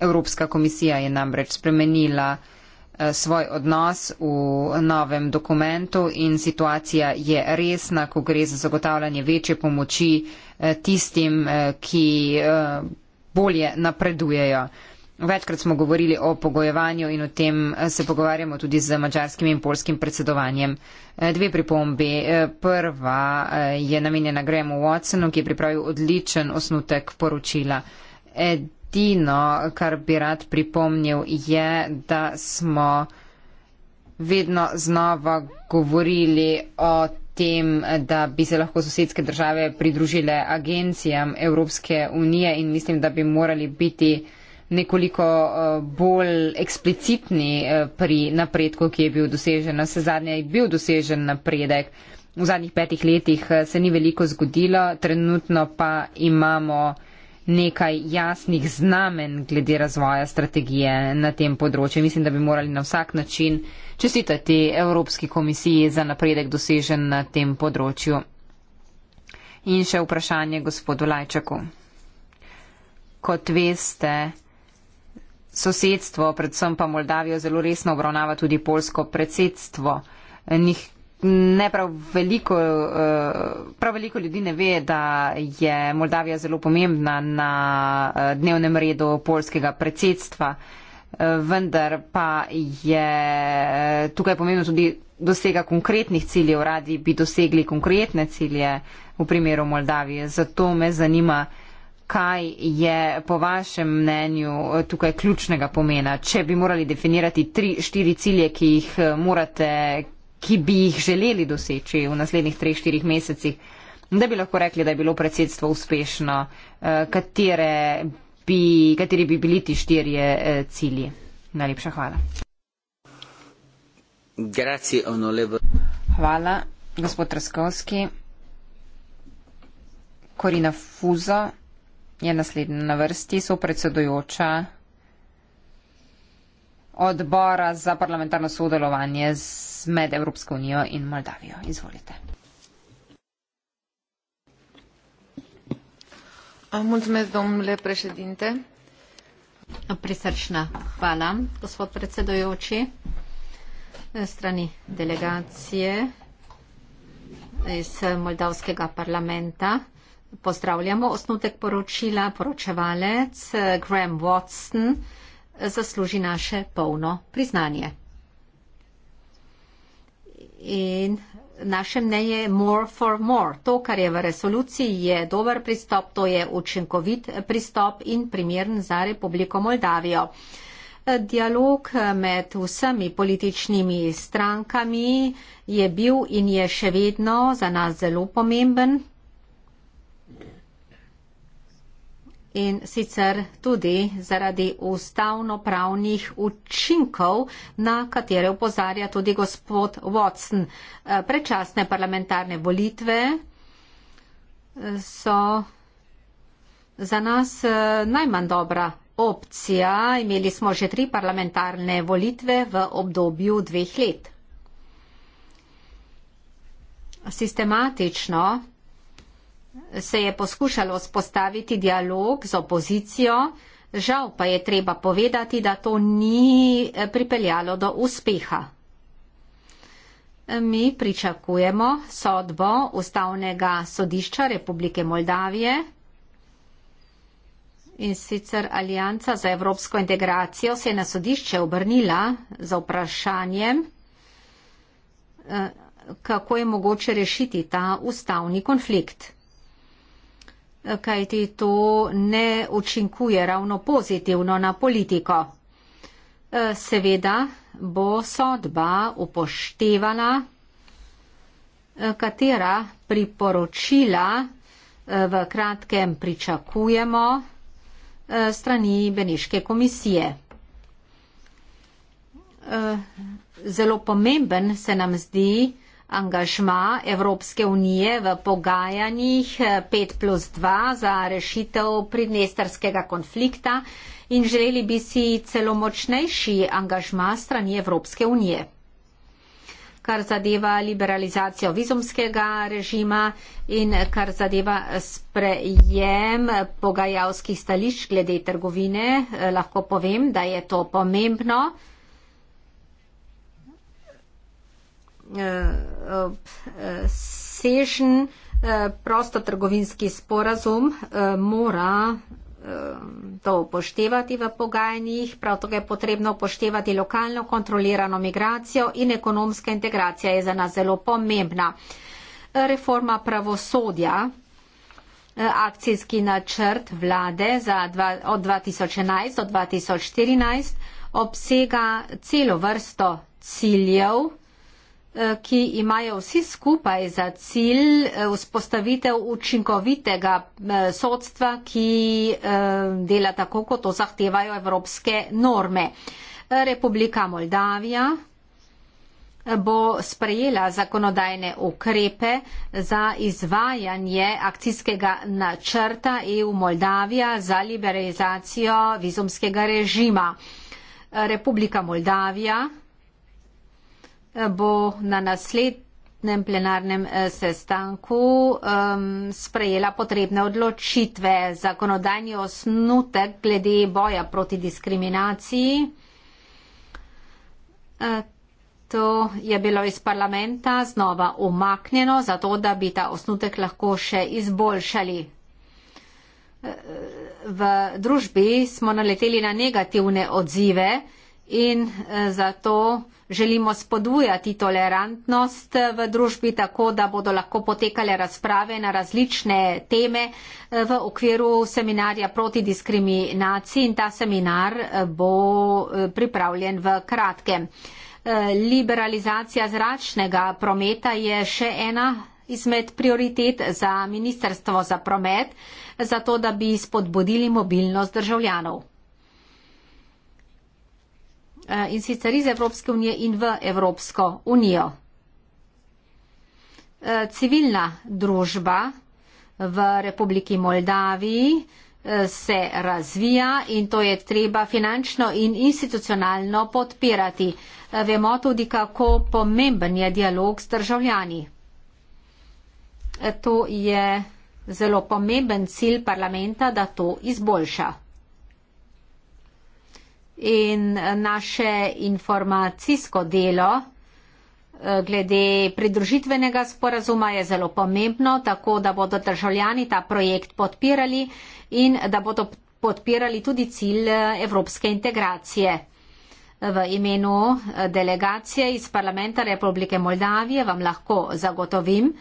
[SPEAKER 1] Evropska komisija je namreč spremenila eh, svoj odnos v novem dokumentu in situacija je resna, ko gre za zagotavljanje večje pomoči eh, tistim, eh, ki bolje napredujejo. Večkrat smo govorili o pogojevanju in o tem se pogovarjamo tudi z mačarskim in polskim predsedovanjem. Dve pripombi. Prva je namenjena Grahamu Watsonu, ki je pripravil odličen osnutek poročila. Ed edino, kar bi rad pripomnil, je, da smo vedno znova govorili o tem, da bi se lahko sosedske države pridružile agencijam Evropske unije in mislim, da bi morali biti nekoliko eh, bolj eksplicitni eh, pri napredku, ki je bil dosežen. Se zadnje je bil dosežen napredek. V zadnjih petih letih eh, se ni veliko zgodilo, trenutno pa imamo nekaj jasnih znamen glede razvoja strategije na tem področju. Mislim, da bi morali na vsak način čestitati Evropski komisiji za napredek dosežen na tem področju. In še vprašanje gospodu Lajčaku. Kot veste, sosedstvo, predvsem pa Moldavijo, zelo resno obravnava tudi polsko predsedstvo. Nih, ne prav veliko, eh, prav veliko ljudi ne ve, da je Moldavija zelo pomembna na eh, dnevnem redu polskega predsedstva, eh, vendar pa je tukaj pomembno tudi dosega konkretnih ciljev, radi bi dosegli konkretne cilje v primeru Moldavije. Zato me zanima, kaj je po vašem mnenju tukaj ključnega pomena. Če bi morali definirati tri, štiri cilje, ki jih morate, ki bi jih želeli doseči v naslednjih 3-4 mesecih, da bi lahko rekli, da je bilo predsedstvo uspešno, eh, katere bi, kateri bi bili ti štirje eh, cilji. Najlepša hvala. Hvala, gospod Raskovski. Korina Fuzo je naslednja na vrsti, so predsedujoča odbora za parlamentarno sodelovanje z, med Evropsko unijo in Moldavijo. Izvolite.
[SPEAKER 3] Mulțumesc, domnule președinte.
[SPEAKER 1] Prisrșna,
[SPEAKER 3] hvala, gospod predsedojoči, strani delegacije iz Moldavskega parlamenta. Pozdravljamo osnutek poročila poročevalec Graham Watson zasluži naše polno priznanje. In naše mnenje je more for more. To, kar je v resoluciji, je dober pristop, to je učinkovit pristop in primern za Republiko Moldavijo. Dialog med vsemi političnimi strankami je bil in je še vedno za nas zelo pomemben. in sicer tudi zaradi ustavnopravnih učinkov, na katere upozarja tudi gospod Watson. Eh, Prečasne parlamentarne volitve eh, so za nas eh, najmanj dobra opcija. Imeli smo že tri parlamentarne volitve v obdobju dveh let. Sistematično se je poskušalo spostaviti dialog z opozicijo, žal pa je treba povedati, da to ni eh, pripeljalo do uspeha. Mi pričakujemo sodbo Ustavnega sodišča Republike Moldavije in sicer Alijanca za evropsko integracijo se je na sodišče obrnila za vprašanjem, eh, kako je mogoče rešiti ta ustavni konflikt kajti to ne učinkuje ravno pozitivno na politiko. E, seveda bo sodba upoštevana, e, katera priporočila e, v kratkem pričakujemo strani Beneške komisije. Zelo pomemben se nam zdi, angažma Evropske unije v pogajanjih 5 eh, plus 2 za rešitev pridnestarskega konflikta in želeli bi si celo močnejši angažma strani Evropske unije. Kar zadeva liberalizacijo vizumskega režima in kar zadeva sprejem pogajalskih stališč glede trgovine, eh, lahko povem, da je to pomembno. sežen eh, prostotrgovinski sporazum eh, mora eh, to upoštevati v pogajanjih, prav tako je potrebno upoštevati lokalno kontrolirano migracijo in ekonomska integracija je za nas zelo pomembna. Reforma pravosodja, akcijski načrt vlade za dva, od 2011 do 2014 obsega celo vrsto ciljev Eh, ki imajo vsi skupaj za cilj eh, vzpostavitev učinkovitega eh, sodstva, ki dela tako, kot to zahtevajo evropske norme. Republika Moldavija bo sprejela zakonodajne ukrepe za izvajanje akcijskega načrta EU Moldavija za liberalizacijo vizumskega režima. Republika Moldavija bo na naslednjem plenarnem eh, sestanku um, sprejela potrebne odločitve. Zakonodajni osnutek glede boja proti diskriminaciji. Eh, to je bilo iz parlamenta znova umaknjeno, zato da bi ta osnutek lahko še izboljšali. Eh, v družbi smo naleteli na negativne odzive in e, zato želimo spodbujati tolerantnost v družbi tako, da bodo lahko potekale razprave na različne teme e, v okviru seminarja proti diskriminaciji in ta seminar e, bo pripravljen v kratkem. Liberalizacija zračnega prometa je še ena izmed prioritet za Ministrstvo za promet, zato da bi spodbudili mobilnost državljanov. Eh, in sicer iz Evropske unije in v Evropsko unijo. Eh, civilna družba v Republiki Moldaviji eh, se razvija in to je treba finančno in institucionalno podpirati. Vemo tudi, kako pomemben je dialog s državljani. To je zelo pomemben cilj parlamenta, da to izboljša in naše informacijsko delo eh, glede pridružitvenega sporazuma je zelo pomembno, tako da bodo državljani ta projekt podpirali in da bodo podpirali tudi cilj eh, evropske integracije. V imenu eh, delegacije iz parlamenta Republike Moldavije vam lahko zagotovim,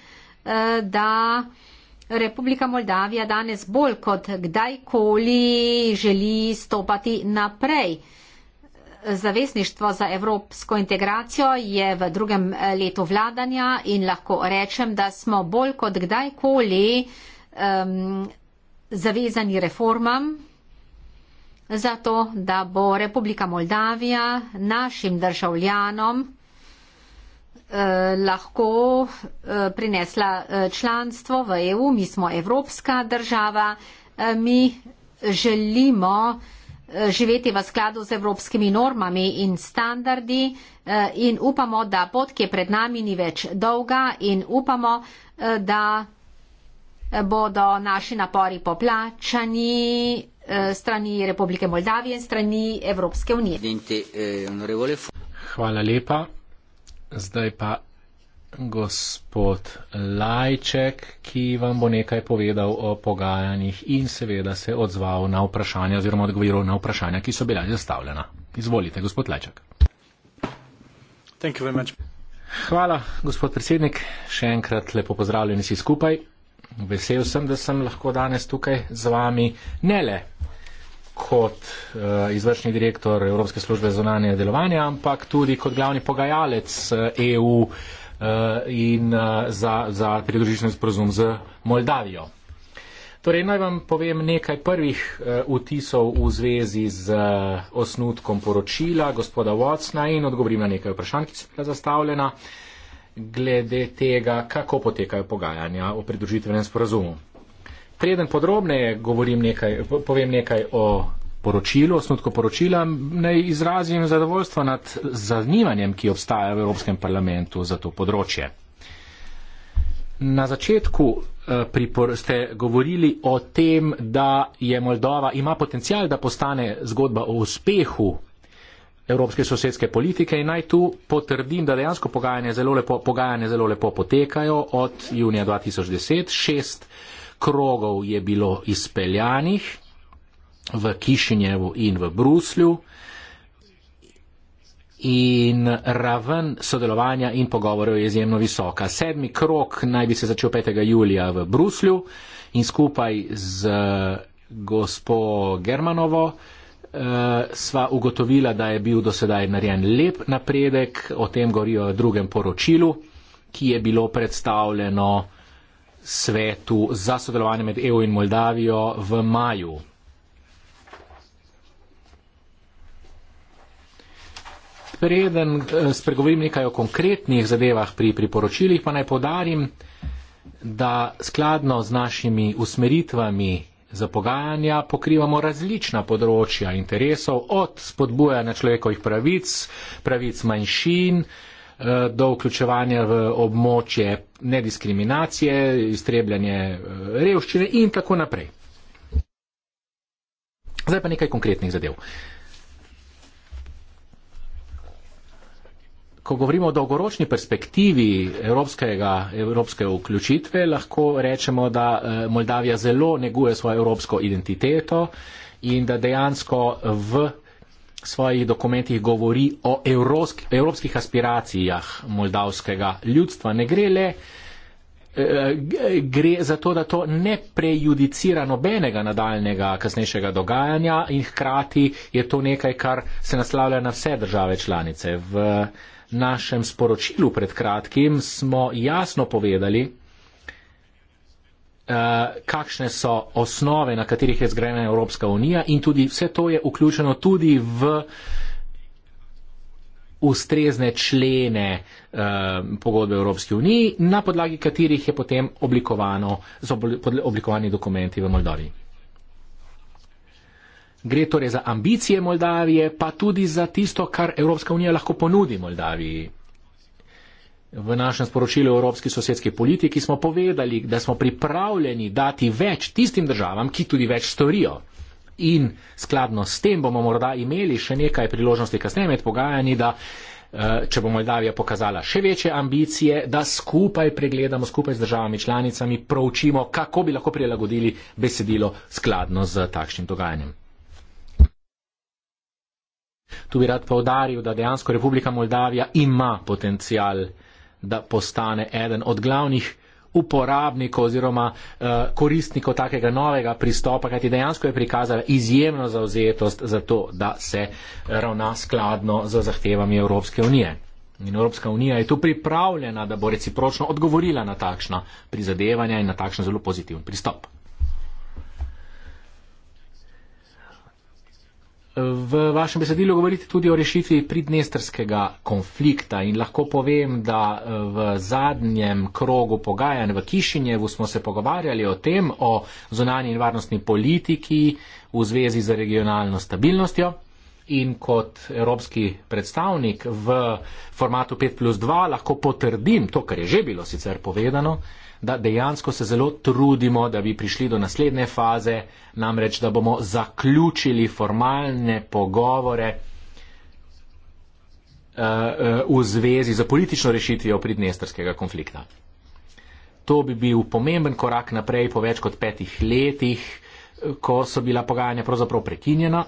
[SPEAKER 3] da Republika Moldavija danes bolj kot kdajkoli želi stopati naprej. Zavesništvo za evropsko integracijo je v drugem letu vladanja in lahko rečem, da smo bolj kot kdajkoli um, zavezani reformam zato, da bo Republika Moldavija našim državljanom Eh, lahko eh, prinesla eh, članstvo v EU. Mi smo evropska država, mi želimo živeti v skladu z evropskimi normami in standardi in upamo, da pot, ki je pred nami, ni več dolga in upamo, da bodo naši napori poplačani strani Republike Moldavije in strani Evropske unije.
[SPEAKER 2] Hvala lepa. Zdaj pa gospod Lajček, ki vam bo nekaj povedal o pogajanjih in seveda se odzval na vprašanja oziroma odgovoril na vprašanja, ki so bila zastavljena. Izvolite, gospod Lajček. Hvala, gospod predsednik. Še enkrat lepo pozdravljeni vsi skupaj. Vesel sem, da sem lahko danes tukaj z vami, ne le kot uh, izvršni direktor Evropske službe zunanje delovanja, ampak tudi kot glavni pogajalec EU eh, e uh, eh, in uh, za, za pridružitveni sporozum z Moldavijo. Torej, naj vam povem nekaj prvih uh, vtisov v zvezi z uh, osnutkom poročila gospoda Watsona in odgovorim na nekaj vprašanj, ki so bila zastavljena glede tega, kako potekajo pogajanja o pridružitvenem sporozumu preden podrobneje govorim nekaj, povem nekaj o poročilu, osnutko poročila, naj izrazim zadovoljstvo nad zanimanjem, ki obstaja v Evropskem parlamentu za to področje. Na začetku eh, ste govorili o tem, da je Moldova, ima potencial, da postane zgodba o uspehu evropske sosedske politike in naj tu potrdim, da dejansko pogajanje zelo lepo, pogajanje zelo lepo potekajo od junija 2010, šest krogov je bilo izpeljanih v Kišinjevu in v Bruslju in raven sodelovanja in pogovorov je izjemno visoka. Sedmi krok naj bi se začel 5. julija v Bruslju in skupaj z gospo Germanovo eh, sva ugotovila, da je bil dosedaj narejen lep napredek, o tem govorijo v drugem poročilu, ki je bilo predstavljeno svetu za sodelovanje med EU in Moldavijo v maju. Preden eh, spregovorim nekaj o konkretnih zadevah pri priporočilih, pa naj podarim, da skladno z našimi usmeritvami za pogajanja pokrivamo različna področja interesov od spodbujanja človekovih pravic, pravic manjšin, Eh, do vključevanja v območje nediskriminacije, iztrebljanje eh, revščine in tako naprej. Zdaj pa nekaj konkretnih zadev. Ko govorimo o dolgoročni perspektivi evropske vključitve, lahko rečemo, da eh, Moldavija zelo neguje svojo evropsko identiteto in da dejansko v svojih dokumentih govori o evrosk, evropskih aspiracijah moldavskega ljudstva. Ne gre le, eh, gre za to, da to ne prejudicira nobenega nadaljnega kasnejšega dogajanja in hkrati je to nekaj, kar se naslavlja na vse države članice. V našem sporočilu pred kratkim smo jasno povedali, uh, kakšne so osnove, na katerih je zgrajena Evropska unija in tudi vse to je vključeno tudi v ustrezne člene uh, pogodbe Evropske unije, na podlagi katerih je potem oblikovano, so oblikovani dokumenti v Moldaviji. Gre torej za ambicije Moldavije, pa tudi za tisto, kar Evropska unija lahko ponudi Moldaviji v našem sporočilu o evropski sosedski politiki smo povedali, da smo pripravljeni dati več tistim državam, ki tudi več storijo. In skladno s tem bomo morda imeli še nekaj priložnosti kasneje med pogajanji, da eh, če bo Moldavija pokazala še večje ambicije, da skupaj pregledamo, skupaj z državami članicami, proučimo, kako bi lahko prilagodili besedilo skladno z takšnim dogajanjem. Tu bi rad povdaril, da dejansko Republika Moldavija ima potencial da postane eden od glavnih uporabnikov oziroma uh, koristnikov takega novega pristopa, kajti dejansko je prikazala izjemno zauzetost za to, da se eh, ravna skladno z zahtevami Evropske unije. In Evropska unija je tu pripravljena, da bo recipročno odgovorila na takšno prizadevanje in na takšen zelo pozitiven pristop. V vašem besedilu govorite tudi o rešitvi pridnestrskega konflikta in lahko povem, da eh, v zadnjem krogu pogajanj v Kišinjevu smo se pogovarjali o tem, o zunanji in varnostni politiki v zvezi z regionalno stabilnostjo in kot evropski predstavnik v formatu 5 plus 2 lahko potrdim to, kar je že bilo sicer povedano, da dejansko se zelo trudimo, da bi prišli do naslednje faze, namreč da bomo zaključili formalne pogovore eh, eh, v zvezi za politično rešitvijo pridnestrskega konflikta. To bi bil pomemben korak naprej po več kot petih letih, ko so bila pogajanja pravzaprav prekinjena.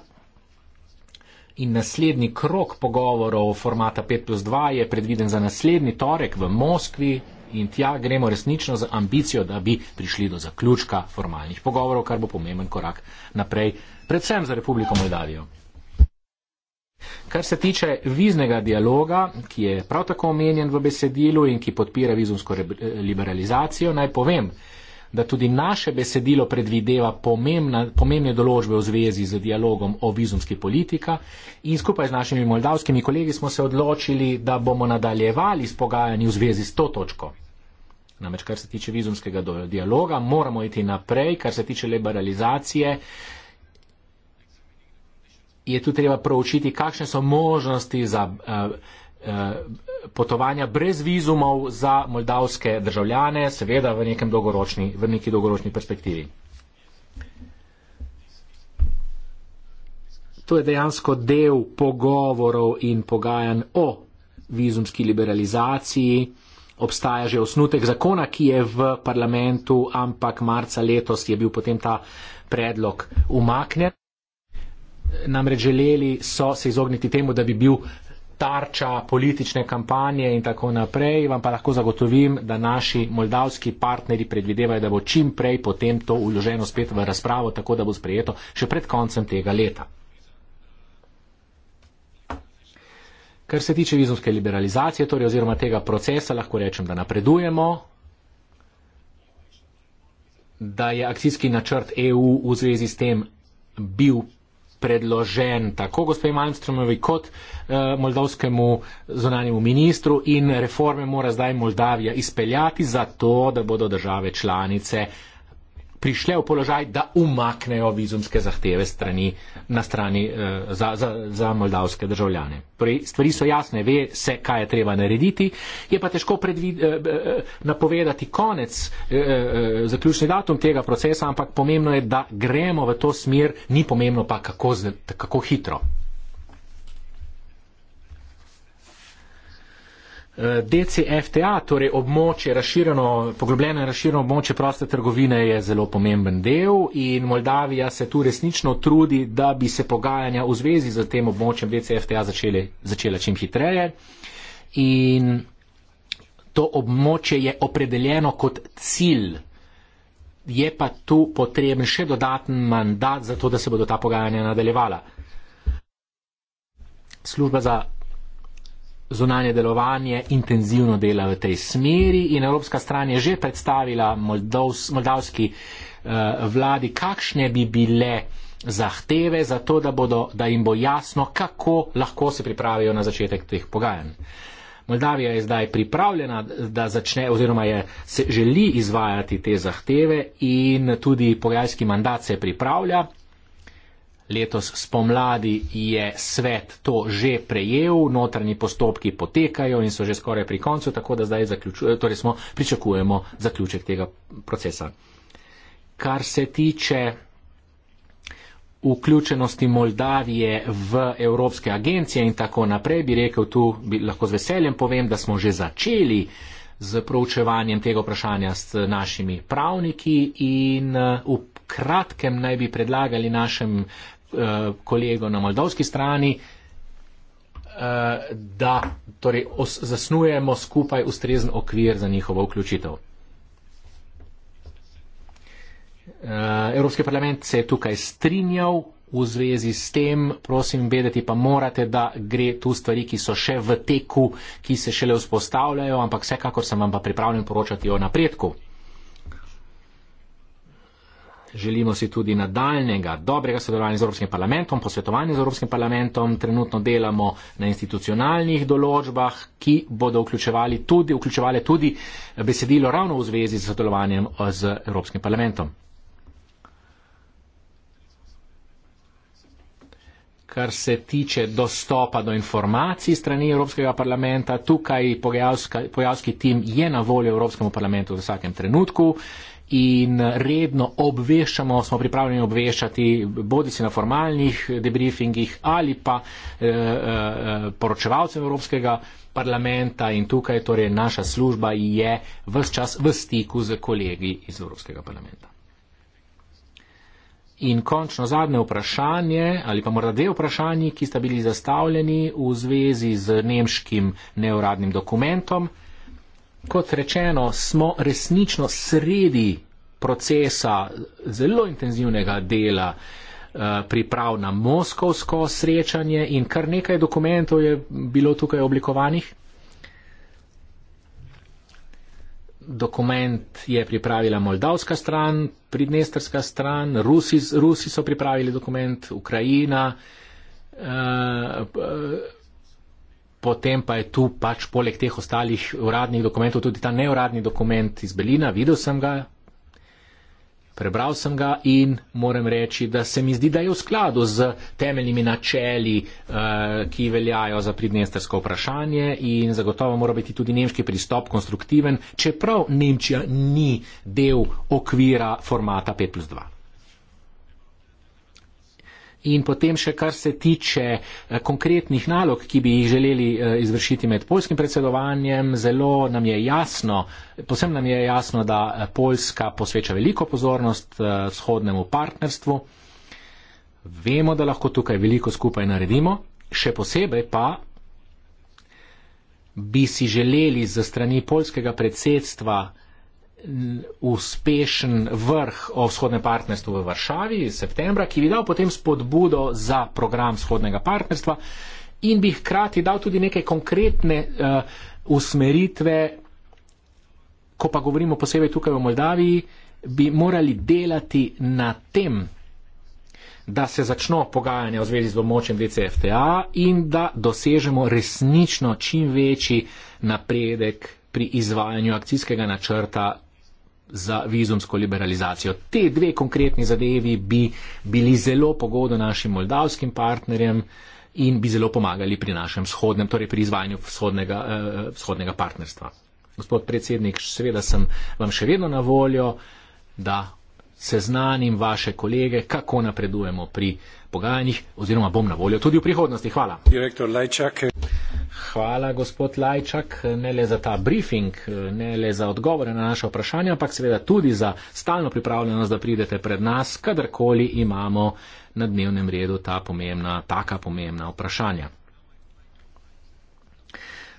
[SPEAKER 2] In naslednji krok pogovorov formata 5 plus 2 je predviden za naslednji torek v Moskvi in tja gremo resnično z ambicijo, da bi prišli do zaključka formalnih pogovorov, kar bo pomemben korak naprej, predvsem za Republiko Moldavijo. Kar se tiče viznega dialoga, ki je prav tako omenjen v besedilu in ki podpira vizumsko liberalizacijo, naj povem, da tudi naše besedilo predvideva pomembna, pomembne določbe v zvezi z dialogom o vizumski politika in skupaj z našimi moldavskimi kolegi smo se odločili, da bomo nadaljevali s pogajanji v zvezi s to točko. Namreč, kar se tiče vizumskega dialoga, moramo iti naprej, kar se tiče liberalizacije. Je tu treba proučiti, kakšne so možnosti za uh, uh, potovanja brez vizumov za moldavske državljane, seveda v, v neki dolgoročni perspektivi. To je dejansko del pogovorov in pogajanj o vizumski liberalizaciji obstaja že osnutek zakona, ki je v parlamentu, ampak marca letos je bil potem ta predlog umaknjen. Namreč želeli so se izogniti temu, da bi bil tarča politične kampanje in tako naprej. Vam pa lahko zagotovim, da naši moldavski partneri predvidevajo, da bo čim prej potem to uloženo spet v razpravo, tako da bo sprejeto še pred koncem tega leta. Kar se tiče vizumske liberalizacije, torej oziroma tega procesa, lahko rečem, da napredujemo, da je akcijski načrt EU v zvezi s tem bil predložen tako gospe Malmstromovi kot eh, moldavskemu zonanjemu ministru in reforme mora zdaj Moldavija izpeljati za to, da bodo države članice prišle v položaj, da umaknejo vizumske zahteve strani, na strani eh, za, za, za moldavske državljane. Torej, stvari so jasne, ve se, kaj je treba narediti, je pa težko predvid, eh, eh, napovedati konec, zaključni datum tega procesa, ampak pomembno je, da gremo v to smer, ni pomembno pa, kako, kako hitro. Eh, DCFTA, torej območje razširjeno, poglobljeno in razširjeno območje proste trgovine je zelo pomemben del in Moldavija se tu resnično trudi, da bi se pogajanja v zvezi z tem območjem DCFTA začele, začela čim hitreje. In to območje je opredeljeno kot cilj. Je pa tu potreben še dodaten mandat za to, da se bodo ta pogajanja nadaljevala. Služba za zunanje delovanje intenzivno dela v tej smeri in evropska stran je že predstavila Moldovs, moldavski eh, vladi, kakšne bi bile zahteve za to, da, bodo, da jim bo jasno, kako lahko se pripravijo na začetek teh pogajanj. Moldavija je zdaj pripravljena, da začne oziroma je, se želi izvajati te zahteve in tudi pogajalski mandat se pripravlja letos spomladi je svet to že prejel, notranji postopki potekajo in so že skoraj pri koncu, tako da zdaj torej smo, pričakujemo zaključek tega procesa. Kar se tiče vključenosti Moldavije v evropske agencije in tako naprej, bi rekel tu, bi lahko z veseljem povem, da smo že začeli z proučevanjem tega vprašanja s našimi pravniki in eh, v kratkem naj bi predlagali našem uh, Eh, kolego na moldovski strani, eh, da torej, zasnujemo skupaj ustrezen okvir za njihovo vključitev. Eh, Evropski parlament se je tukaj strinjal v zvezi s tem, prosim, vedeti pa morate, da gre tu stvari, ki so še v teku, ki se šele vzpostavljajo, ampak vsekakor sem vam pa pripravljen poročati o napredku. Želimo si tudi nadaljnega dobrega sodelovanja z Evropskim parlamentom, posvetovanja z Evropskim parlamentom. Trenutno delamo na institucionalnih določbah, ki bodo vključevali tudi, vključevali tudi besedilo ravno v zvezi z sodelovanjem z Evropskim parlamentom. Kar se tiče dostopa do informacij strani Evropskega parlamenta, tukaj pogajalski tim je na voljo Evropskemu parlamentu v vsakem trenutku in redno obveščamo, smo pripravljeni obveščati, bodi si na formalnih debriefingih ali pa eh, eh, poročevalcem Evropskega parlamenta in tukaj torej naša služba je vse čas v stiku z kolegi iz Evropskega parlamenta. In končno zadnje vprašanje ali pa morda dve vprašanji, ki sta bili zastavljeni v zvezi z nemškim neuradnim dokumentom kot rečeno, smo resnično sredi procesa zelo intenzivnega dela eh, priprav na moskovsko srečanje in kar nekaj dokumentov je bilo tukaj oblikovanih. Dokument je pripravila moldavska stran, pridnestrska stran, Rusi, Rusi so pripravili dokument, Ukrajina. Uh, potem pa je tu pač poleg teh ostalih uradnih dokumentov tudi ta neuradni dokument iz Belina, videl sem ga, prebral sem ga in moram reči, da se mi zdi, da je v skladu z temeljnimi načeli, eh, ki veljajo za pridnestersko vprašanje in zagotovo mora biti tudi nemški pristop konstruktiven, čeprav Nemčija ni del okvira formata 5 plus 2. In potem še kar se tiče eh, konkretnih nalog, ki bi jih želeli eh, izvršiti med polskim predsedovanjem, zelo nam je jasno, posebno nam je jasno, da eh, Poljska posveča veliko pozornost shodnemu partnerstvu. Vemo, da lahko tukaj veliko skupaj naredimo, še posebej pa bi si želeli za strani polskega predsedstva uspešen vrh o vzhodnem partnerstvu v Varšavi septembra, ki bi dal potem spodbudo za program vzhodnega partnerstva in bi hkrati dal tudi neke konkretne uh, usmeritve, ko pa govorimo posebej tukaj v Moldaviji, bi morali delati na tem da se začno pogajanja v zvezi z območjem DCFTA in da dosežemo resnično čim večji napredek pri izvajanju akcijskega načrta, za vizumsko liberalizacijo. Te dve konkretni zadevi bi bili zelo pogodo našim moldavskim partnerjem in bi zelo pomagali pri našem shodnem, torej pri izvajanju shodnega, eh, shodnega partnerstva. Gospod predsednik, seveda sem vam še vedno na voljo, da seznanim vaše kolege, kako napredujemo pri pogajanjih, oziroma bom na voljo tudi v prihodnosti. Hvala. Direktor Lajčak. Hvala, gospod Lajčak, ne le za ta briefing, ne le za odgovore na naše vprašanje, ampak seveda tudi za stalno pripravljenost, da pridete pred nas, kadarkoli imamo na dnevnem redu ta pomembna, taka pomembna vprašanja.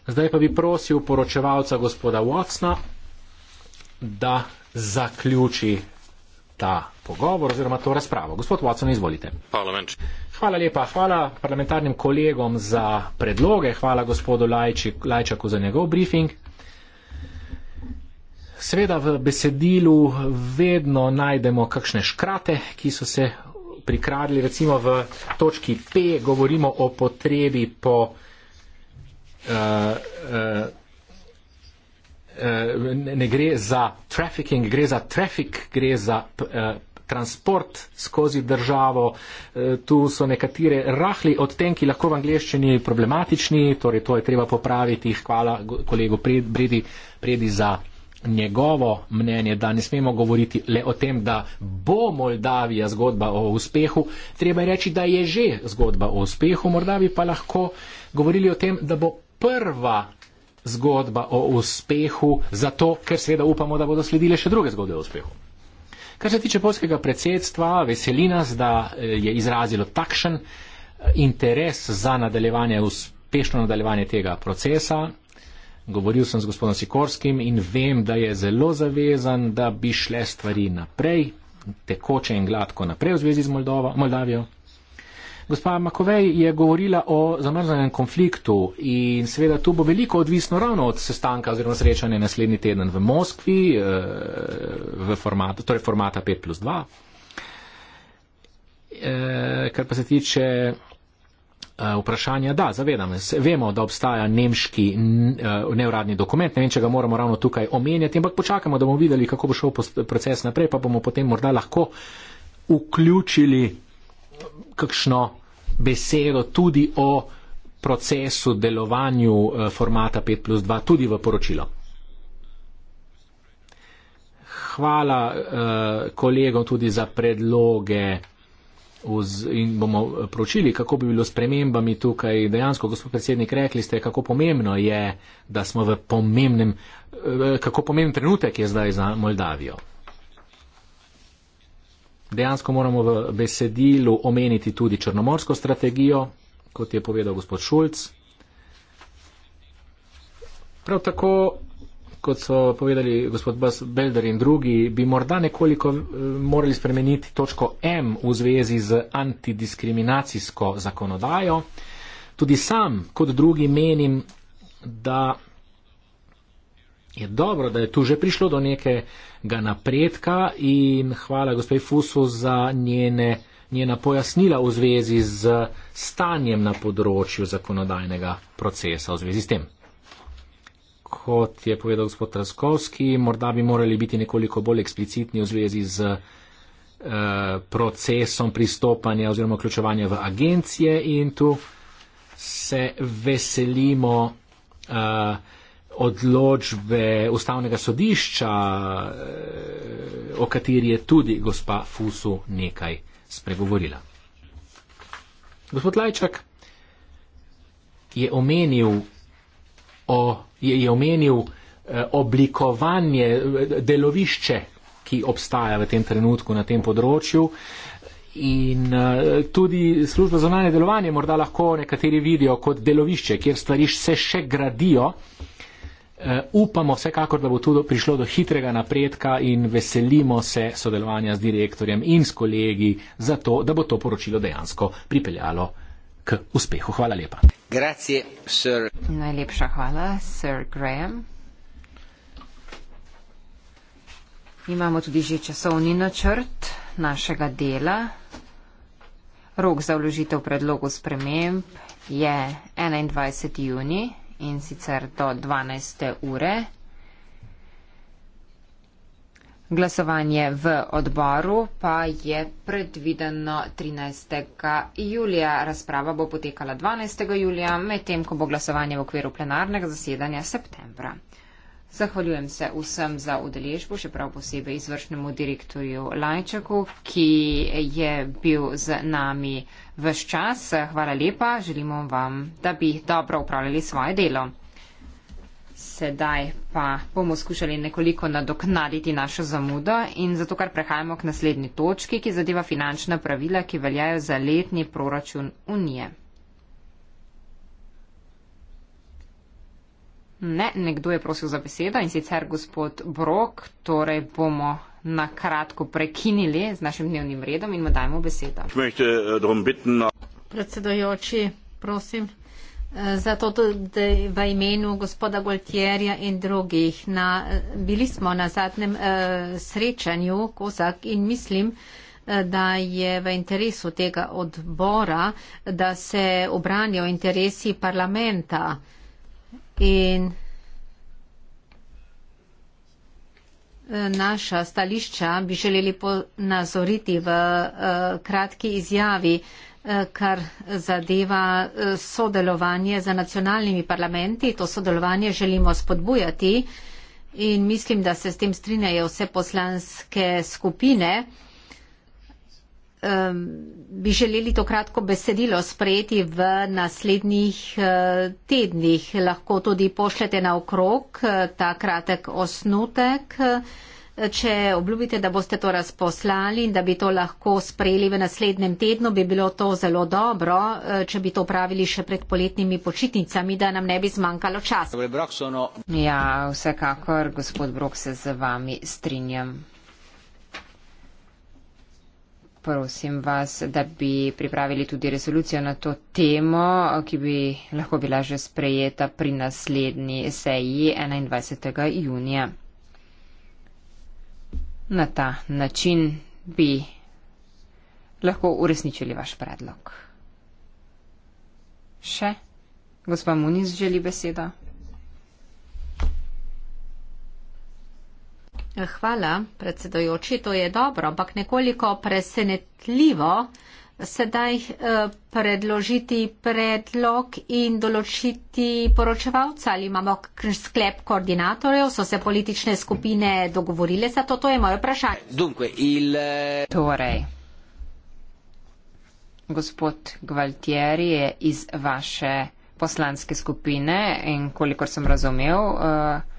[SPEAKER 2] Zdaj pa bi prosil poročevalca gospoda Watsona, da zaključi ta pogovor oziroma to razpravo. Gospod Watson, izvolite. Hvala, hvala lepa, hvala parlamentarnim kolegom za predloge, hvala gospodu Lajčaku za njegov briefing. Sveda v besedilu vedno najdemo kakšne škrate, ki so se prikradli. Recimo v točki P govorimo o potrebi po. Uh, uh, Eh, ne gre za trafficking, gre za trafik, gre za uh, transport skozi državo. Uh, tu so nekatere rahli odtenki, lahko v angliščini problematični, torej to je treba popraviti. Hvala kolegu Bredi, Bredi za njegovo mnenje, da ne smemo govoriti le o tem, da bo Moldavija zgodba o uspehu. Treba je reči, da je že zgodba o uspehu. Morda bi pa lahko govorili o tem, da bo prva zgodba o uspehu, zato ker seveda upamo, da bodo sledile še druge zgodbe o uspehu. Kar se tiče polskega predsedstva, veseli nas, da eh, je izrazilo takšen eh, interes za nadaljevanje, uspešno nadaljevanje tega procesa. Govoril sem z gospodom Sikorskim in vem, da je zelo zavezan, da bi šle stvari naprej, tekoče in gladko naprej v zvezi z Moldova, Moldavijo. Gospa Makovej je govorila o zamrznenem konfliktu in seveda tu bo veliko odvisno ravno od sestanka oziroma srečanja naslednji teden v Moskvi, eh, v format, torej formata 5 plus 2. Eh, kar pa se tiče eh, vprašanja, da, zavedam se, vemo, da obstaja nemški neuradni dokument, ne vem, če ga moramo ravno tukaj omenjati, ampak počakamo, da bomo videli, kako bo šel proces naprej, pa bomo potem morda lahko vključili kakšno besedo tudi o procesu delovanju eh, formata 5 plus 2 tudi v poročilo. Hvala eh, kolegom tudi za predloge vz, in bomo eh, pročili, kako bi bilo s premembami tukaj. Dejansko, gospod predsednik, rekli ste, kako pomembno je, da smo v pomembnem, eh, kako pomemben trenutek je zdaj za Moldavijo. Dejansko moramo v besedilu omeniti tudi črnomorsko strategijo, kot je povedal gospod Šulc. Prav tako, kot so povedali gospod Bas Belder in drugi, bi morda nekoliko eh, morali spremeniti točko M v zvezi z antidiskriminacijsko zakonodajo. Tudi sam, kot drugi, menim, da Je dobro, da je tu že prišlo do nekega napredka in hvala gospej Fusu za njene, njena pojasnila v zvezi z stanjem na področju zakonodajnega procesa v zvezi s tem. Kot je povedal gospod Traskovski, morda bi morali biti nekoliko bolj eksplicitni v zvezi z eh, procesom pristopanja oziroma vključevanja v agencije in tu se veselimo. Eh, odločbe ustavnega sodišča, eh, o kateri je tudi gospa Fusu nekaj spregovorila. Gospod Lajčak je omenil, o, je, je omenil eh, oblikovanje, eh, delovišče, ki obstaja v tem trenutku na tem področju. In uh, tudi služba za zunanje delovanje morda lahko nekateri vidijo kot delovišče, kjer stvari se še gradijo. Uh, Eh, upamo vsekakor, da bo tudi prišlo do hitrega napredka in veselimo se sodelovanja z direktorjem in s kolegi za to, da bo to poročilo dejansko pripeljalo k uspehu. Hvala lepa.
[SPEAKER 1] Grazie, sir. Najlepša hvala, sir Graham. Imamo tudi že časovni načrt našega dela. Rok za vložitev predlogov sprememb je 21. juni in sicer do 12. ure. Glasovanje v odboru pa je predvideno 13. julija. Razprava bo potekala 12. julija, medtem ko bo glasovanje v okviru plenarnega zasedanja septembra. Zahvaljujem se vsem za udeležbo, še prav posebej izvršnemu direktorju Lajčaku, ki je bil z nami vse čas. Hvala lepa, želimo vam, da bi dobro upravljali svoje delo. Sedaj pa bomo skušali nekoliko nadoknaditi našo zamudo in zato kar prehajamo k naslednji točki, ki zadeva finančna pravila, ki veljajo za letni proračun Unije. Ne, nekdo je prosil za besedo in sicer gospod Brok, torej bomo na kratko prekinili z našim dnevnim redom in mu dajmo besedo.
[SPEAKER 2] Äh,
[SPEAKER 1] Predsedojoči, prosim,
[SPEAKER 3] äh, zato tudi v imenu gospoda Goltjerja in drugih. Na, äh, bili smo na zadnjem uh, srečanju Kozak in mislim, da je v interesu tega odbora, da se obranijo interesi parlamenta. In e, naša stališča bi želeli ponazoriti v e, kratki izjavi, e, kar zadeva sodelovanje za nacionalnimi parlamenti. To sodelovanje želimo spodbujati in mislim, da se s tem strinjajo vse poslanske skupine um, bi želeli to kratko besedilo sprejeti v naslednjih uh, tednih. Lahko tudi pošljete na okrog uh, eh, ta kratek osnutek, eh, če obljubite, da boste to razposlali in da bi to lahko sprejeli v naslednjem tednu, bi bilo to zelo dobro, uh, če bi to pravili še pred poletnimi počitnicami, da nam ne bi zmanjkalo časa.
[SPEAKER 1] Torej, ja, vsekakor, gospod Brok, se z vami strinjam prosim vas, da bi pripravili tudi rezolucijo na to temo, ki bi lahko bila že sprejeta pri naslednji seji 21. junija. Na ta način bi lahko uresničili vaš predlog. Še? Gospa Muniz želi besedo?
[SPEAKER 3] Hvala, predsedojoči. To je dobro, ampak nekoliko presenetljivo sedaj eh, predložiti predlog in določiti poročevalca ali imamo sklep koordinatorjev, so se politične skupine dogovorile za to, to je moje vprašanje.
[SPEAKER 1] Dunque, il... Eh, torej, gospod Gvaltieri je iz vaše poslanske skupine in kolikor sem razumel. Uh,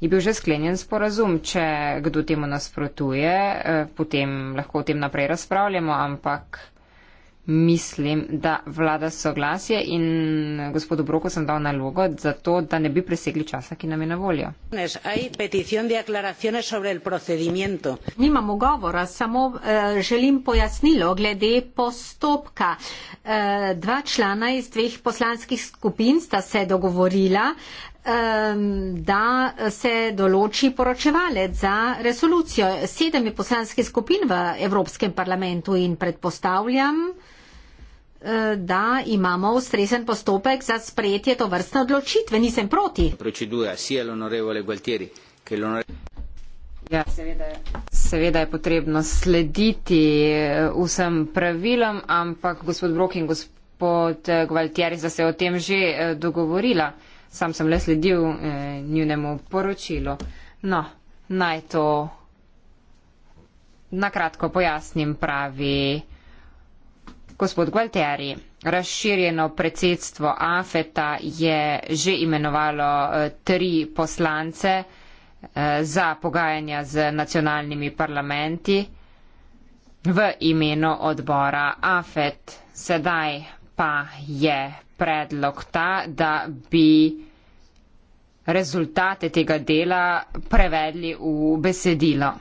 [SPEAKER 1] je bil že sklenjen sporazum. Če kdo temu nasprotuje, eh, potem lahko o tem naprej razpravljamo, ampak mislim, da vlada soglasje in gospodu Broku sem dal nalogo za to, da ne bi presegli časa, ki nam je na voljo.
[SPEAKER 3] Nimamo govora, samo eh, želim pojasnilo glede postopka. Eh, dva člana iz dveh poslanskih skupin sta se dogovorila, da se določi poročevalec za resolucijo. Sedem je poslanskih skupin v Evropskem parlamentu in predpostavljam, eh, da imamo ustrezen postopek za
[SPEAKER 1] sprejetje to vrstne odločitve. Nisem proti. Ja, seveda, seveda je potrebno slediti eh, vsem pravilom, ampak gospod Brok in gospod eh, Gvaltjeri sta se o tem že dogovorila sam sem le sledil eh, njunemu poročilu. No, naj to nakratko pojasnim, pravi gospod Gualteri. Razširjeno predsedstvo Afeta je že imenovalo eh, tri poslance eh, za pogajanja z nacionalnimi parlamenti. V imenu odbora AFET sedaj pa je predlog ta, da bi rezultate tega dela prevedli v besedilo.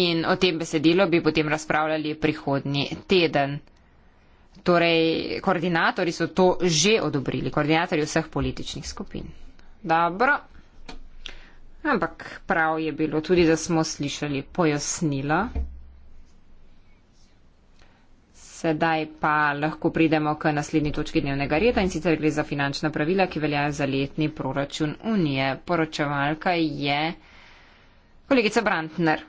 [SPEAKER 1] In o tem besedilo bi potem razpravljali prihodnji teden. Torej, koordinatori so to že odobrili, koordinatori vseh političnih skupin. Dobro. Ampak prav je bilo tudi, da smo slišali pojasnila. Sedaj pa lahko pridemo k naslednji točki dnevnega reda in sicer gre za finančna pravila, ki veljajo za letni proračun Unije. Poročevalka je kolegica Brantner.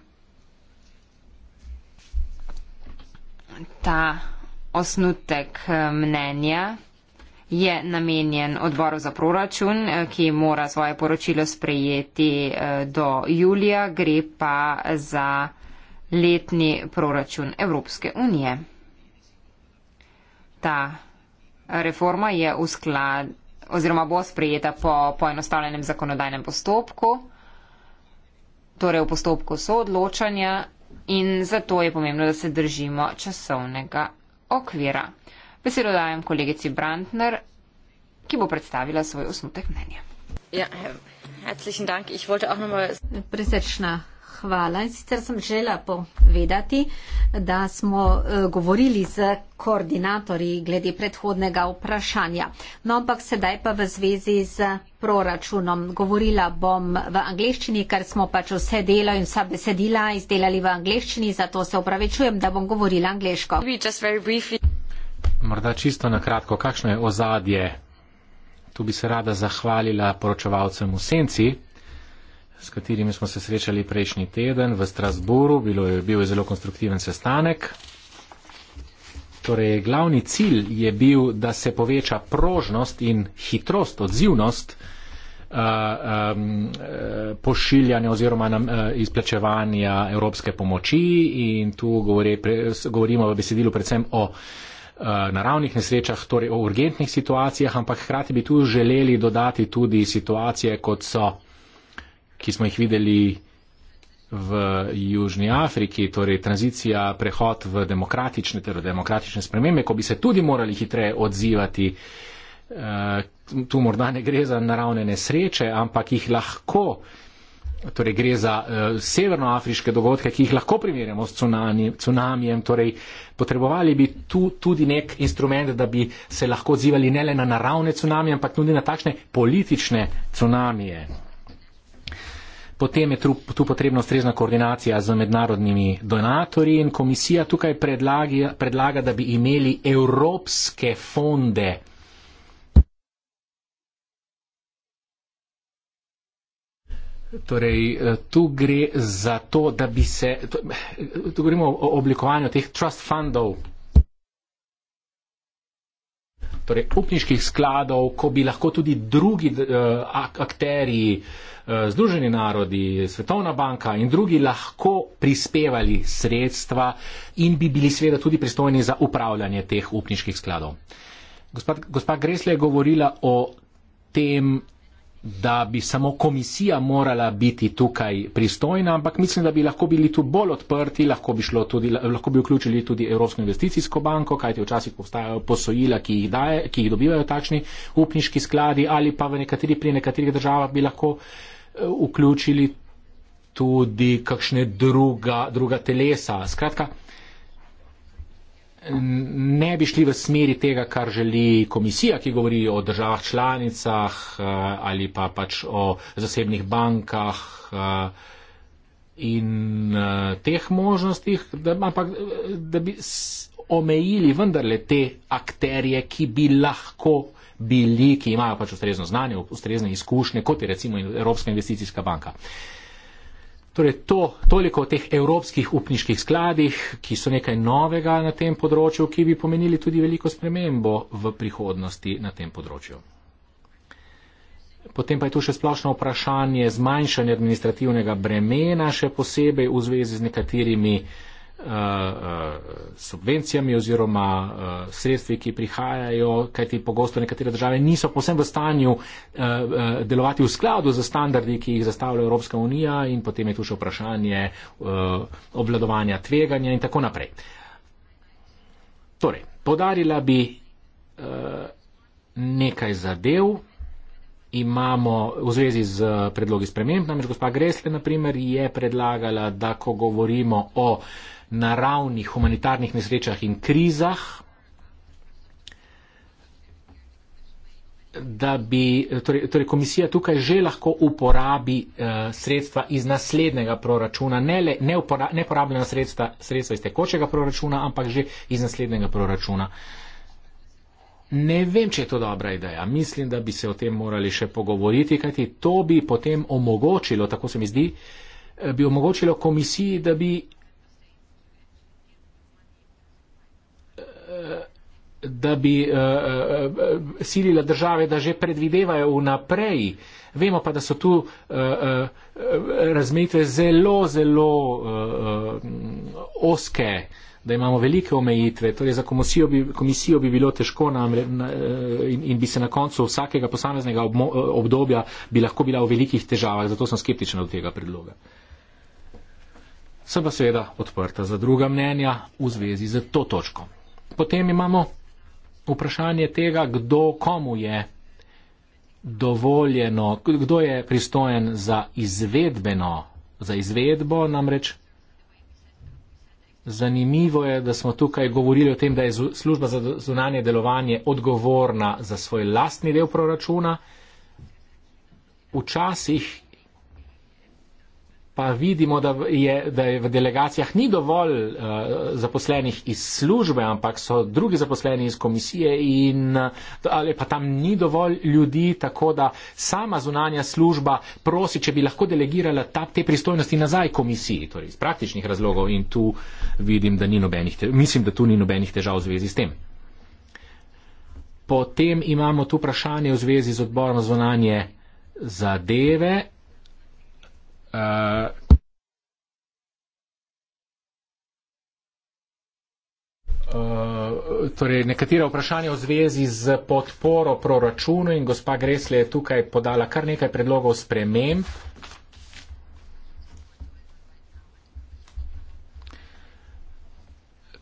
[SPEAKER 1] Ta osnutek eh, mnenja je namenjen odboru za proračun, eh, ki mora svoje poročilo sprejeti eh, do julija, gre pa za letni proračun Evropske unije ta reforma je v skladu oziroma bo sprejeta po poenostavljenem zakonodajnem postopku, torej v postopku soodločanja in zato je pomembno, da se držimo časovnega okvira. Besedo dajem kolegici Brandner, ki bo predstavila svoj osnutek mnenja. Ja,
[SPEAKER 3] herzlichen dank. Ich wollte auch nochmal. Prisrčna hvala. In sicer sem želela povedati, da smo eh, govorili z koordinatorji glede predhodnega vprašanja. No, ampak sedaj pa v zvezi z proračunom. Govorila bom v angleščini, ker smo pač vse delo in vsa besedila izdelali v angleščini, zato se upravičujem, da bom govorila angliško.
[SPEAKER 2] Morda čisto na kratko, kakšno je ozadje? Tu bi se rada zahvalila poročevalcem v senci, s katerimi smo se srečali prejšnji teden v Strasburu. Bilo je bil zelo konstruktiven sestanek. Torej, glavni cilj je bil, da se poveča prožnost in hitrost, odzivnost uh, um, uh, pošiljanja oziroma nam, uh, izplačevanja evropske pomoči in tu govori, pre, govorimo v besedilu predvsem o uh, naravnih nesrečah, torej o urgentnih situacijah, ampak hkrati bi tu želeli dodati tudi situacije, kot so ki smo jih videli v Južni Afriki, torej tranzicija, prehod v demokratične, torej demokratične spremembe, ko bi se tudi morali hitreje odzivati. Eh, tu morda ne gre za naravne nesreče, ampak jih lahko, torej gre za eh, severnoafriške dogodke, ki jih lahko primerjamo s cunamijem, torej potrebovali bi tu tudi nek instrument, da bi se lahko odzivali ne le na naravne cunamije, ampak tudi na takšne politične cunamije potem je tu potrebna ustrezna koordinacija z mednarodnimi donatorji in komisija tukaj predlagi, predlaga, da bi imeli evropske fonde. Torej, eh, tu gre za to, da bi se, eh, tu govorimo o oblikovanju teh trust fundov, torej upniških skladov, ko bi lahko tudi drugi eh, akteri, eh, Združeni narodi, Svetovna banka in drugi lahko prispevali sredstva in bi bili seveda tudi pristojni za upravljanje teh upniških skladov. Gospa, gospa Gresle je govorila o tem, da bi samo komisija morala biti tukaj pristojna, ampak mislim, da bi lahko bili tu bolj odprti, lahko bi, tudi, lahko bi vključili tudi Evropsko investicijsko banko, kajti včasih postajajo posojila, ki jih, daje, ki jih dobivajo takšni upniški skladi ali pa v nekateri, pri nekaterih državah bi lahko eh, vključili tudi kakšne druga, druga telesa. Skratka, ne bi šli v smeri tega, kar želi komisija, ki govori o državah članicah eh, ali pa pač o zasebnih bankah eh, in eh, teh možnostih, da, ampak da bi omejili vendarle te akterje, ki bi lahko bili, ki imajo pač ustrezno znanje, ustrezne izkušnje, kot je recimo Evropska investicijska banka. Uh, Torej, to, toliko o teh evropskih upniških skladih, ki so nekaj novega na tem področju, ki bi pomenili tudi veliko spremembo v prihodnosti na tem področju. Potem pa je tu še splošno vprašanje zmanjšanja administrativnega bremena, še posebej v zvezi z nekaterimi uh, Eh, eh, subvencijami oziroma eh, sredstvi, ki prihajajo, kajti pogosto nekatere države niso posebno v stanju delovati v skladu z standardi, ki jih zastavlja Evropska unija in potem je tu še vprašanje obvladovanja tveganja in tako naprej. Torej, podarila bi nekaj zadev imamo v zvezi z predlogi sprememb, namreč gospa Gresle, naprimer, je predlagala, da ko govorimo o uh, naravnih humanitarnih nesrečah in krizah, da bi torej, torej komisija tukaj že lahko uporabi uh, sredstva iz naslednjega proračuna, ne le neporabljena ne sredstva, sredstva iz tekočega proračuna, ampak že iz naslednjega proračuna. Ne vem, če je to dobra ideja. Mislim, da bi se o tem morali še pogovoriti, kajti to bi potem omogočilo, tako se mi zdi, eh, bi omogočilo komisiji, da bi da bi uh, eh, eh, silila države, da že predvidevajo vnaprej. Vemo pa, da so tu uh, uh, razmejitve zelo, zelo uh, uh, oske, da imamo velike omejitve. Torej za komisijo bi, komisijo bi bilo težko nam, na, in, in bi se na koncu vsakega posameznega obmo, obdobja bi lahko bila v velikih težavah. Zato sem skeptična do tega predloga. Sem pa seveda odprta za druga mnenja v zvezi z to točko. Potem imamo vprašanje tega, kdo komu je dovoljeno, kdo je pristojen za izvedbeno, za izvedbo namreč. Zanimivo je, da smo tukaj govorili o tem, da je služba za zunanje delovanje odgovorna za svoj lastni del proračuna. Včasih pa vidimo, da je, da je v delegacijah ni dovolj uh, zaposlenih iz službe, ampak so drugi zaposleni iz komisije in eh, ali pa tam ni dovolj ljudi, tako da sama zunanja služba prosi, če bi lahko delegirala ta, te pristojnosti nazaj komisiji, torej iz praktičnih razlogov in tu vidim, da ni nobenih, mislim, da tu ni nobenih težav v zvezi s tem. Potem imamo tu vprašanje v zvezi z odborom zunanje zadeve. Uh, torej nekatera vprašanja v zvezi z podporo proračunu in gospa Gresle je tukaj podala kar nekaj predlogov sprememb.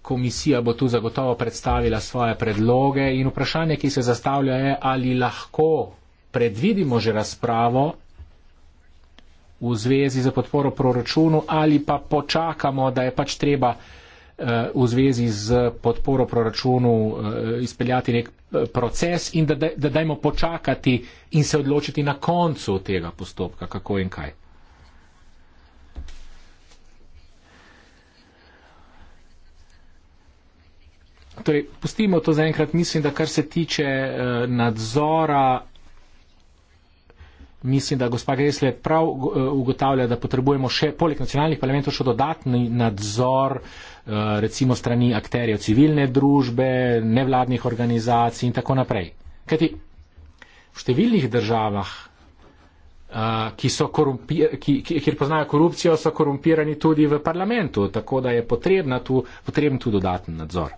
[SPEAKER 2] Komisija bo tu zagotovo predstavila svoje predloge in vprašanje, ki se zastavlja, je, ali lahko predvidimo že razpravo v zvezi z podporo proračunu ali pa počakamo, da je pač treba eh, v zvezi z podporo proračunu eh, izpeljati nek eh, proces in da dajmo počakati in se odločiti na koncu tega postopka, kako in kaj. Torej, pustimo to zaenkrat. Mislim, da kar se tiče nadzora mislim, da gospa Gresle prav uh, ugotavlja, da potrebujemo še poleg nacionalnih parlamentov še dodatni nadzor uh, recimo strani akterjev civilne družbe, nevladnih organizacij in tako naprej. Kajti v številnih državah, uh, ki so korumpirani, kjer poznajo korupcijo, so korumpirani tudi v parlamentu, tako da je potrebna tu, potreben tu dodaten nadzor.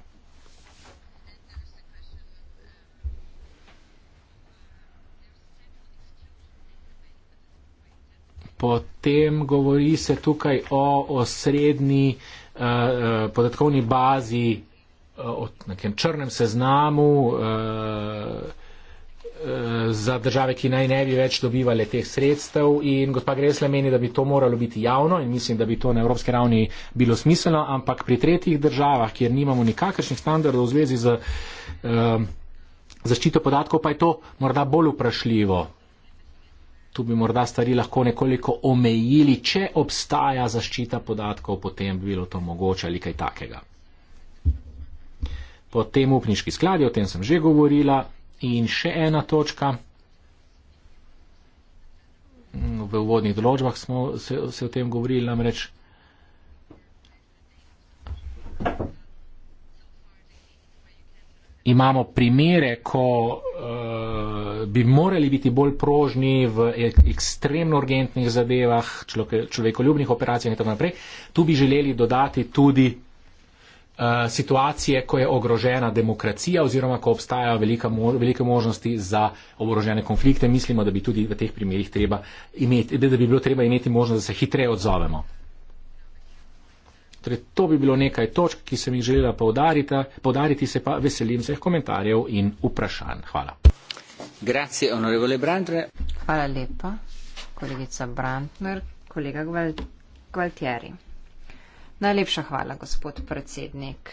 [SPEAKER 2] Potem govori se tukaj o osrednji uh, podatkovni bazi, uh, o nekem črnem seznamu uh, uh, za države, ki naj ne bi več dobivali teh sredstev. In gospa Gresle meni, da bi to moralo biti javno in mislim, da bi to na evropski ravni bilo smiselno, ampak pri tretjih državah, kjer nimamo nikakršnih standardov v zvezi z. Uh, Zaščito podatkov pa je to morda bolj vprašljivo tu bi morda stvari lahko nekoliko omejili, če obstaja zaščita podatkov, potem bi bilo to mogoče ali kaj takega. Potem upniški skladi, o tem sem že govorila. In še ena točka. V uvodnih določbah smo se, se o tem govorili namreč. Imamo primere, ko. Uh, bi morali biti bolj prožni v ekstremno urgentnih zadevah, človekoljubnih operacijah in tako naprej. Tu bi želeli dodati tudi eh, situacije, ko je ogrožena demokracija oziroma ko obstajajo velika, velike možnosti za oborožene konflikte. Mislimo, da bi tudi v teh primerjih treba imeti, da bi bilo treba imeti možnost, da se hitreje odzovemo. Torej, to bi bilo nekaj točk, ki sem jih želela poudariti, poudariti se pa veselim vseh komentarjev in vprašanj. Hvala
[SPEAKER 1] hvala lepa kolegica brantner kolega gvaltieri najlepša hvala gospod predsednik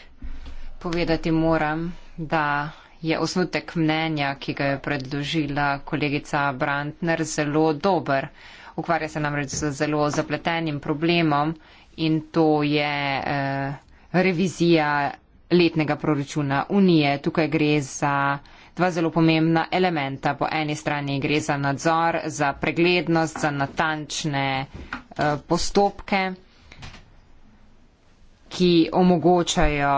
[SPEAKER 1] povedati moram da je osnutek mnenja ki ga je predložila kolegica brantner zelo dober ukvarja se namreč z zelo zapletenim problemom in to je eh, revizija letnega proračuna unije tukaj gre za eh, dva zelo pomembna elementa. Po eni strani gre za nadzor, za preglednost, za natančne eh, postopke, ki omogočajo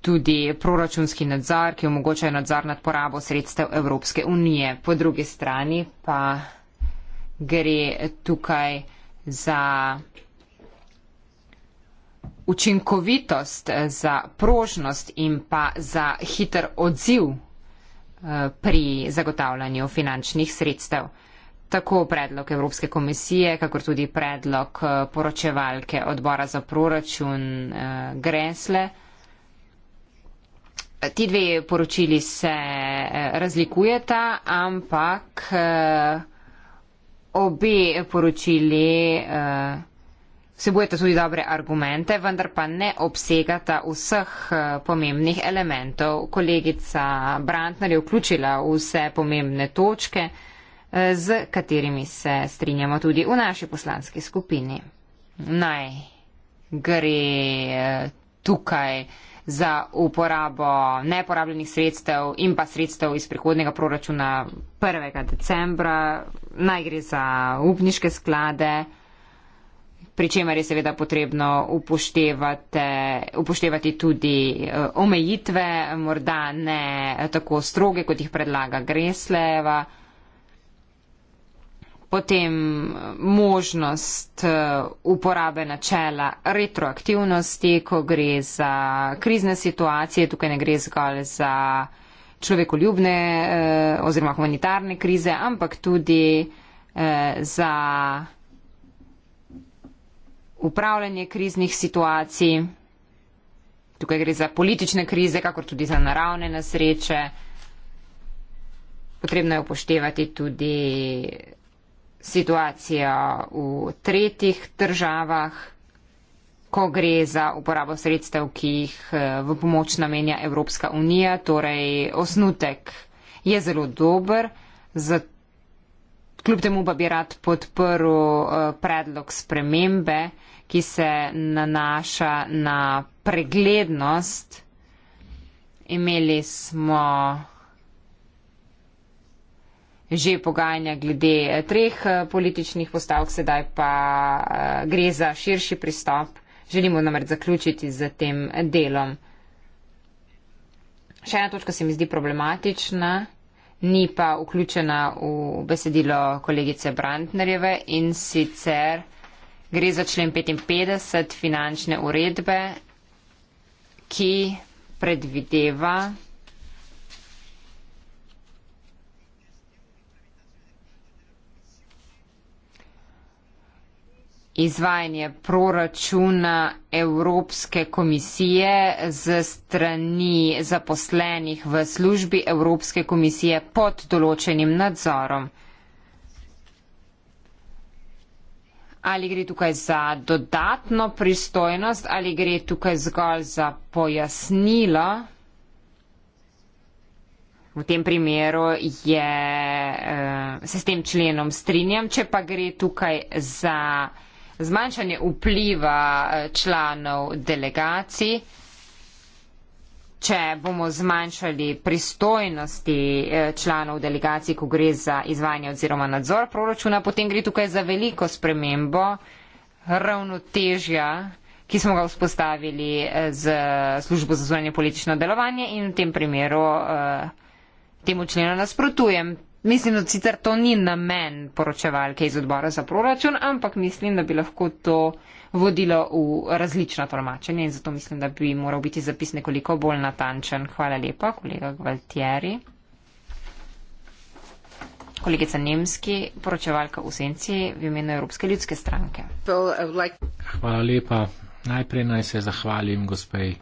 [SPEAKER 1] tudi proračunski nadzor, ki omogočajo nadzor nad porabo sredstev Evropske unije. Po drugi strani pa gre tukaj za učinkovitost, eh, za prožnost in pa za hiter odziv eh, pri zagotavljanju finančnih sredstev. Tako predlog Evropske komisije, kakor tudi predlog eh, poročevalke odbora za proračun Gresle. Ti dve poročili se razlikujeta, ampak obe poročili Vsebujete tudi dobre argumente, vendar pa ne obsegata vseh eh, pomembnih elementov. Kolegica Brantner je vključila vse pomembne točke, eh, z katerimi se strinjamo tudi v naši poslanski skupini. Naj gre eh, tukaj za uporabo neporabljenih sredstev in pa sredstev iz prihodnega proračuna 1. decembra, naj gre za upniške sklade pri čemer je seveda potrebno upoštevati tudi eh, omejitve, morda ne tako stroge, kot jih predlaga Gresleva. Potem eh, možnost eh, uporabe načela retroaktivnosti, ko gre za krizne situacije, tukaj ne gre zgolj za človekoljubne oziroma humanitarne krize, ampak tudi za upravljanje kriznih situacij. Tukaj gre za politične krize, kakor tudi za naravne nasreče. Potrebno je upoštevati tudi situacijo v tretjih državah, ko gre za uporabo sredstev, ki jih eh, v pomoč namenja Evropska unija. Torej, osnutek je zelo dober, zato Kljub temu pa bi rad podprl eh, predlog spremembe, ki se nanaša na preglednost. Imeli smo že pogajanja glede eh, treh eh, političnih postavk, sedaj pa gre za širši pristop. Želimo namreč zaključiti z tem delom. Še ena točka se mi zdi problematična ni pa vključena v besedilo kolegice Brandnerjeve in sicer gre za člen 55 finančne uredbe, ki predvideva izvajanje proračuna Evropske komisije z strani zaposlenih v službi Evropske komisije pod določenim nadzorom. Ali gre tukaj za dodatno pristojnost ali gre tukaj zgolj za pojasnilo? V tem primeru je, eh, se s tem členom strinjam, če pa gre tukaj za zmanjšanje vpliva eh, članov delegacij, če bomo zmanjšali pristojnosti eh, članov delegacij, ko gre za izvajanje oziroma nadzor proračuna, potem gre tukaj za veliko spremembo ravnotežja ki smo ga vzpostavili eh, z službo za zunanje politično delovanje in v tem primeru temu členu nasprotujem. Mislim, da sicer to ni namen poročevalke iz odbora za proračun, ampak mislim, da bi lahko to vodilo v različna tolmačenja in zato mislim, da bi moral biti zapis nekoliko bolj natančen. Hvala lepa, kolega Gvaltieri. Kolegica Nemski, poročevalka v senci v imenu Evropske ljudske stranke.
[SPEAKER 2] Hvala lepa. Najprej naj se zahvalim gospej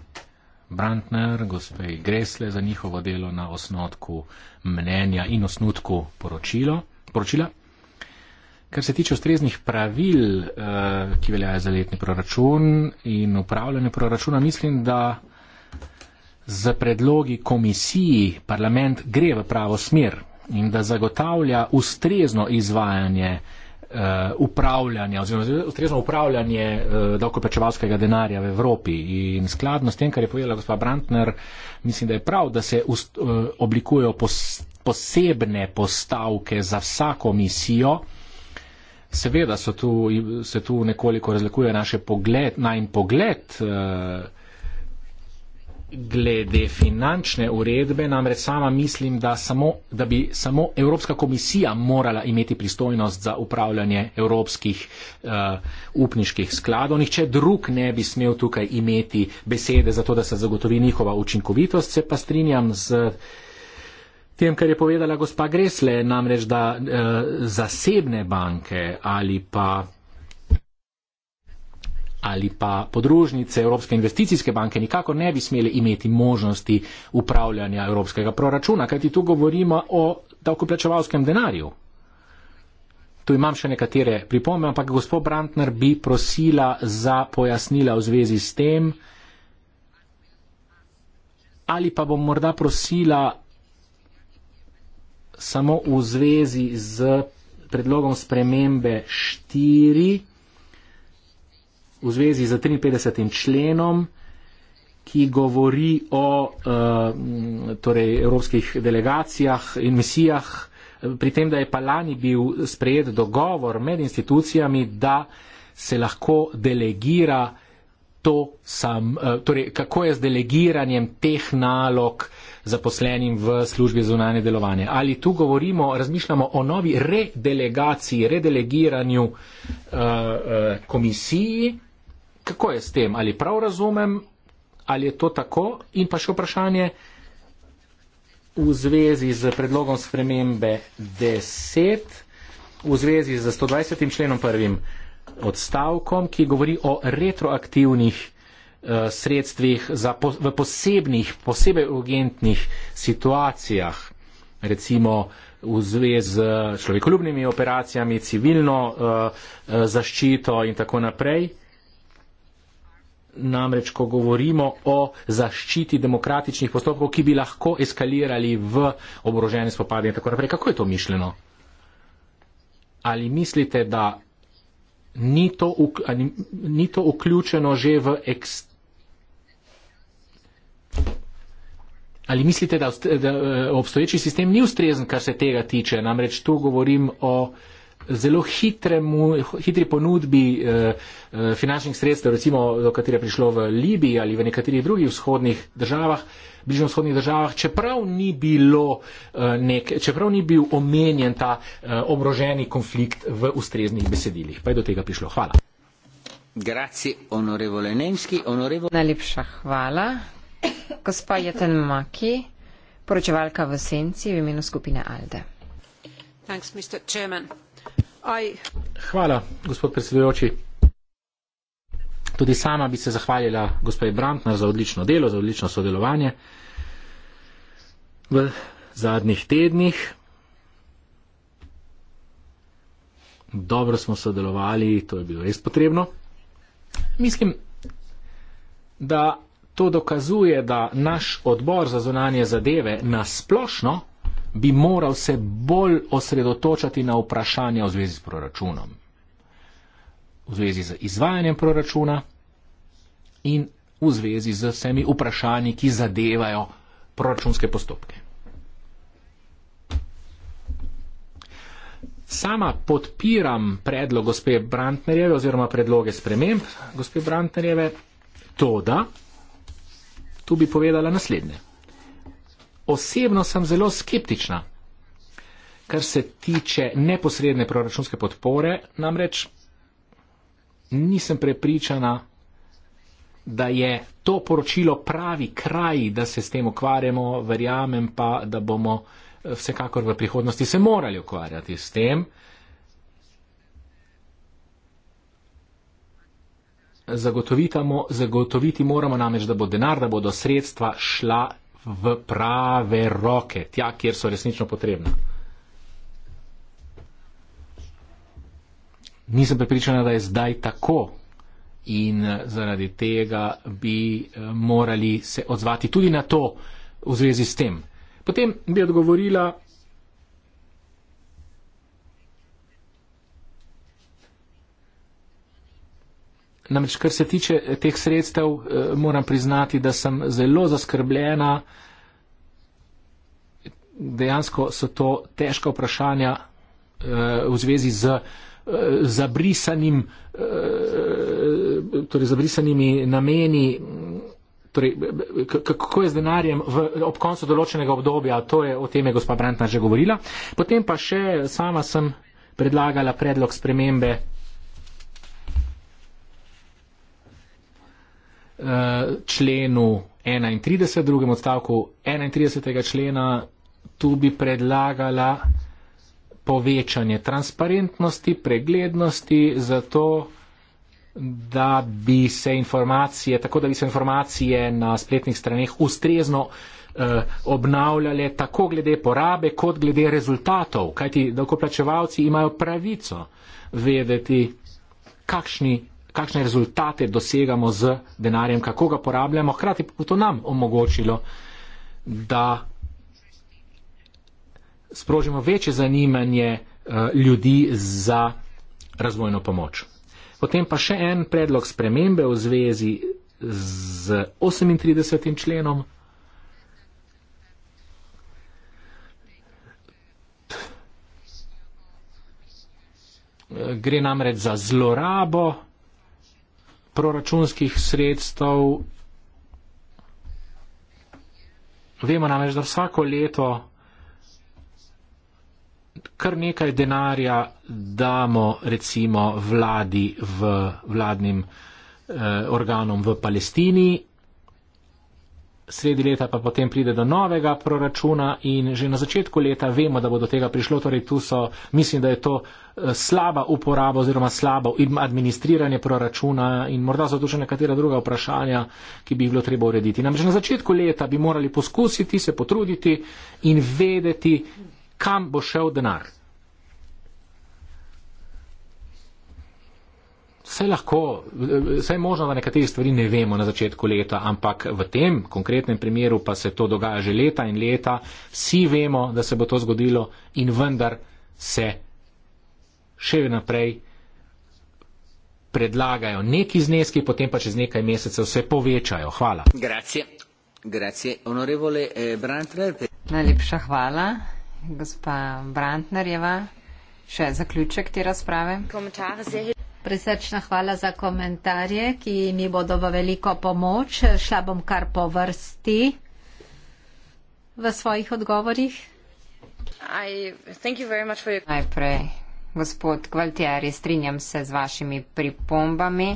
[SPEAKER 2] Brantner, gospe Gresle za njihovo delo na osnotku mnenja in osnotku poročilo, poročila. Kar se tiče ustreznih pravil, eh, ki veljajo za letni proračun in upravljanje proračuna, mislim, da z predlogi komisiji parlament gre v pravo smer in da zagotavlja ustrezno izvajanje uh, eh, upravljanja oziroma ustrezno upravljanje uh, davkoplačevalskega denarja v Evropi. In skladno s tem, kar je povedala gospa Brantner, mislim, da je prav, da se ust, uh, oblikujejo posebne postavke za vsako misijo. Seveda tu, se tu nekoliko razlikuje naš pogled, najn pogled. Uh, glede finančne uredbe, namreč sama mislim, da, samo, da bi samo Evropska komisija morala imeti pristojnost za upravljanje evropskih uh, upniških skladov. Nihče drug ne bi smel tukaj imeti besede za to, da se zagotovi njihova učinkovitost. Se pa strinjam z tem, kar je povedala gospa Gresle, namreč da uh, zasebne banke ali pa ali pa podružnice Evropske investicijske banke nikako ne bi smeli imeti možnosti upravljanja evropskega proračuna, kajti tu govorimo o davkoplačevalskem denarju. Tu imam še nekatere pripombe, ampak gospod Brantner bi prosila za pojasnila v zvezi s tem ali pa bom morda prosila samo v zvezi z predlogom spremembe 4 v zvezi z 53. členom, ki govori o uh, torej evropskih delegacijah in misijah, pri tem, da je pa lani bil sprejet dogovor med institucijami, da se lahko delegira to sam, eh, torej kako je z delegiranjem teh nalog zaposlenim v službi zunanje delovanje. Ali tu govorimo, razmišljamo o novi redelegaciji, redelegiranju uh, uh, komisiji, kako je s tem, ali prav razumem, ali je to tako? In pa še vprašanje v zvezi z predlogom spremembe 10, v zvezi z 120. členom prvim odstavkom, ki govori o retroaktivnih uh, sredstvih za, po, v posebnih, posebej urgentnih situacijah, recimo v zvezi z človekoljubnimi operacijami, civilno uh, zaščito in tako naprej namreč, ko govorimo o zaščiti demokratičnih postopkov, ki bi lahko eskalirali v oborožene spopade in tako naprej. Kako je to mišljeno? Ali mislite, da ni to, ali, ni to vključeno že v ekstremizem? Ali mislite, da, da eh, obstoječi sistem ni ustrezen, kar se tega tiče? Namreč tu govorim o uh, zelo hitremu, hitri ponudbi eh, eh, finančnih sredstev, recimo do katere je prišlo v Libiji ali v nekaterih drugih vzhodnih državah, bližnjo vzhodnih državah, čeprav ni, bilo, eh, nek, čeprav ni bil omenjen ta eh, obroženi konflikt v ustreznih besedilih. Pa je do tega prišlo. Hvala.
[SPEAKER 1] Grazie, onorevole Nemski, onorevole... Najlepša hvala. Gospa Jeten Maki, poročevalka v Senci v imenu skupine Alde. Thanks, Mr. Chairman. Aj.
[SPEAKER 2] Hvala, gospod predsedujoči. Tudi sama bi se zahvalila gospodin Brantner za odlično delo, za odlično sodelovanje v zadnjih tednih. Dobro smo sodelovali, to je bilo res potrebno. Mislim, da to dokazuje, da naš odbor za zunanje zadeve nasplošno bi moral se bolj osredotočati na vprašanja v zvezi s proračunom, v zvezi z izvajanjem proračuna in v zvezi z vsemi vprašanji, ki zadevajo proračunske postopke. Sama podpiram predlog gospe Brantnerjeve oziroma predloge sprememb gospe Brantnerjeve, to da, tu bi povedala naslednje osebno sem zelo skeptična. Kar se tiče neposredne proračunske podpore, namreč nisem prepričana, da je to poročilo pravi kraj, da se s tem ukvarjamo, verjamem pa, da bomo eh, vsekakor v prihodnosti se morali ukvarjati s tem. Zagotoviti moramo namreč, da bo denar, da bodo sredstva šla v prave roke, tja, kjer so resnično potrebna. Nisem prepričana, da je zdaj tako in zaradi tega bi eh, morali se odzvati tudi na to v zvezi s tem. Potem bi odgovorila Namreč, kar se tiče eh, teh sredstev, eh, moram priznati, da sem zelo zaskrbljena. Dejansko so to težka vprašanja eh, v zvezi z zabrisanim, torej zabrisanimi nameni. Torej, kako je z denarjem v, ob koncu določenega obdobja, to je o tem je gospa Brantna že govorila. Potem pa še sama sem predlagala predlog spremembe členu 31, drugem odstavku 31. člena, tu bi predlagala povečanje transparentnosti, preglednosti, zato da bi se informacije, tako da bi se informacije na spletnih straneh ustrezno eh, obnavljale tako glede porabe kot glede rezultatov, kajti dolgoplačevalci imajo pravico vedeti, kakšni kakšne rezultate dosegamo z denarjem, kako ga porabljamo, hkrati pa bo to nam omogočilo, da sprožimo večje zanimanje eh, ljudi za razvojno pomoč. Potem pa še en predlog spremembe v zvezi z 38. členom. Gre namreč za zlorabo proračunskih sredstev. Vemo namreč, da vsako leto kar nekaj denarja damo recimo vladi v vladnim eh, organom v Palestini sredi leta pa potem pride do novega proračuna in že na začetku leta vemo, da bo do tega prišlo. Torej, tu so, mislim, da je to eh, slaba uporaba oziroma slabo administriranje proračuna in morda so tu še nekatera druga vprašanja, ki bi jih bilo treba urediti. Namreč na začetku leta bi morali poskusiti, se potruditi in vedeti, kam bo šel denar. Vse lahko, vse je možno, da nekatere stvari ne vemo na začetku leta, ampak v tem konkretnem primeru pa se to dogaja že leta in leta, vsi vemo, da se bo to zgodilo in vendar se še naprej predlagajo neki zneski, potem pa čez nekaj mesecev se povečajo. Hvala.
[SPEAKER 1] Grazie. Grazie. Onorevole, eh, Najlepša hvala, gospa Brantnerjeva. Še zaključek te razprave.
[SPEAKER 3] Komentar, Prisrčna hvala za komentarje, ki mi bodo v veliko pomoč. Šla bom kar po vrsti v svojih odgovorih.
[SPEAKER 1] Najprej, gospod Kvaltjari, strinjam se z vašimi pripombami.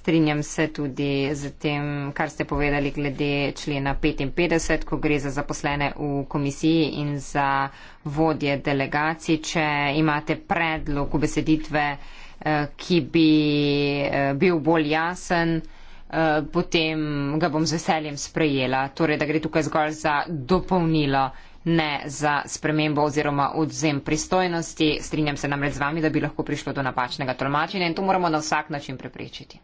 [SPEAKER 1] Strinjam se tudi z tem, kar ste povedali glede člena 55, ko gre za zaposlene v komisiji in za vodje delegacij. Če imate predlog ubeseditve, Eh, ki bi eh, bil bolj jasen, eh, potem ga bom z veseljem sprejela. Torej, da gre tukaj zgolj za dopolnilo, ne za spremembo oziroma odzem pristojnosti. Strinjam se namreč z vami, da bi lahko prišlo do napačnega tolmačenja in to moramo na vsak način preprečiti.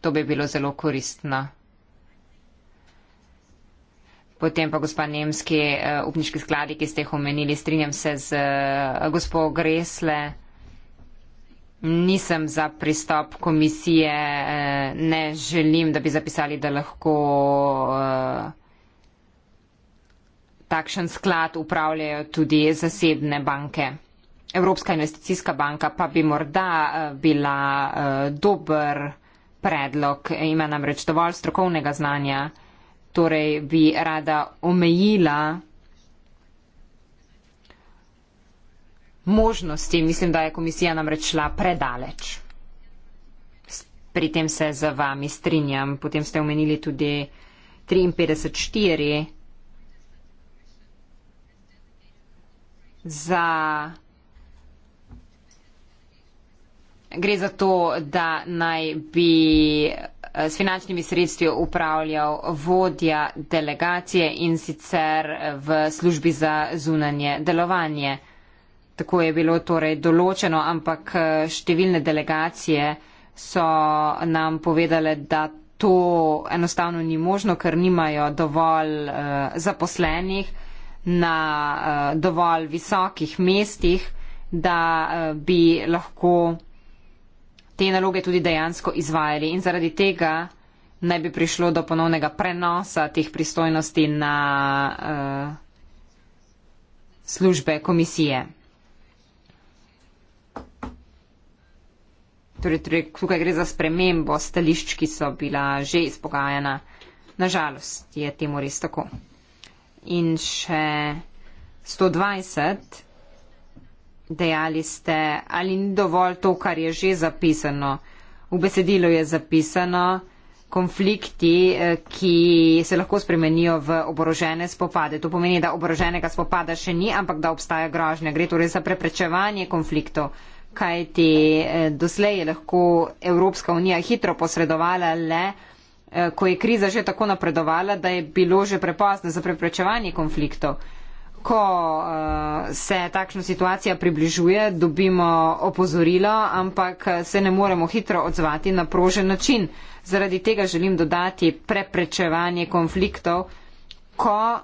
[SPEAKER 1] To bi bilo zelo koristno. Potem pa gospa Nemski upniški skladi, ki ste jih omenili, strinjam se z gospod Gresle. Nisem za pristop komisije, eh, ne želim, da bi zapisali, da lahko eh, takšen sklad upravljajo tudi zasebne banke. Evropska investicijska banka pa bi morda eh, bila dober predlog, ima namreč dovolj strokovnega znanja, torej bi rada omejila možnosti. Mislim, da je komisija namreč šla predaleč. Pri tem se z vami strinjam. Potem ste omenili tudi 53.4. Za... Gre za to, da naj bi eh, s finančnimi sredstvi upravljal vodja delegacije in sicer eh, v službi za zunanje delovanje. Tako je bilo torej določeno, ampak eh, številne delegacije so nam povedale, da to enostavno ni možno, ker nimajo dovolj eh, zaposlenih na eh, dovolj visokih mestih, da bi lahko te naloge tudi dejansko izvajali. In zaradi tega naj bi prišlo do ponovnega prenosa teh pristojnosti na službe komisije. Torej, torej, tukaj gre za spremembo stališč, ki so bila že izpogajana. Nažalost je temu res tako. In še 120 dejali ste, ali ni dovolj to, kar je že zapisano. V besedilu je zapisano konflikti, eh, ki se lahko spremenijo v oborožene spopade. To pomeni, da oboroženega spopada še ni, ampak da obstaja grožnja. Gre torej za preprečevanje konfliktov kajti eh, doslej je lahko Evropska unija hitro posredovala le, eh, ko je kriza že tako napredovala, da je bilo že prepozno za preprečevanje konfliktov. Ko eh, se takšna situacija približuje, dobimo opozorilo, ampak se ne moremo hitro odzvati na prožen način. Zaradi tega želim dodati preprečevanje konfliktov, ko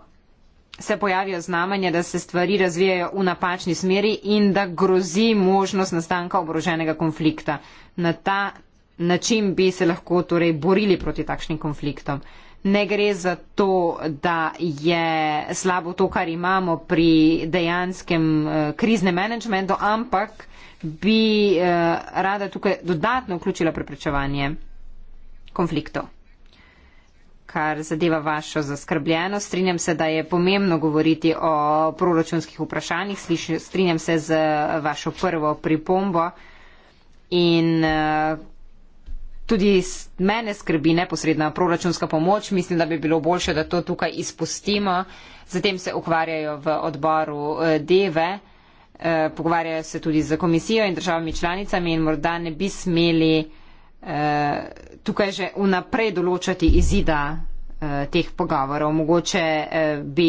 [SPEAKER 1] se pojavijo znamenja, da se stvari razvijajo v napačni smeri in da grozi možnost nastanka oboroženega konflikta. Na ta način bi se lahko torej borili proti takšnim konfliktom. Ne gre za to, da je slabo to, kar imamo pri dejanskem eh, kriznem menedžmentu, ampak bi eh, rada tukaj dodatno vključila preprečevanje konfliktov kar zadeva vašo zaskrbljenost. Strinjam se, da je pomembno govoriti o proračunskih vprašanjih. Strinjam se z vašo prvo pripombo. In eh, tudi mene skrbi neposredna proračunska pomoč. Mislim, da bi bilo boljše, da to tukaj izpustimo. Zatem se ukvarjajo v odboru eh, DV. Eh, pogovarjajo se tudi z komisijo in državami članicami in morda ne bi smeli Eh, tukaj že vnaprej določati izida eh, teh pogovorov. Mogoče eh, bi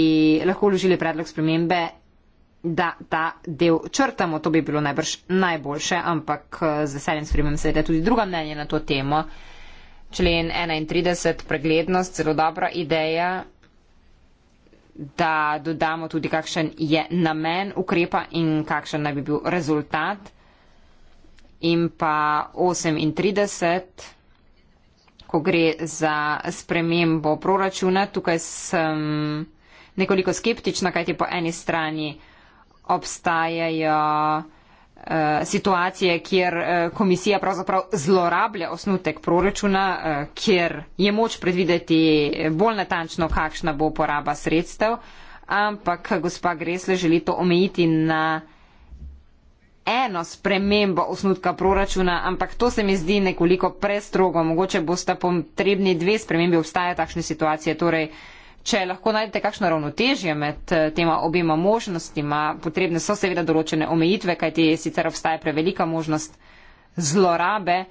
[SPEAKER 1] lahko vložili predlog spremembe, da ta del črtamo. To bi bilo najbrž najboljše, ampak z veseljem spremem seveda tudi druga mnenja na to temo. Člen 31, preglednost, zelo dobra ideja, da dodamo tudi, kakšen je namen ukrepa in kakšen naj bi bil rezultat in pa 38, ko gre za spremembo proračuna. Tukaj sem nekoliko skeptična, kajti po eni strani obstajajo eh, situacije, kjer eh, komisija pravzaprav zlorablja osnutek proračuna, eh, kjer je moč predvideti bolj natančno, kakšna bo poraba sredstev, ampak gospa Gresle želi to omejiti na eno spremembo osnutka proračuna, ampak to se mi zdi nekoliko prestrogo. Mogoče boste potrebni dve spremembi, obstaja takšne situacije. Torej, če lahko najdete kakšno ravnotežje med eh, tema objema možnostima, potrebne so seveda določene omejitve, kajti sicer obstaja prevelika možnost zlorabe.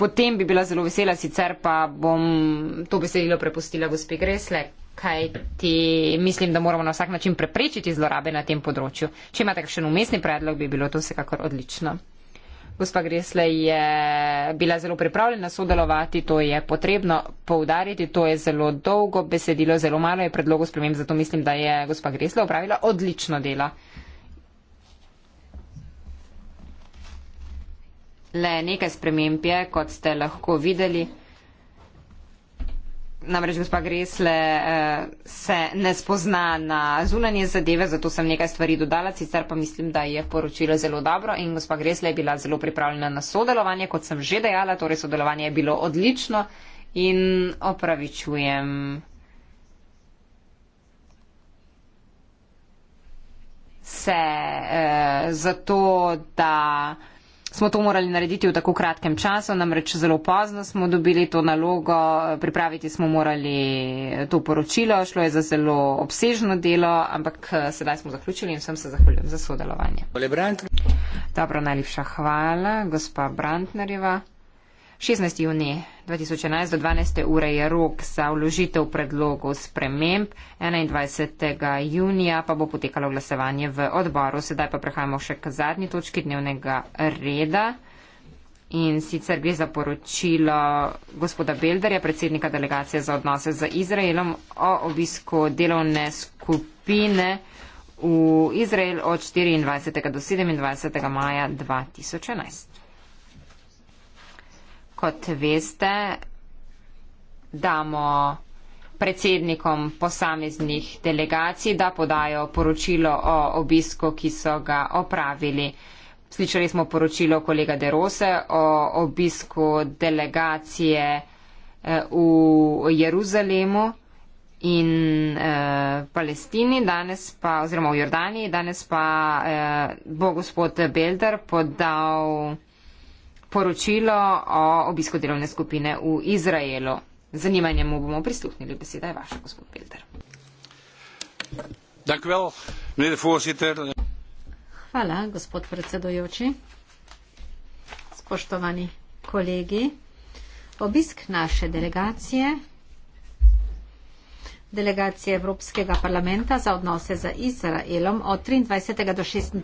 [SPEAKER 1] Potem bi bila zelo vesela, sicer pa bom to besedilo prepustila gospe Gresler kaj ti mislim, da moramo na vsak način preprečiti zlorabe na tem področju. Če imate kakšen umestni predlog, bi bilo to vsekakor odlično. Gospa Gresle je bila zelo pripravljena sodelovati, to je potrebno poudariti, to je zelo dolgo besedilo, zelo malo je predlogov spremem, zato mislim, da je gospa Gresle opravila odlično delo. Le nekaj sprememb je, kot ste lahko videli namreč gospa Gresle eh, se ne spozna na zunanje zadeve, zato sem nekaj stvari dodala, sicer pa mislim, da je poročilo zelo dobro in gospa Gresle je bila zelo pripravljena na sodelovanje, kot sem že dejala, torej sodelovanje je bilo odlično in opravičujem. Se eh, zato, da smo to morali narediti v tako kratkem času, namreč zelo pozno smo dobili to nalogo, pripraviti smo morali to poročilo, šlo je za zelo obsežno delo, ampak eh, sedaj smo zaključili in vsem se zahvaljujem za sodelovanje. Dobro, najlepša hvala, gospa Brantnerjeva. 16. juni 2011 do 12. ure je rok za vložitev predlogov sprememb, 21. junija pa bo potekalo glasovanje v odboru. Sedaj pa prehajamo še k zadnji točki dnevnega reda. In sicer gre za poročilo gospoda Belderja, predsednika delegacije za odnose z Izraelom, o obisku delovne skupine v Izrael od 24. do 27. maja 2011 kot veste, damo predsednikom posameznih delegacij, da podajo poročilo o obisku, ki so ga opravili. Slišali smo poročilo kolega Derose o obisku delegacije eh, v Jeruzalemu in eh, Palestini, danes pa, oziroma v Jordaniji, danes pa eh, bo gospod Belder podal poročilo o obisku delovne skupine v Izraelu. Zanimanje mu bomo prisluhnili, beseda je vaša, gospod Pilter.
[SPEAKER 3] Hvala, gospod predsedojoči. Spoštovani kolegi, obisk naše delegacije delegacije Evropskega parlamenta za odnose z Izraelom od 23. do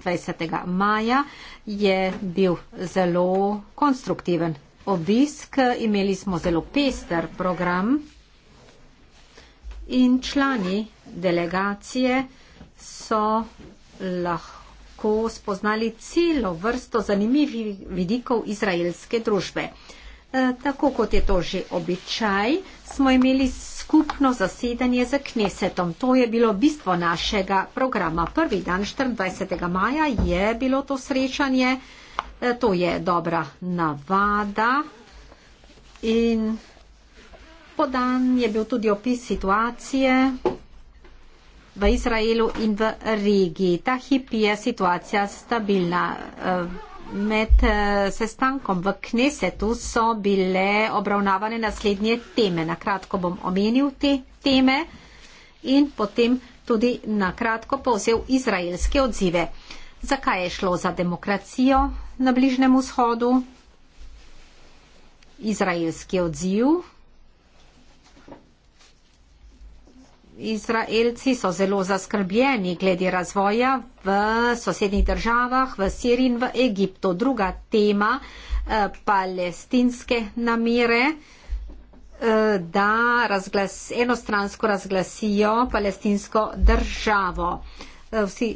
[SPEAKER 3] 26. maja je bil zelo konstruktiven obisk. Imeli smo zelo pester program in člani delegacije so lahko spoznali celo vrsto zanimivih vidikov izraelske družbe. Eh, tako kot je to že običaj, smo imeli skupno zasedanje z knesetom. To je bilo bistvo našega programa. Prvi dan 24. maja je bilo to srečanje. E, to je dobra navada. In podan je bil tudi opis situacije v Izraelu in v regiji. Ta hip je situacija stabilna. E, Med eh, sestankom v Knesetu so bile obravnavane naslednje teme. Na kratko bom omenil te teme in potem tudi na kratko povzel izraelske odzive. Zakaj je šlo za demokracijo na Bližnem vzhodu? Izraelski odziv Izraelci so zelo zaskrbljeni glede razvoja v sosednjih državah, v Siriji in v Egiptu. Druga tema eh, palestinske namire, eh, da razglas, enostransko razglasijo palestinsko državo. Eh, vsi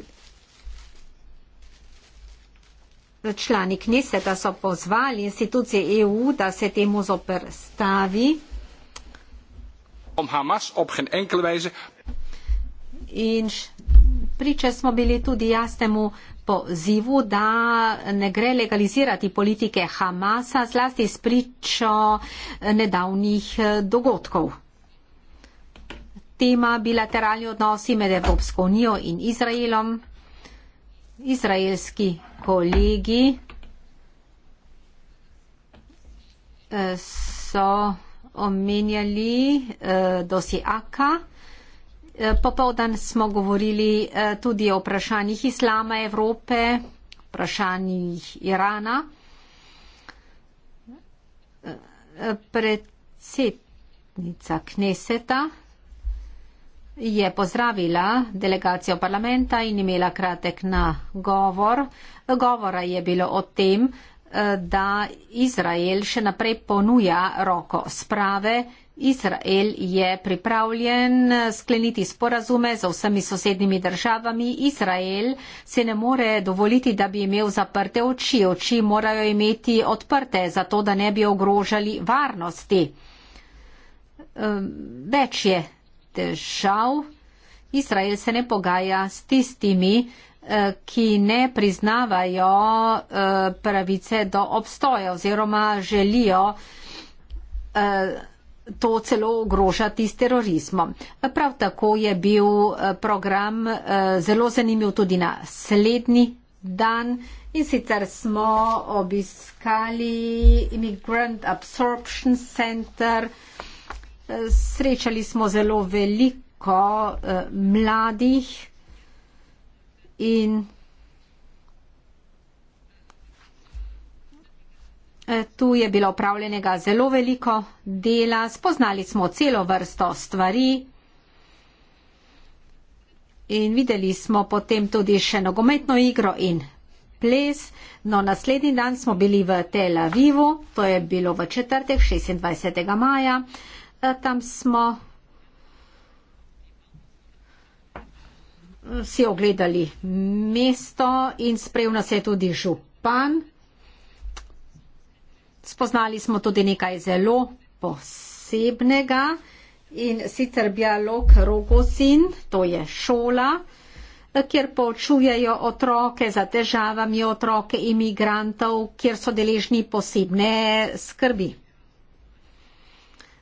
[SPEAKER 3] člani Kniseta so pozvali institucije EU, da se temu zoprstavi
[SPEAKER 2] om Hamas op geen enkele wijze.
[SPEAKER 3] In priče smo bili tudi jasnemu pozivu, da ne gre legalizirati politike Hamasa, zlasti s pričo eh, nedavnih eh, dogodkov. Tema bilateralni odnosi med Evropsko unijo in Izraelom. Izraelski kolegi eh, so omenjali eh, dosi Aka. Eh, popovdan smo govorili eh, tudi o vprašanjih islama Evrope, vprašanjih Irana. Eh, predsednica Kneseta je pozdravila delegacijo parlamenta in imela kratek nagovor. Govora je bilo o tem, Eh, da Izrael še naprej ponuja roko sprave. Izrael je pripravljen eh, skleniti sporazume z vsemi sosednjimi državami. Izrael se ne more dovoliti, da bi imel zaprte oči. Oči morajo imeti odprte, zato da ne bi ogrožali varnosti. Več je težav. Izrael se ne pogaja s tistimi, Eh, ki ne priznavajo eh, pravice do obstoja oziroma želijo eh, to celo ogrožati s terorizmom. Prav tako je bil program zelo zanimiv tudi na slednji dan in sicer smo obiskali Immigrant Absorption Center, srečali smo zelo veliko mladih, in e, tu je bilo upravljenega zelo veliko dela, spoznali smo celo vrsto stvari in videli smo potem tudi še nogometno igro in ples. No, naslednji dan smo bili v Tel Avivu, to je bilo v četrtek 26. maja. E, tam smo si ogledali mesto in sprejel nas je tudi župan. Spoznali smo tudi nekaj zelo posebnega in sicer Bialog Rogosin, to je šola, kjer poučujejo otroke za težavami otroke imigrantov, kjer so deležni posebne skrbi.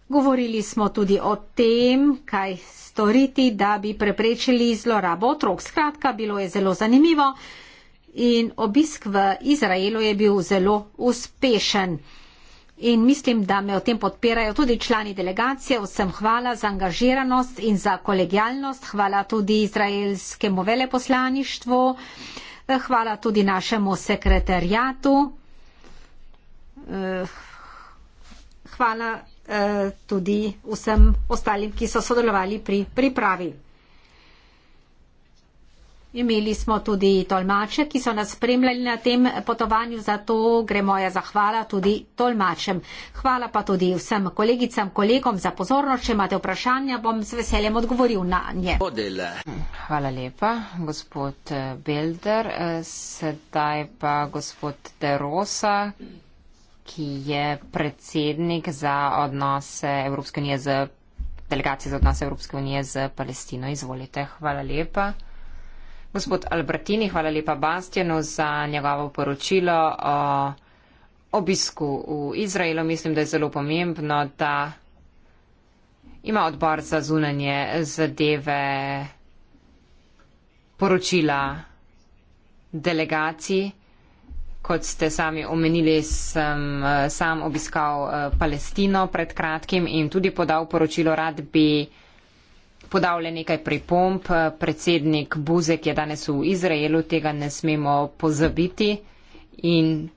[SPEAKER 3] Govorili smo tudi o tem, kaj storiti, da bi preprečili zlorabo otrok. Skratka, bilo je zelo zanimivo in obisk v Izraelu je bil zelo uspešen. In mislim, da me o tem podpirajo tudi člani delegacije. Vsem hvala za angažiranost in za kolegijalnost. Hvala tudi izraelskemu veleposlaništvu. Hvala tudi našemu sekretarjatu. Eh, hvala. Eh, tudi vsem ostalim, ki so sodelovali pri pripravi. Imeli smo tudi tolmače, ki so nas spremljali na tem potovanju, zato gre moja zahvala tudi tolmačem. Hvala pa tudi vsem kolegicam, kolegom za pozornost. Če imate vprašanja, bom z veseljem odgovoril na nje.
[SPEAKER 1] Hvala lepa, gospod Belder. Sedaj pa gospod Derosa, ki je predsednik za odnose Evropske unije z delegacijo za odnose Evropske unije z Palestino. Izvolite. Hvala lepa. Gospod Albertini, hvala lepa Bastjanu za njegovo poročilo o obisku v Izraelu. Mislim, da je zelo pomembno, da ima odbor za zunanje zadeve poročila delegaciji kot ste sami omenili, sem eh, sam obiskal eh, Palestino pred kratkim in tudi podal poročilo, rad bi podal le nekaj pripomp. Eh, predsednik Buzek je danes v Izraelu, tega ne smemo pozabiti in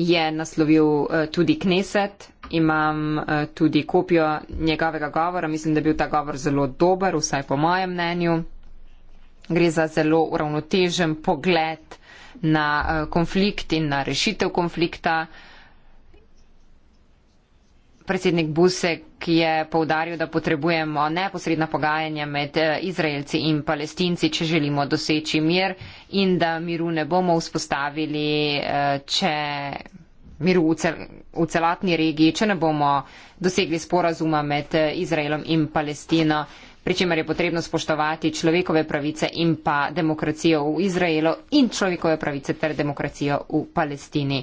[SPEAKER 1] je naslovil tudi Kneset. Imam tudi kopijo njegovega govora, mislim, da je bil ta govor zelo dober, vsaj po mojem mnenju. Gre za zelo uravnotežen pogled na eh, konflikt in na rešitev konflikta. Predsednik Busek je povdaril, da potrebujemo neposredna pogajanja med eh, Izraelci in Palestinci, če želimo doseči mir in da miru ne bomo vzpostavili, eh, če miru v celotni regiji, če ne bomo dosegli sporazuma med Izraelom in Palestino pri čemer je potrebno spoštovati človekove pravice in pa demokracijo v Izraelu in človekove pravice ter demokracijo v Palestini.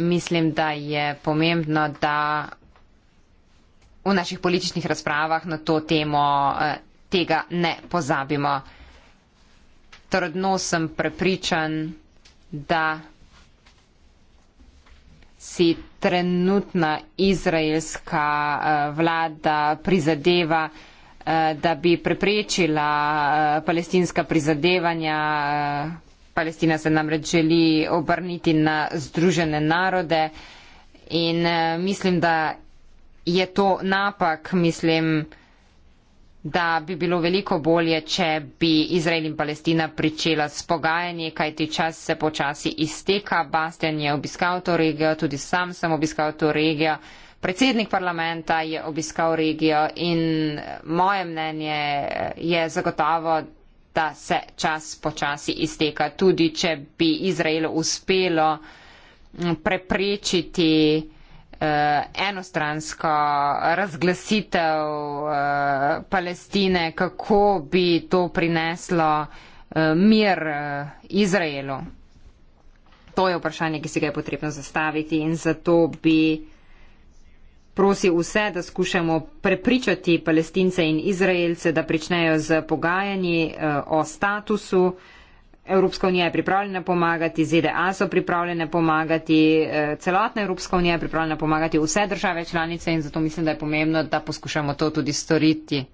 [SPEAKER 1] Mislim, da je pomembno, da v naših političnih razpravah na to temo eh, tega ne pozabimo. Trdno sem prepričan, da si trenutna izraelska eh, vlada prizadeva, eh, da bi preprečila eh, palestinska prizadevanja. Palestina se namreč želi obrniti na združene narode in mislim, da je to napak, mislim, da bi bilo veliko bolje, če bi Izrael in Palestina pričela s pogajanji, kajti čas se počasi izteka. Bastian je obiskal to regijo, tudi sam sem obiskal to regijo. Predsednik parlamenta je obiskal regijo in moje mnenje je zagotovo, da se čas počasi izteka, tudi če bi Izraelu uspelo preprečiti Eh, enostransko razglasitev eh, Palestine, kako bi to prineslo eh, mir Izraelu. To je vprašanje, ki si ga je potrebno zastaviti in zato bi prosil vse, da skušamo prepričati palestince in izraelce, da pričnejo z pogajanji o statusu, Evropska unija je pripravljena pomagati, ZDA so pripravljene pomagati, eh, celotna Evropska unija je pripravljena pomagati, vse države članice in zato mislim, da je pomembno, da poskušamo to tudi storiti.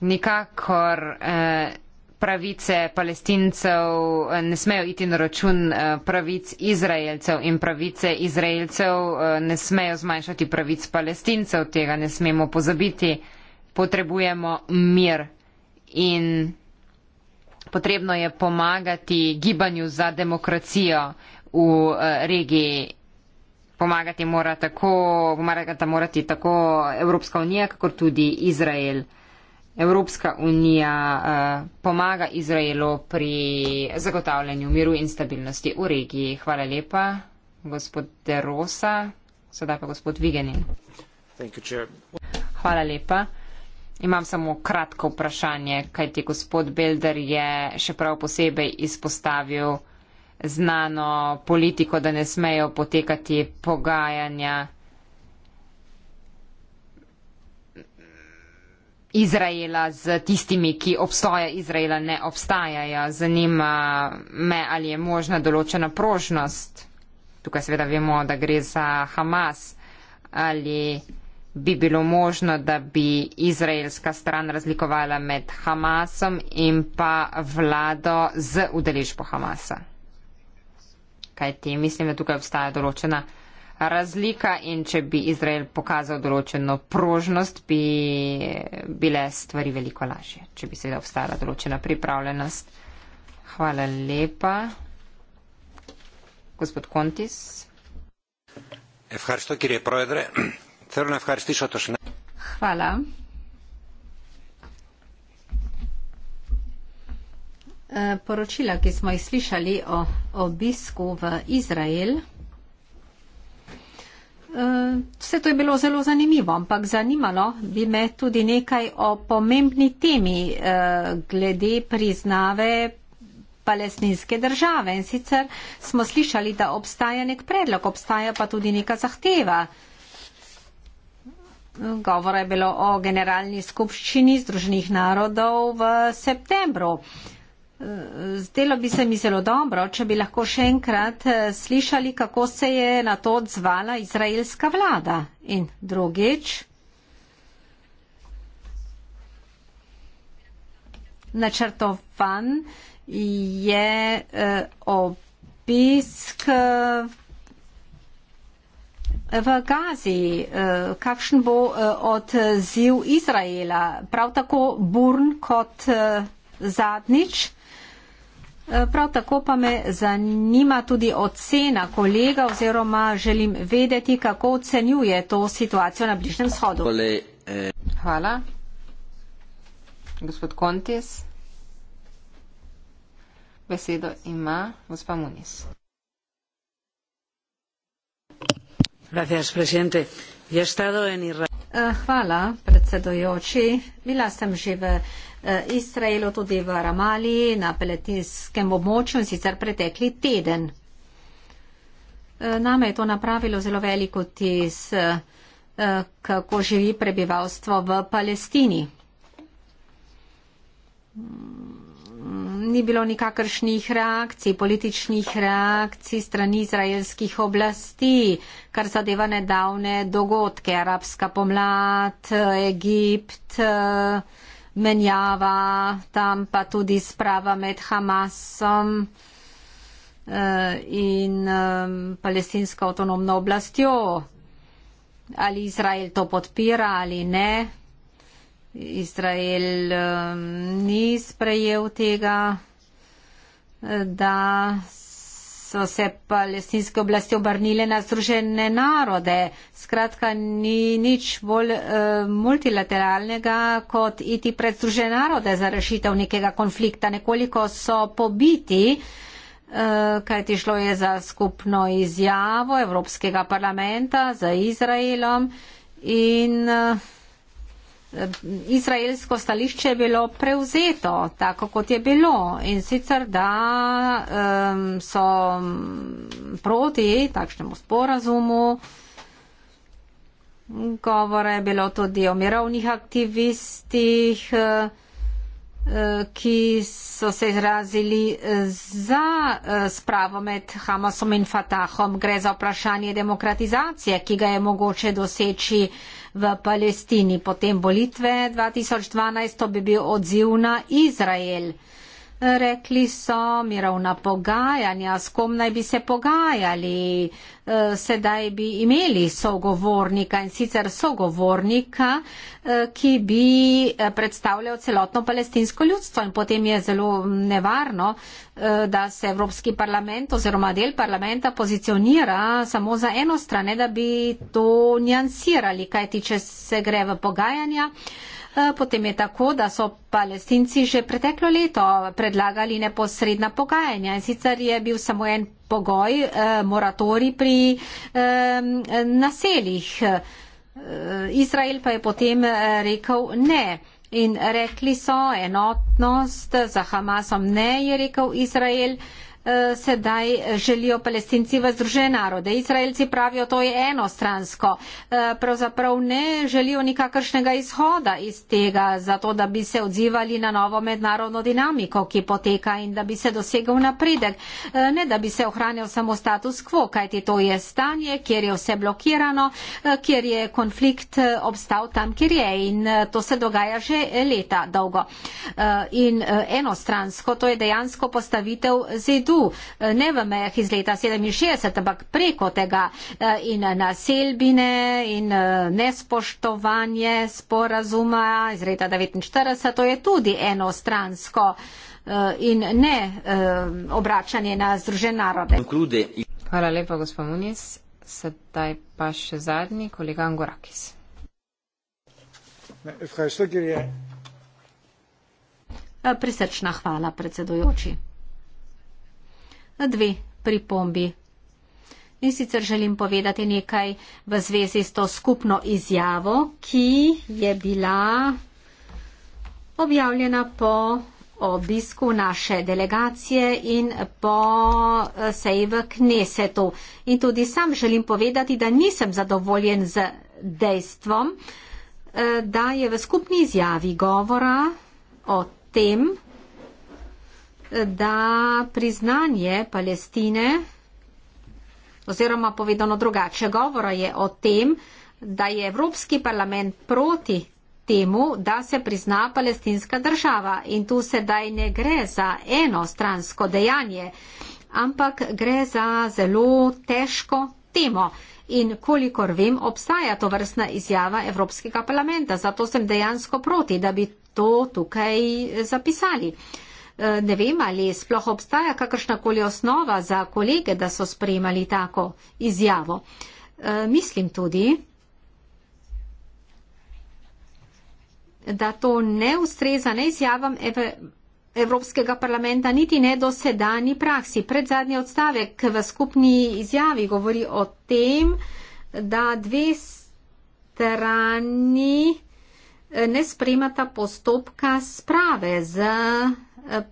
[SPEAKER 1] Nikakor eh, pravice palestincev eh, ne smejo iti na račun pravic izraelcev in pravice izraelcev ne smejo zmanjšati pravic palestincev, tega ne smemo pozabiti. Potrebujemo mir in potrebno je pomagati gibanju za demokracijo v eh, regiji. Pomagati mora tako, pomagata morati tako Evropska unija, kakor tudi Izrael. Evropska unija uh, pomaga Izraelu pri zagotavljanju miru in stabilnosti v regiji. Hvala lepa, gospod De Rosa, sedaj pa gospod Vigenin. Hvala lepa. Imam samo kratko vprašanje, kaj ti gospod Belder je še prav posebej izpostavil znano politiko, da ne smejo potekati pogajanja Izraela z tistimi, ki obstoja Izraela, ne obstajajo. Zanima me, ali je možna določena prožnost, tukaj seveda vemo, da gre za Hamas, ali bi bilo možno, da bi izraelska stran razlikovala med Hamasom in pa vlado z udeležbo Hamasa. Kaj ti mislim, da tukaj obstaja določena razlika in če bi Izrael pokazal določeno prožnost, bi bile stvari veliko lažje, če bi seveda obstajala določena pripravljenost. Hvala lepa. Gospod Kontis.
[SPEAKER 2] Evhar, što kjer je proedre?
[SPEAKER 3] poročila ki smo jih slišali o obisku v Izrael. Vse to je bilo zelo zanimivo, ampak zanimalo bi me tudi nekaj o pomembni temi glede priznave palestinske države. In sicer smo slišali, da obstaja nek predlog, obstaja pa tudi neka zahteva. Govora je bilo o generalni skupščini Združenih narodov v septembru. Zdelo bi se mi zelo dobro, če bi lahko še enkrat eh, slišali, kako se je na to odzvala izraelska vlada. In drugič, načrtovan je eh, obisk eh, V Gazi, eh, kakšen bo eh, odziv Izraela, prav tako burn kot eh, zadnjič? Prav tako pa me zanima tudi ocena kolega oziroma želim vedeti, kako ocenjuje to situacijo na Bližnem shodu.
[SPEAKER 1] Hvala. Gospod Kontis, besedo ima gospa Munis. Eh, hvala,
[SPEAKER 3] predsedojoči. Bila sem že v eh, Izraelu, tudi v Ramaliji, na peletinskem območju in sicer pretekli teden. Eh, Name je to napravilo zelo veliko tis, kako živi prebivalstvo v Palestini ni bilo nikakršnih reakcij, političnih reakcij strani izraelskih oblasti, kar zadeva nedavne dogodke, arabska pomlad, Egipt, menjava, tam pa tudi sprava med Hamasom eh, in palestinsko avtonomno oblastjo. Ali Izrael to podpira ali ne? Izrael um, ni sprejel tega, da so se palestinske oblasti obrnile na združene narode. Skratka, ni nič bolj uh, multilateralnega, kot iti pred združene narode za rešitev nekega konflikta. Nekoliko so pobiti, uh, kajti šlo je za skupno izjavo Evropskega parlamenta za Izraelom in. Uh, izraelsko stališče bilo prevzeto, tako kot je bilo. In sicer, da um, so um, proti takšnemu sporazumu. Govore je bilo tudi o mirovnih aktivistih. Uh, ki so se izrazili za eh, spravo med Hamasom in Fatahom. Gre za vprašanje demokratizacije, ki ga je mogoče doseči v Palestini. Potem bolitve 2012, to bi bil odziv na Izrael. Rekli so mirovna pogajanja, s kom naj bi se pogajali, e, sedaj bi imeli sogovornika in sicer sogovornika, e, ki bi e, predstavljal celotno palestinsko ljudstvo in potem je zelo nevarno, da se Evropski parlament oziroma del parlamenta pozicionira samo za eno stran, da bi to njansirali, kaj tiče se gre v pogajanja. Eh, potem je tako, da so palestinci že preteklo leto predlagali neposredna pogajanja in sicer je bil samo en pogoj, eh, moratori pri eh, naseljih. Izrael pa je potem rekel ne. In rekli so enotnost za Hamasom ne, je rekel Izrael. Eh, sedaj želijo palestinci v združe narode. Izraelci pravijo, to je enostransko. Eh, pravzaprav ne želijo nikakršnega izhoda iz tega, zato da bi se odzivali na novo mednarodno dinamiko, ki poteka in da bi se dosegel napredek. Eh, ne da bi se ohranil samo status quo, kajti to je stanje, kjer je vse blokirano, kjer je konflikt obstal tam, kjer je in to se dogaja že leta dolgo. In enostransko, to je dejansko postavitev zidu Eh, ne v mejah iz leta 67, ampak preko tega eh, in naselbine in eh, nespoštovanje sporazuma iz leta 49, to je tudi enostransko
[SPEAKER 1] in ne obračanje na združen narode. Hvala lepa, gospod Munis. Sedaj pa še zadnji, kolega Angorakis. Prisrčna hvala,
[SPEAKER 3] predsedujoči na dve pripombi. In sicer želim povedati nekaj v zvezi s to skupno izjavo, ki je bila objavljena po obisku naše delegacije in po eh, seji v Knesetu. In tudi sam želim povedati, da nisem zadovoljen z dejstvom, eh, da je v skupni izjavi govora o tem, da priznanje Palestine oziroma povedano drugače, govora je o tem, da je Evropski parlament proti temu, da se prizna palestinska država in tu sedaj ne gre za eno stransko dejanje, ampak gre za zelo težko temo. In kolikor vem, obstaja to vrstna izjava Evropskega parlamenta, zato sem dejansko proti, da bi to tukaj zapisali. Uh, ne vem, ali sploh obstaja kakršnakoli osnova za kolege, da so sprejemali tako izjavo. E, mislim tudi, da to ne ustreza ne izjavam ev Evropskega parlamenta, niti ne do sedajni praksi. Pred zadnji odstavek v skupni izjavi govori o tem, da dve strani e, ne sprejmata postopka sprave z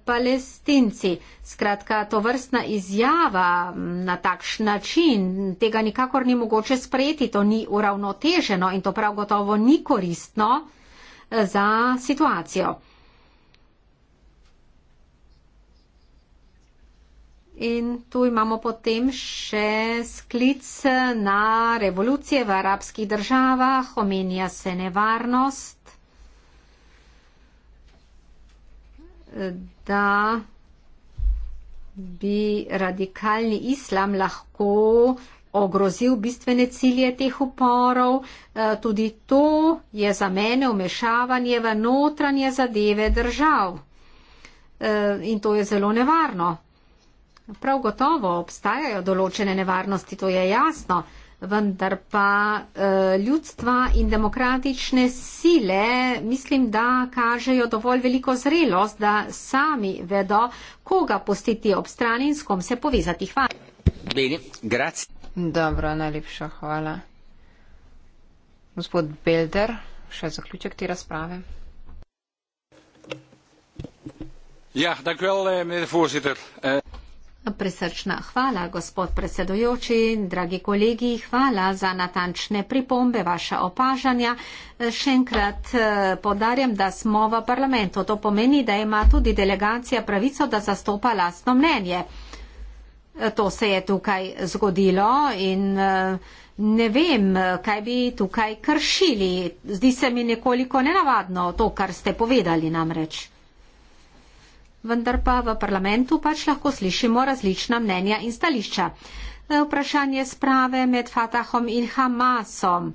[SPEAKER 3] palestinci. Skratka, to vrstna izjava na takšen način tega nikakor ni mogoče sprejeti, to ni uravnoteženo in to prav gotovo ni koristno eh, za situacijo. In tu imamo potem še sklic eh, na revolucije v arabskih državah, omenja se nevarnost da bi radikalni islam lahko ogrozil bistvene cilje teh uporov. E, tudi to je za mene umešavanje v notranje zadeve držav. E, in to je zelo nevarno. Prav gotovo obstajajo določene nevarnosti, to je jasno vendar pa eh, ljudstva in demokratične sile mislim, da kažejo dovolj veliko zrelost, da sami vedo, koga postiti ob strani in s kom se povezati. Hvala.
[SPEAKER 1] Bene, grazie. Dobro, najlepša hvala. Gospod Belder, še zaključek te razprave.
[SPEAKER 2] Ja, dank u wel, eh, meneer de voorzitter. Uh...
[SPEAKER 3] Presrčna hvala, gospod predsedojoči, dragi kolegi, hvala za natančne pripombe, vaše opažanja. Še enkrat eh, podarjam, da smo v parlamentu. To pomeni, da ima tudi delegacija pravico, da zastopa lastno mnenje. Eh, to se je tukaj zgodilo in eh, ne vem, kaj bi tukaj kršili. Zdi se mi nekoliko nenavadno to, kar ste povedali namreč vendar pa v parlamentu pač lahko slišimo različna mnenja in stališča. E, vprašanje sprave med Fatahom in Hamasom.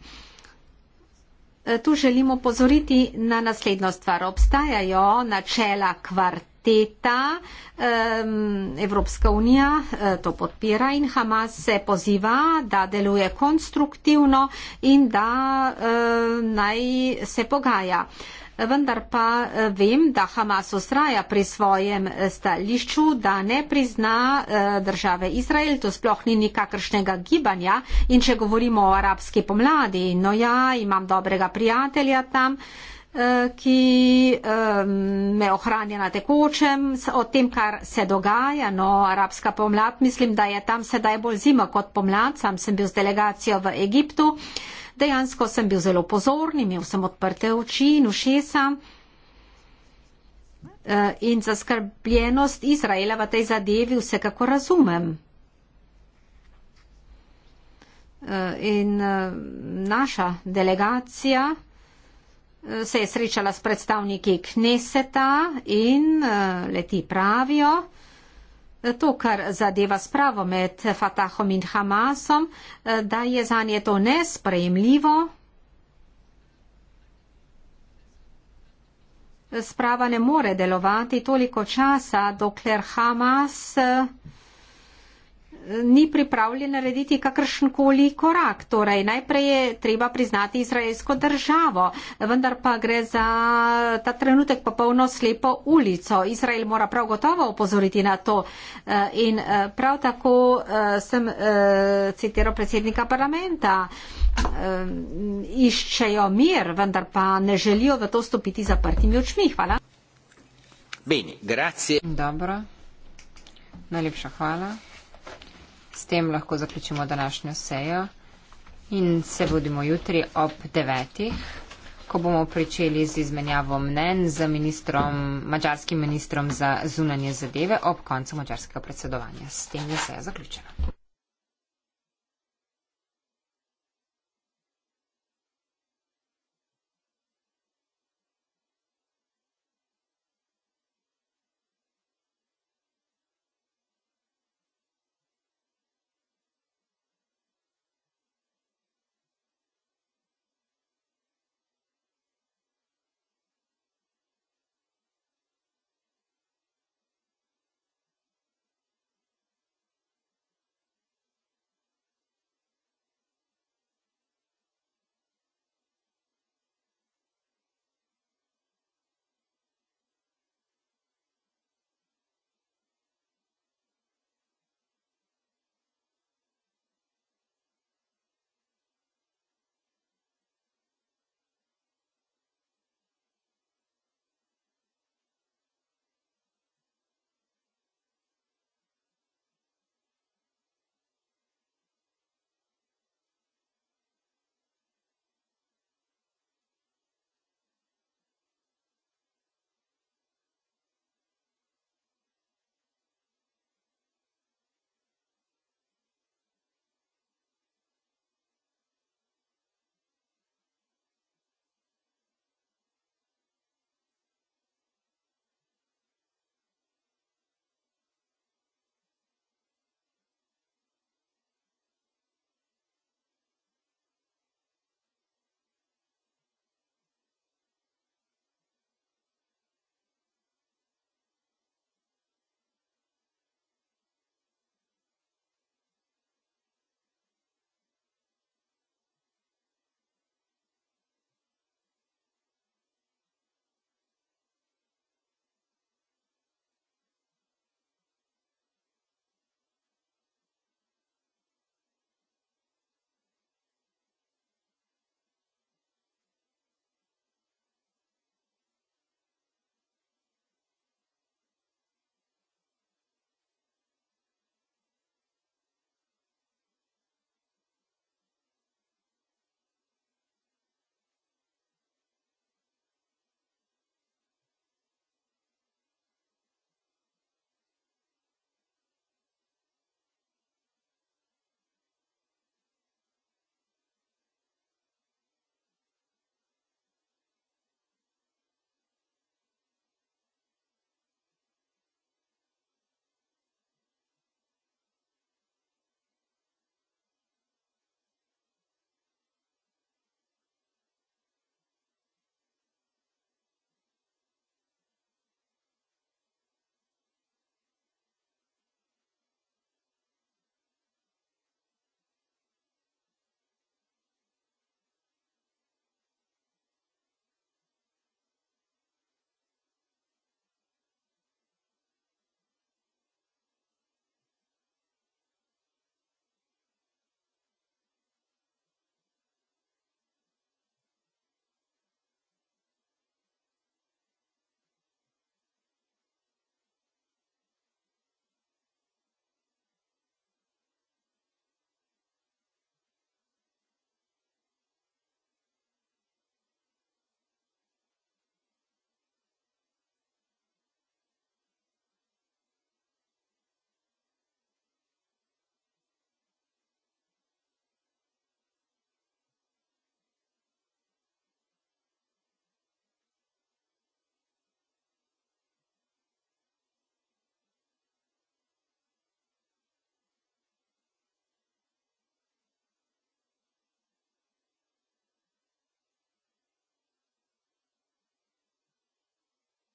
[SPEAKER 3] E, tu želimo pozoriti na naslednjo stvar. Obstajajo načela kvarteta, e, Evropska unija to podpira in Hamas se poziva, da deluje konstruktivno in da naj se pogaja vendar pa eh, vem, da Hamas ostraja pri svojem eh, stališču, da ne prizna eh, države Izrael, to sploh ni nikakršnega gibanja. In če govorimo o arabski pomladi, no ja, imam dobrega prijatelja tam ki um, me ohranja na tekočem o tem, kar se dogaja. No, arabska pomlad, mislim, da je tam sedaj bolj zima kot pomlad. Sam sem bil z delegacijo v Egiptu. Uh, dejansko sem bil zelo pozorn, imel sem odprte oči in ušesa eh, in zaskrbljenost Izraela v tej zadevi vsekako razumem. Eh, in eh, naša delegacija se je srečala s predstavniki Kneseta in leti pravijo, To, kar zadeva spravo med Fatahom in Hamasom, eh, da je za nje to nesprejemljivo. Sprava ne more delovati toliko časa, dokler Hamas eh, ni pripravljen narediti kakršenkoli korak. Torej, najprej je treba priznati izraelsko državo, vendar pa gre za ta trenutek popolno slepo ulico. Izrael mora prav gotovo opozoriti na to. Eh, in eh, prav tako eh, sem citiral predsednika parlamenta. Iščejo mir, vendar pa ne
[SPEAKER 1] želijo v to stopiti zaprtimi očmi. Hvala. Bene, grazie. Dobro. Najlepša hvala tem lahko zaključimo današnjo sejo in se vodimo jutri ob devetih, ko bomo pričeli z izmenjavo mnen z ministrom, mađarskim ministrom za zunanje zadeve ob koncu mađarskega predsedovanja. S tem je seja zaključena.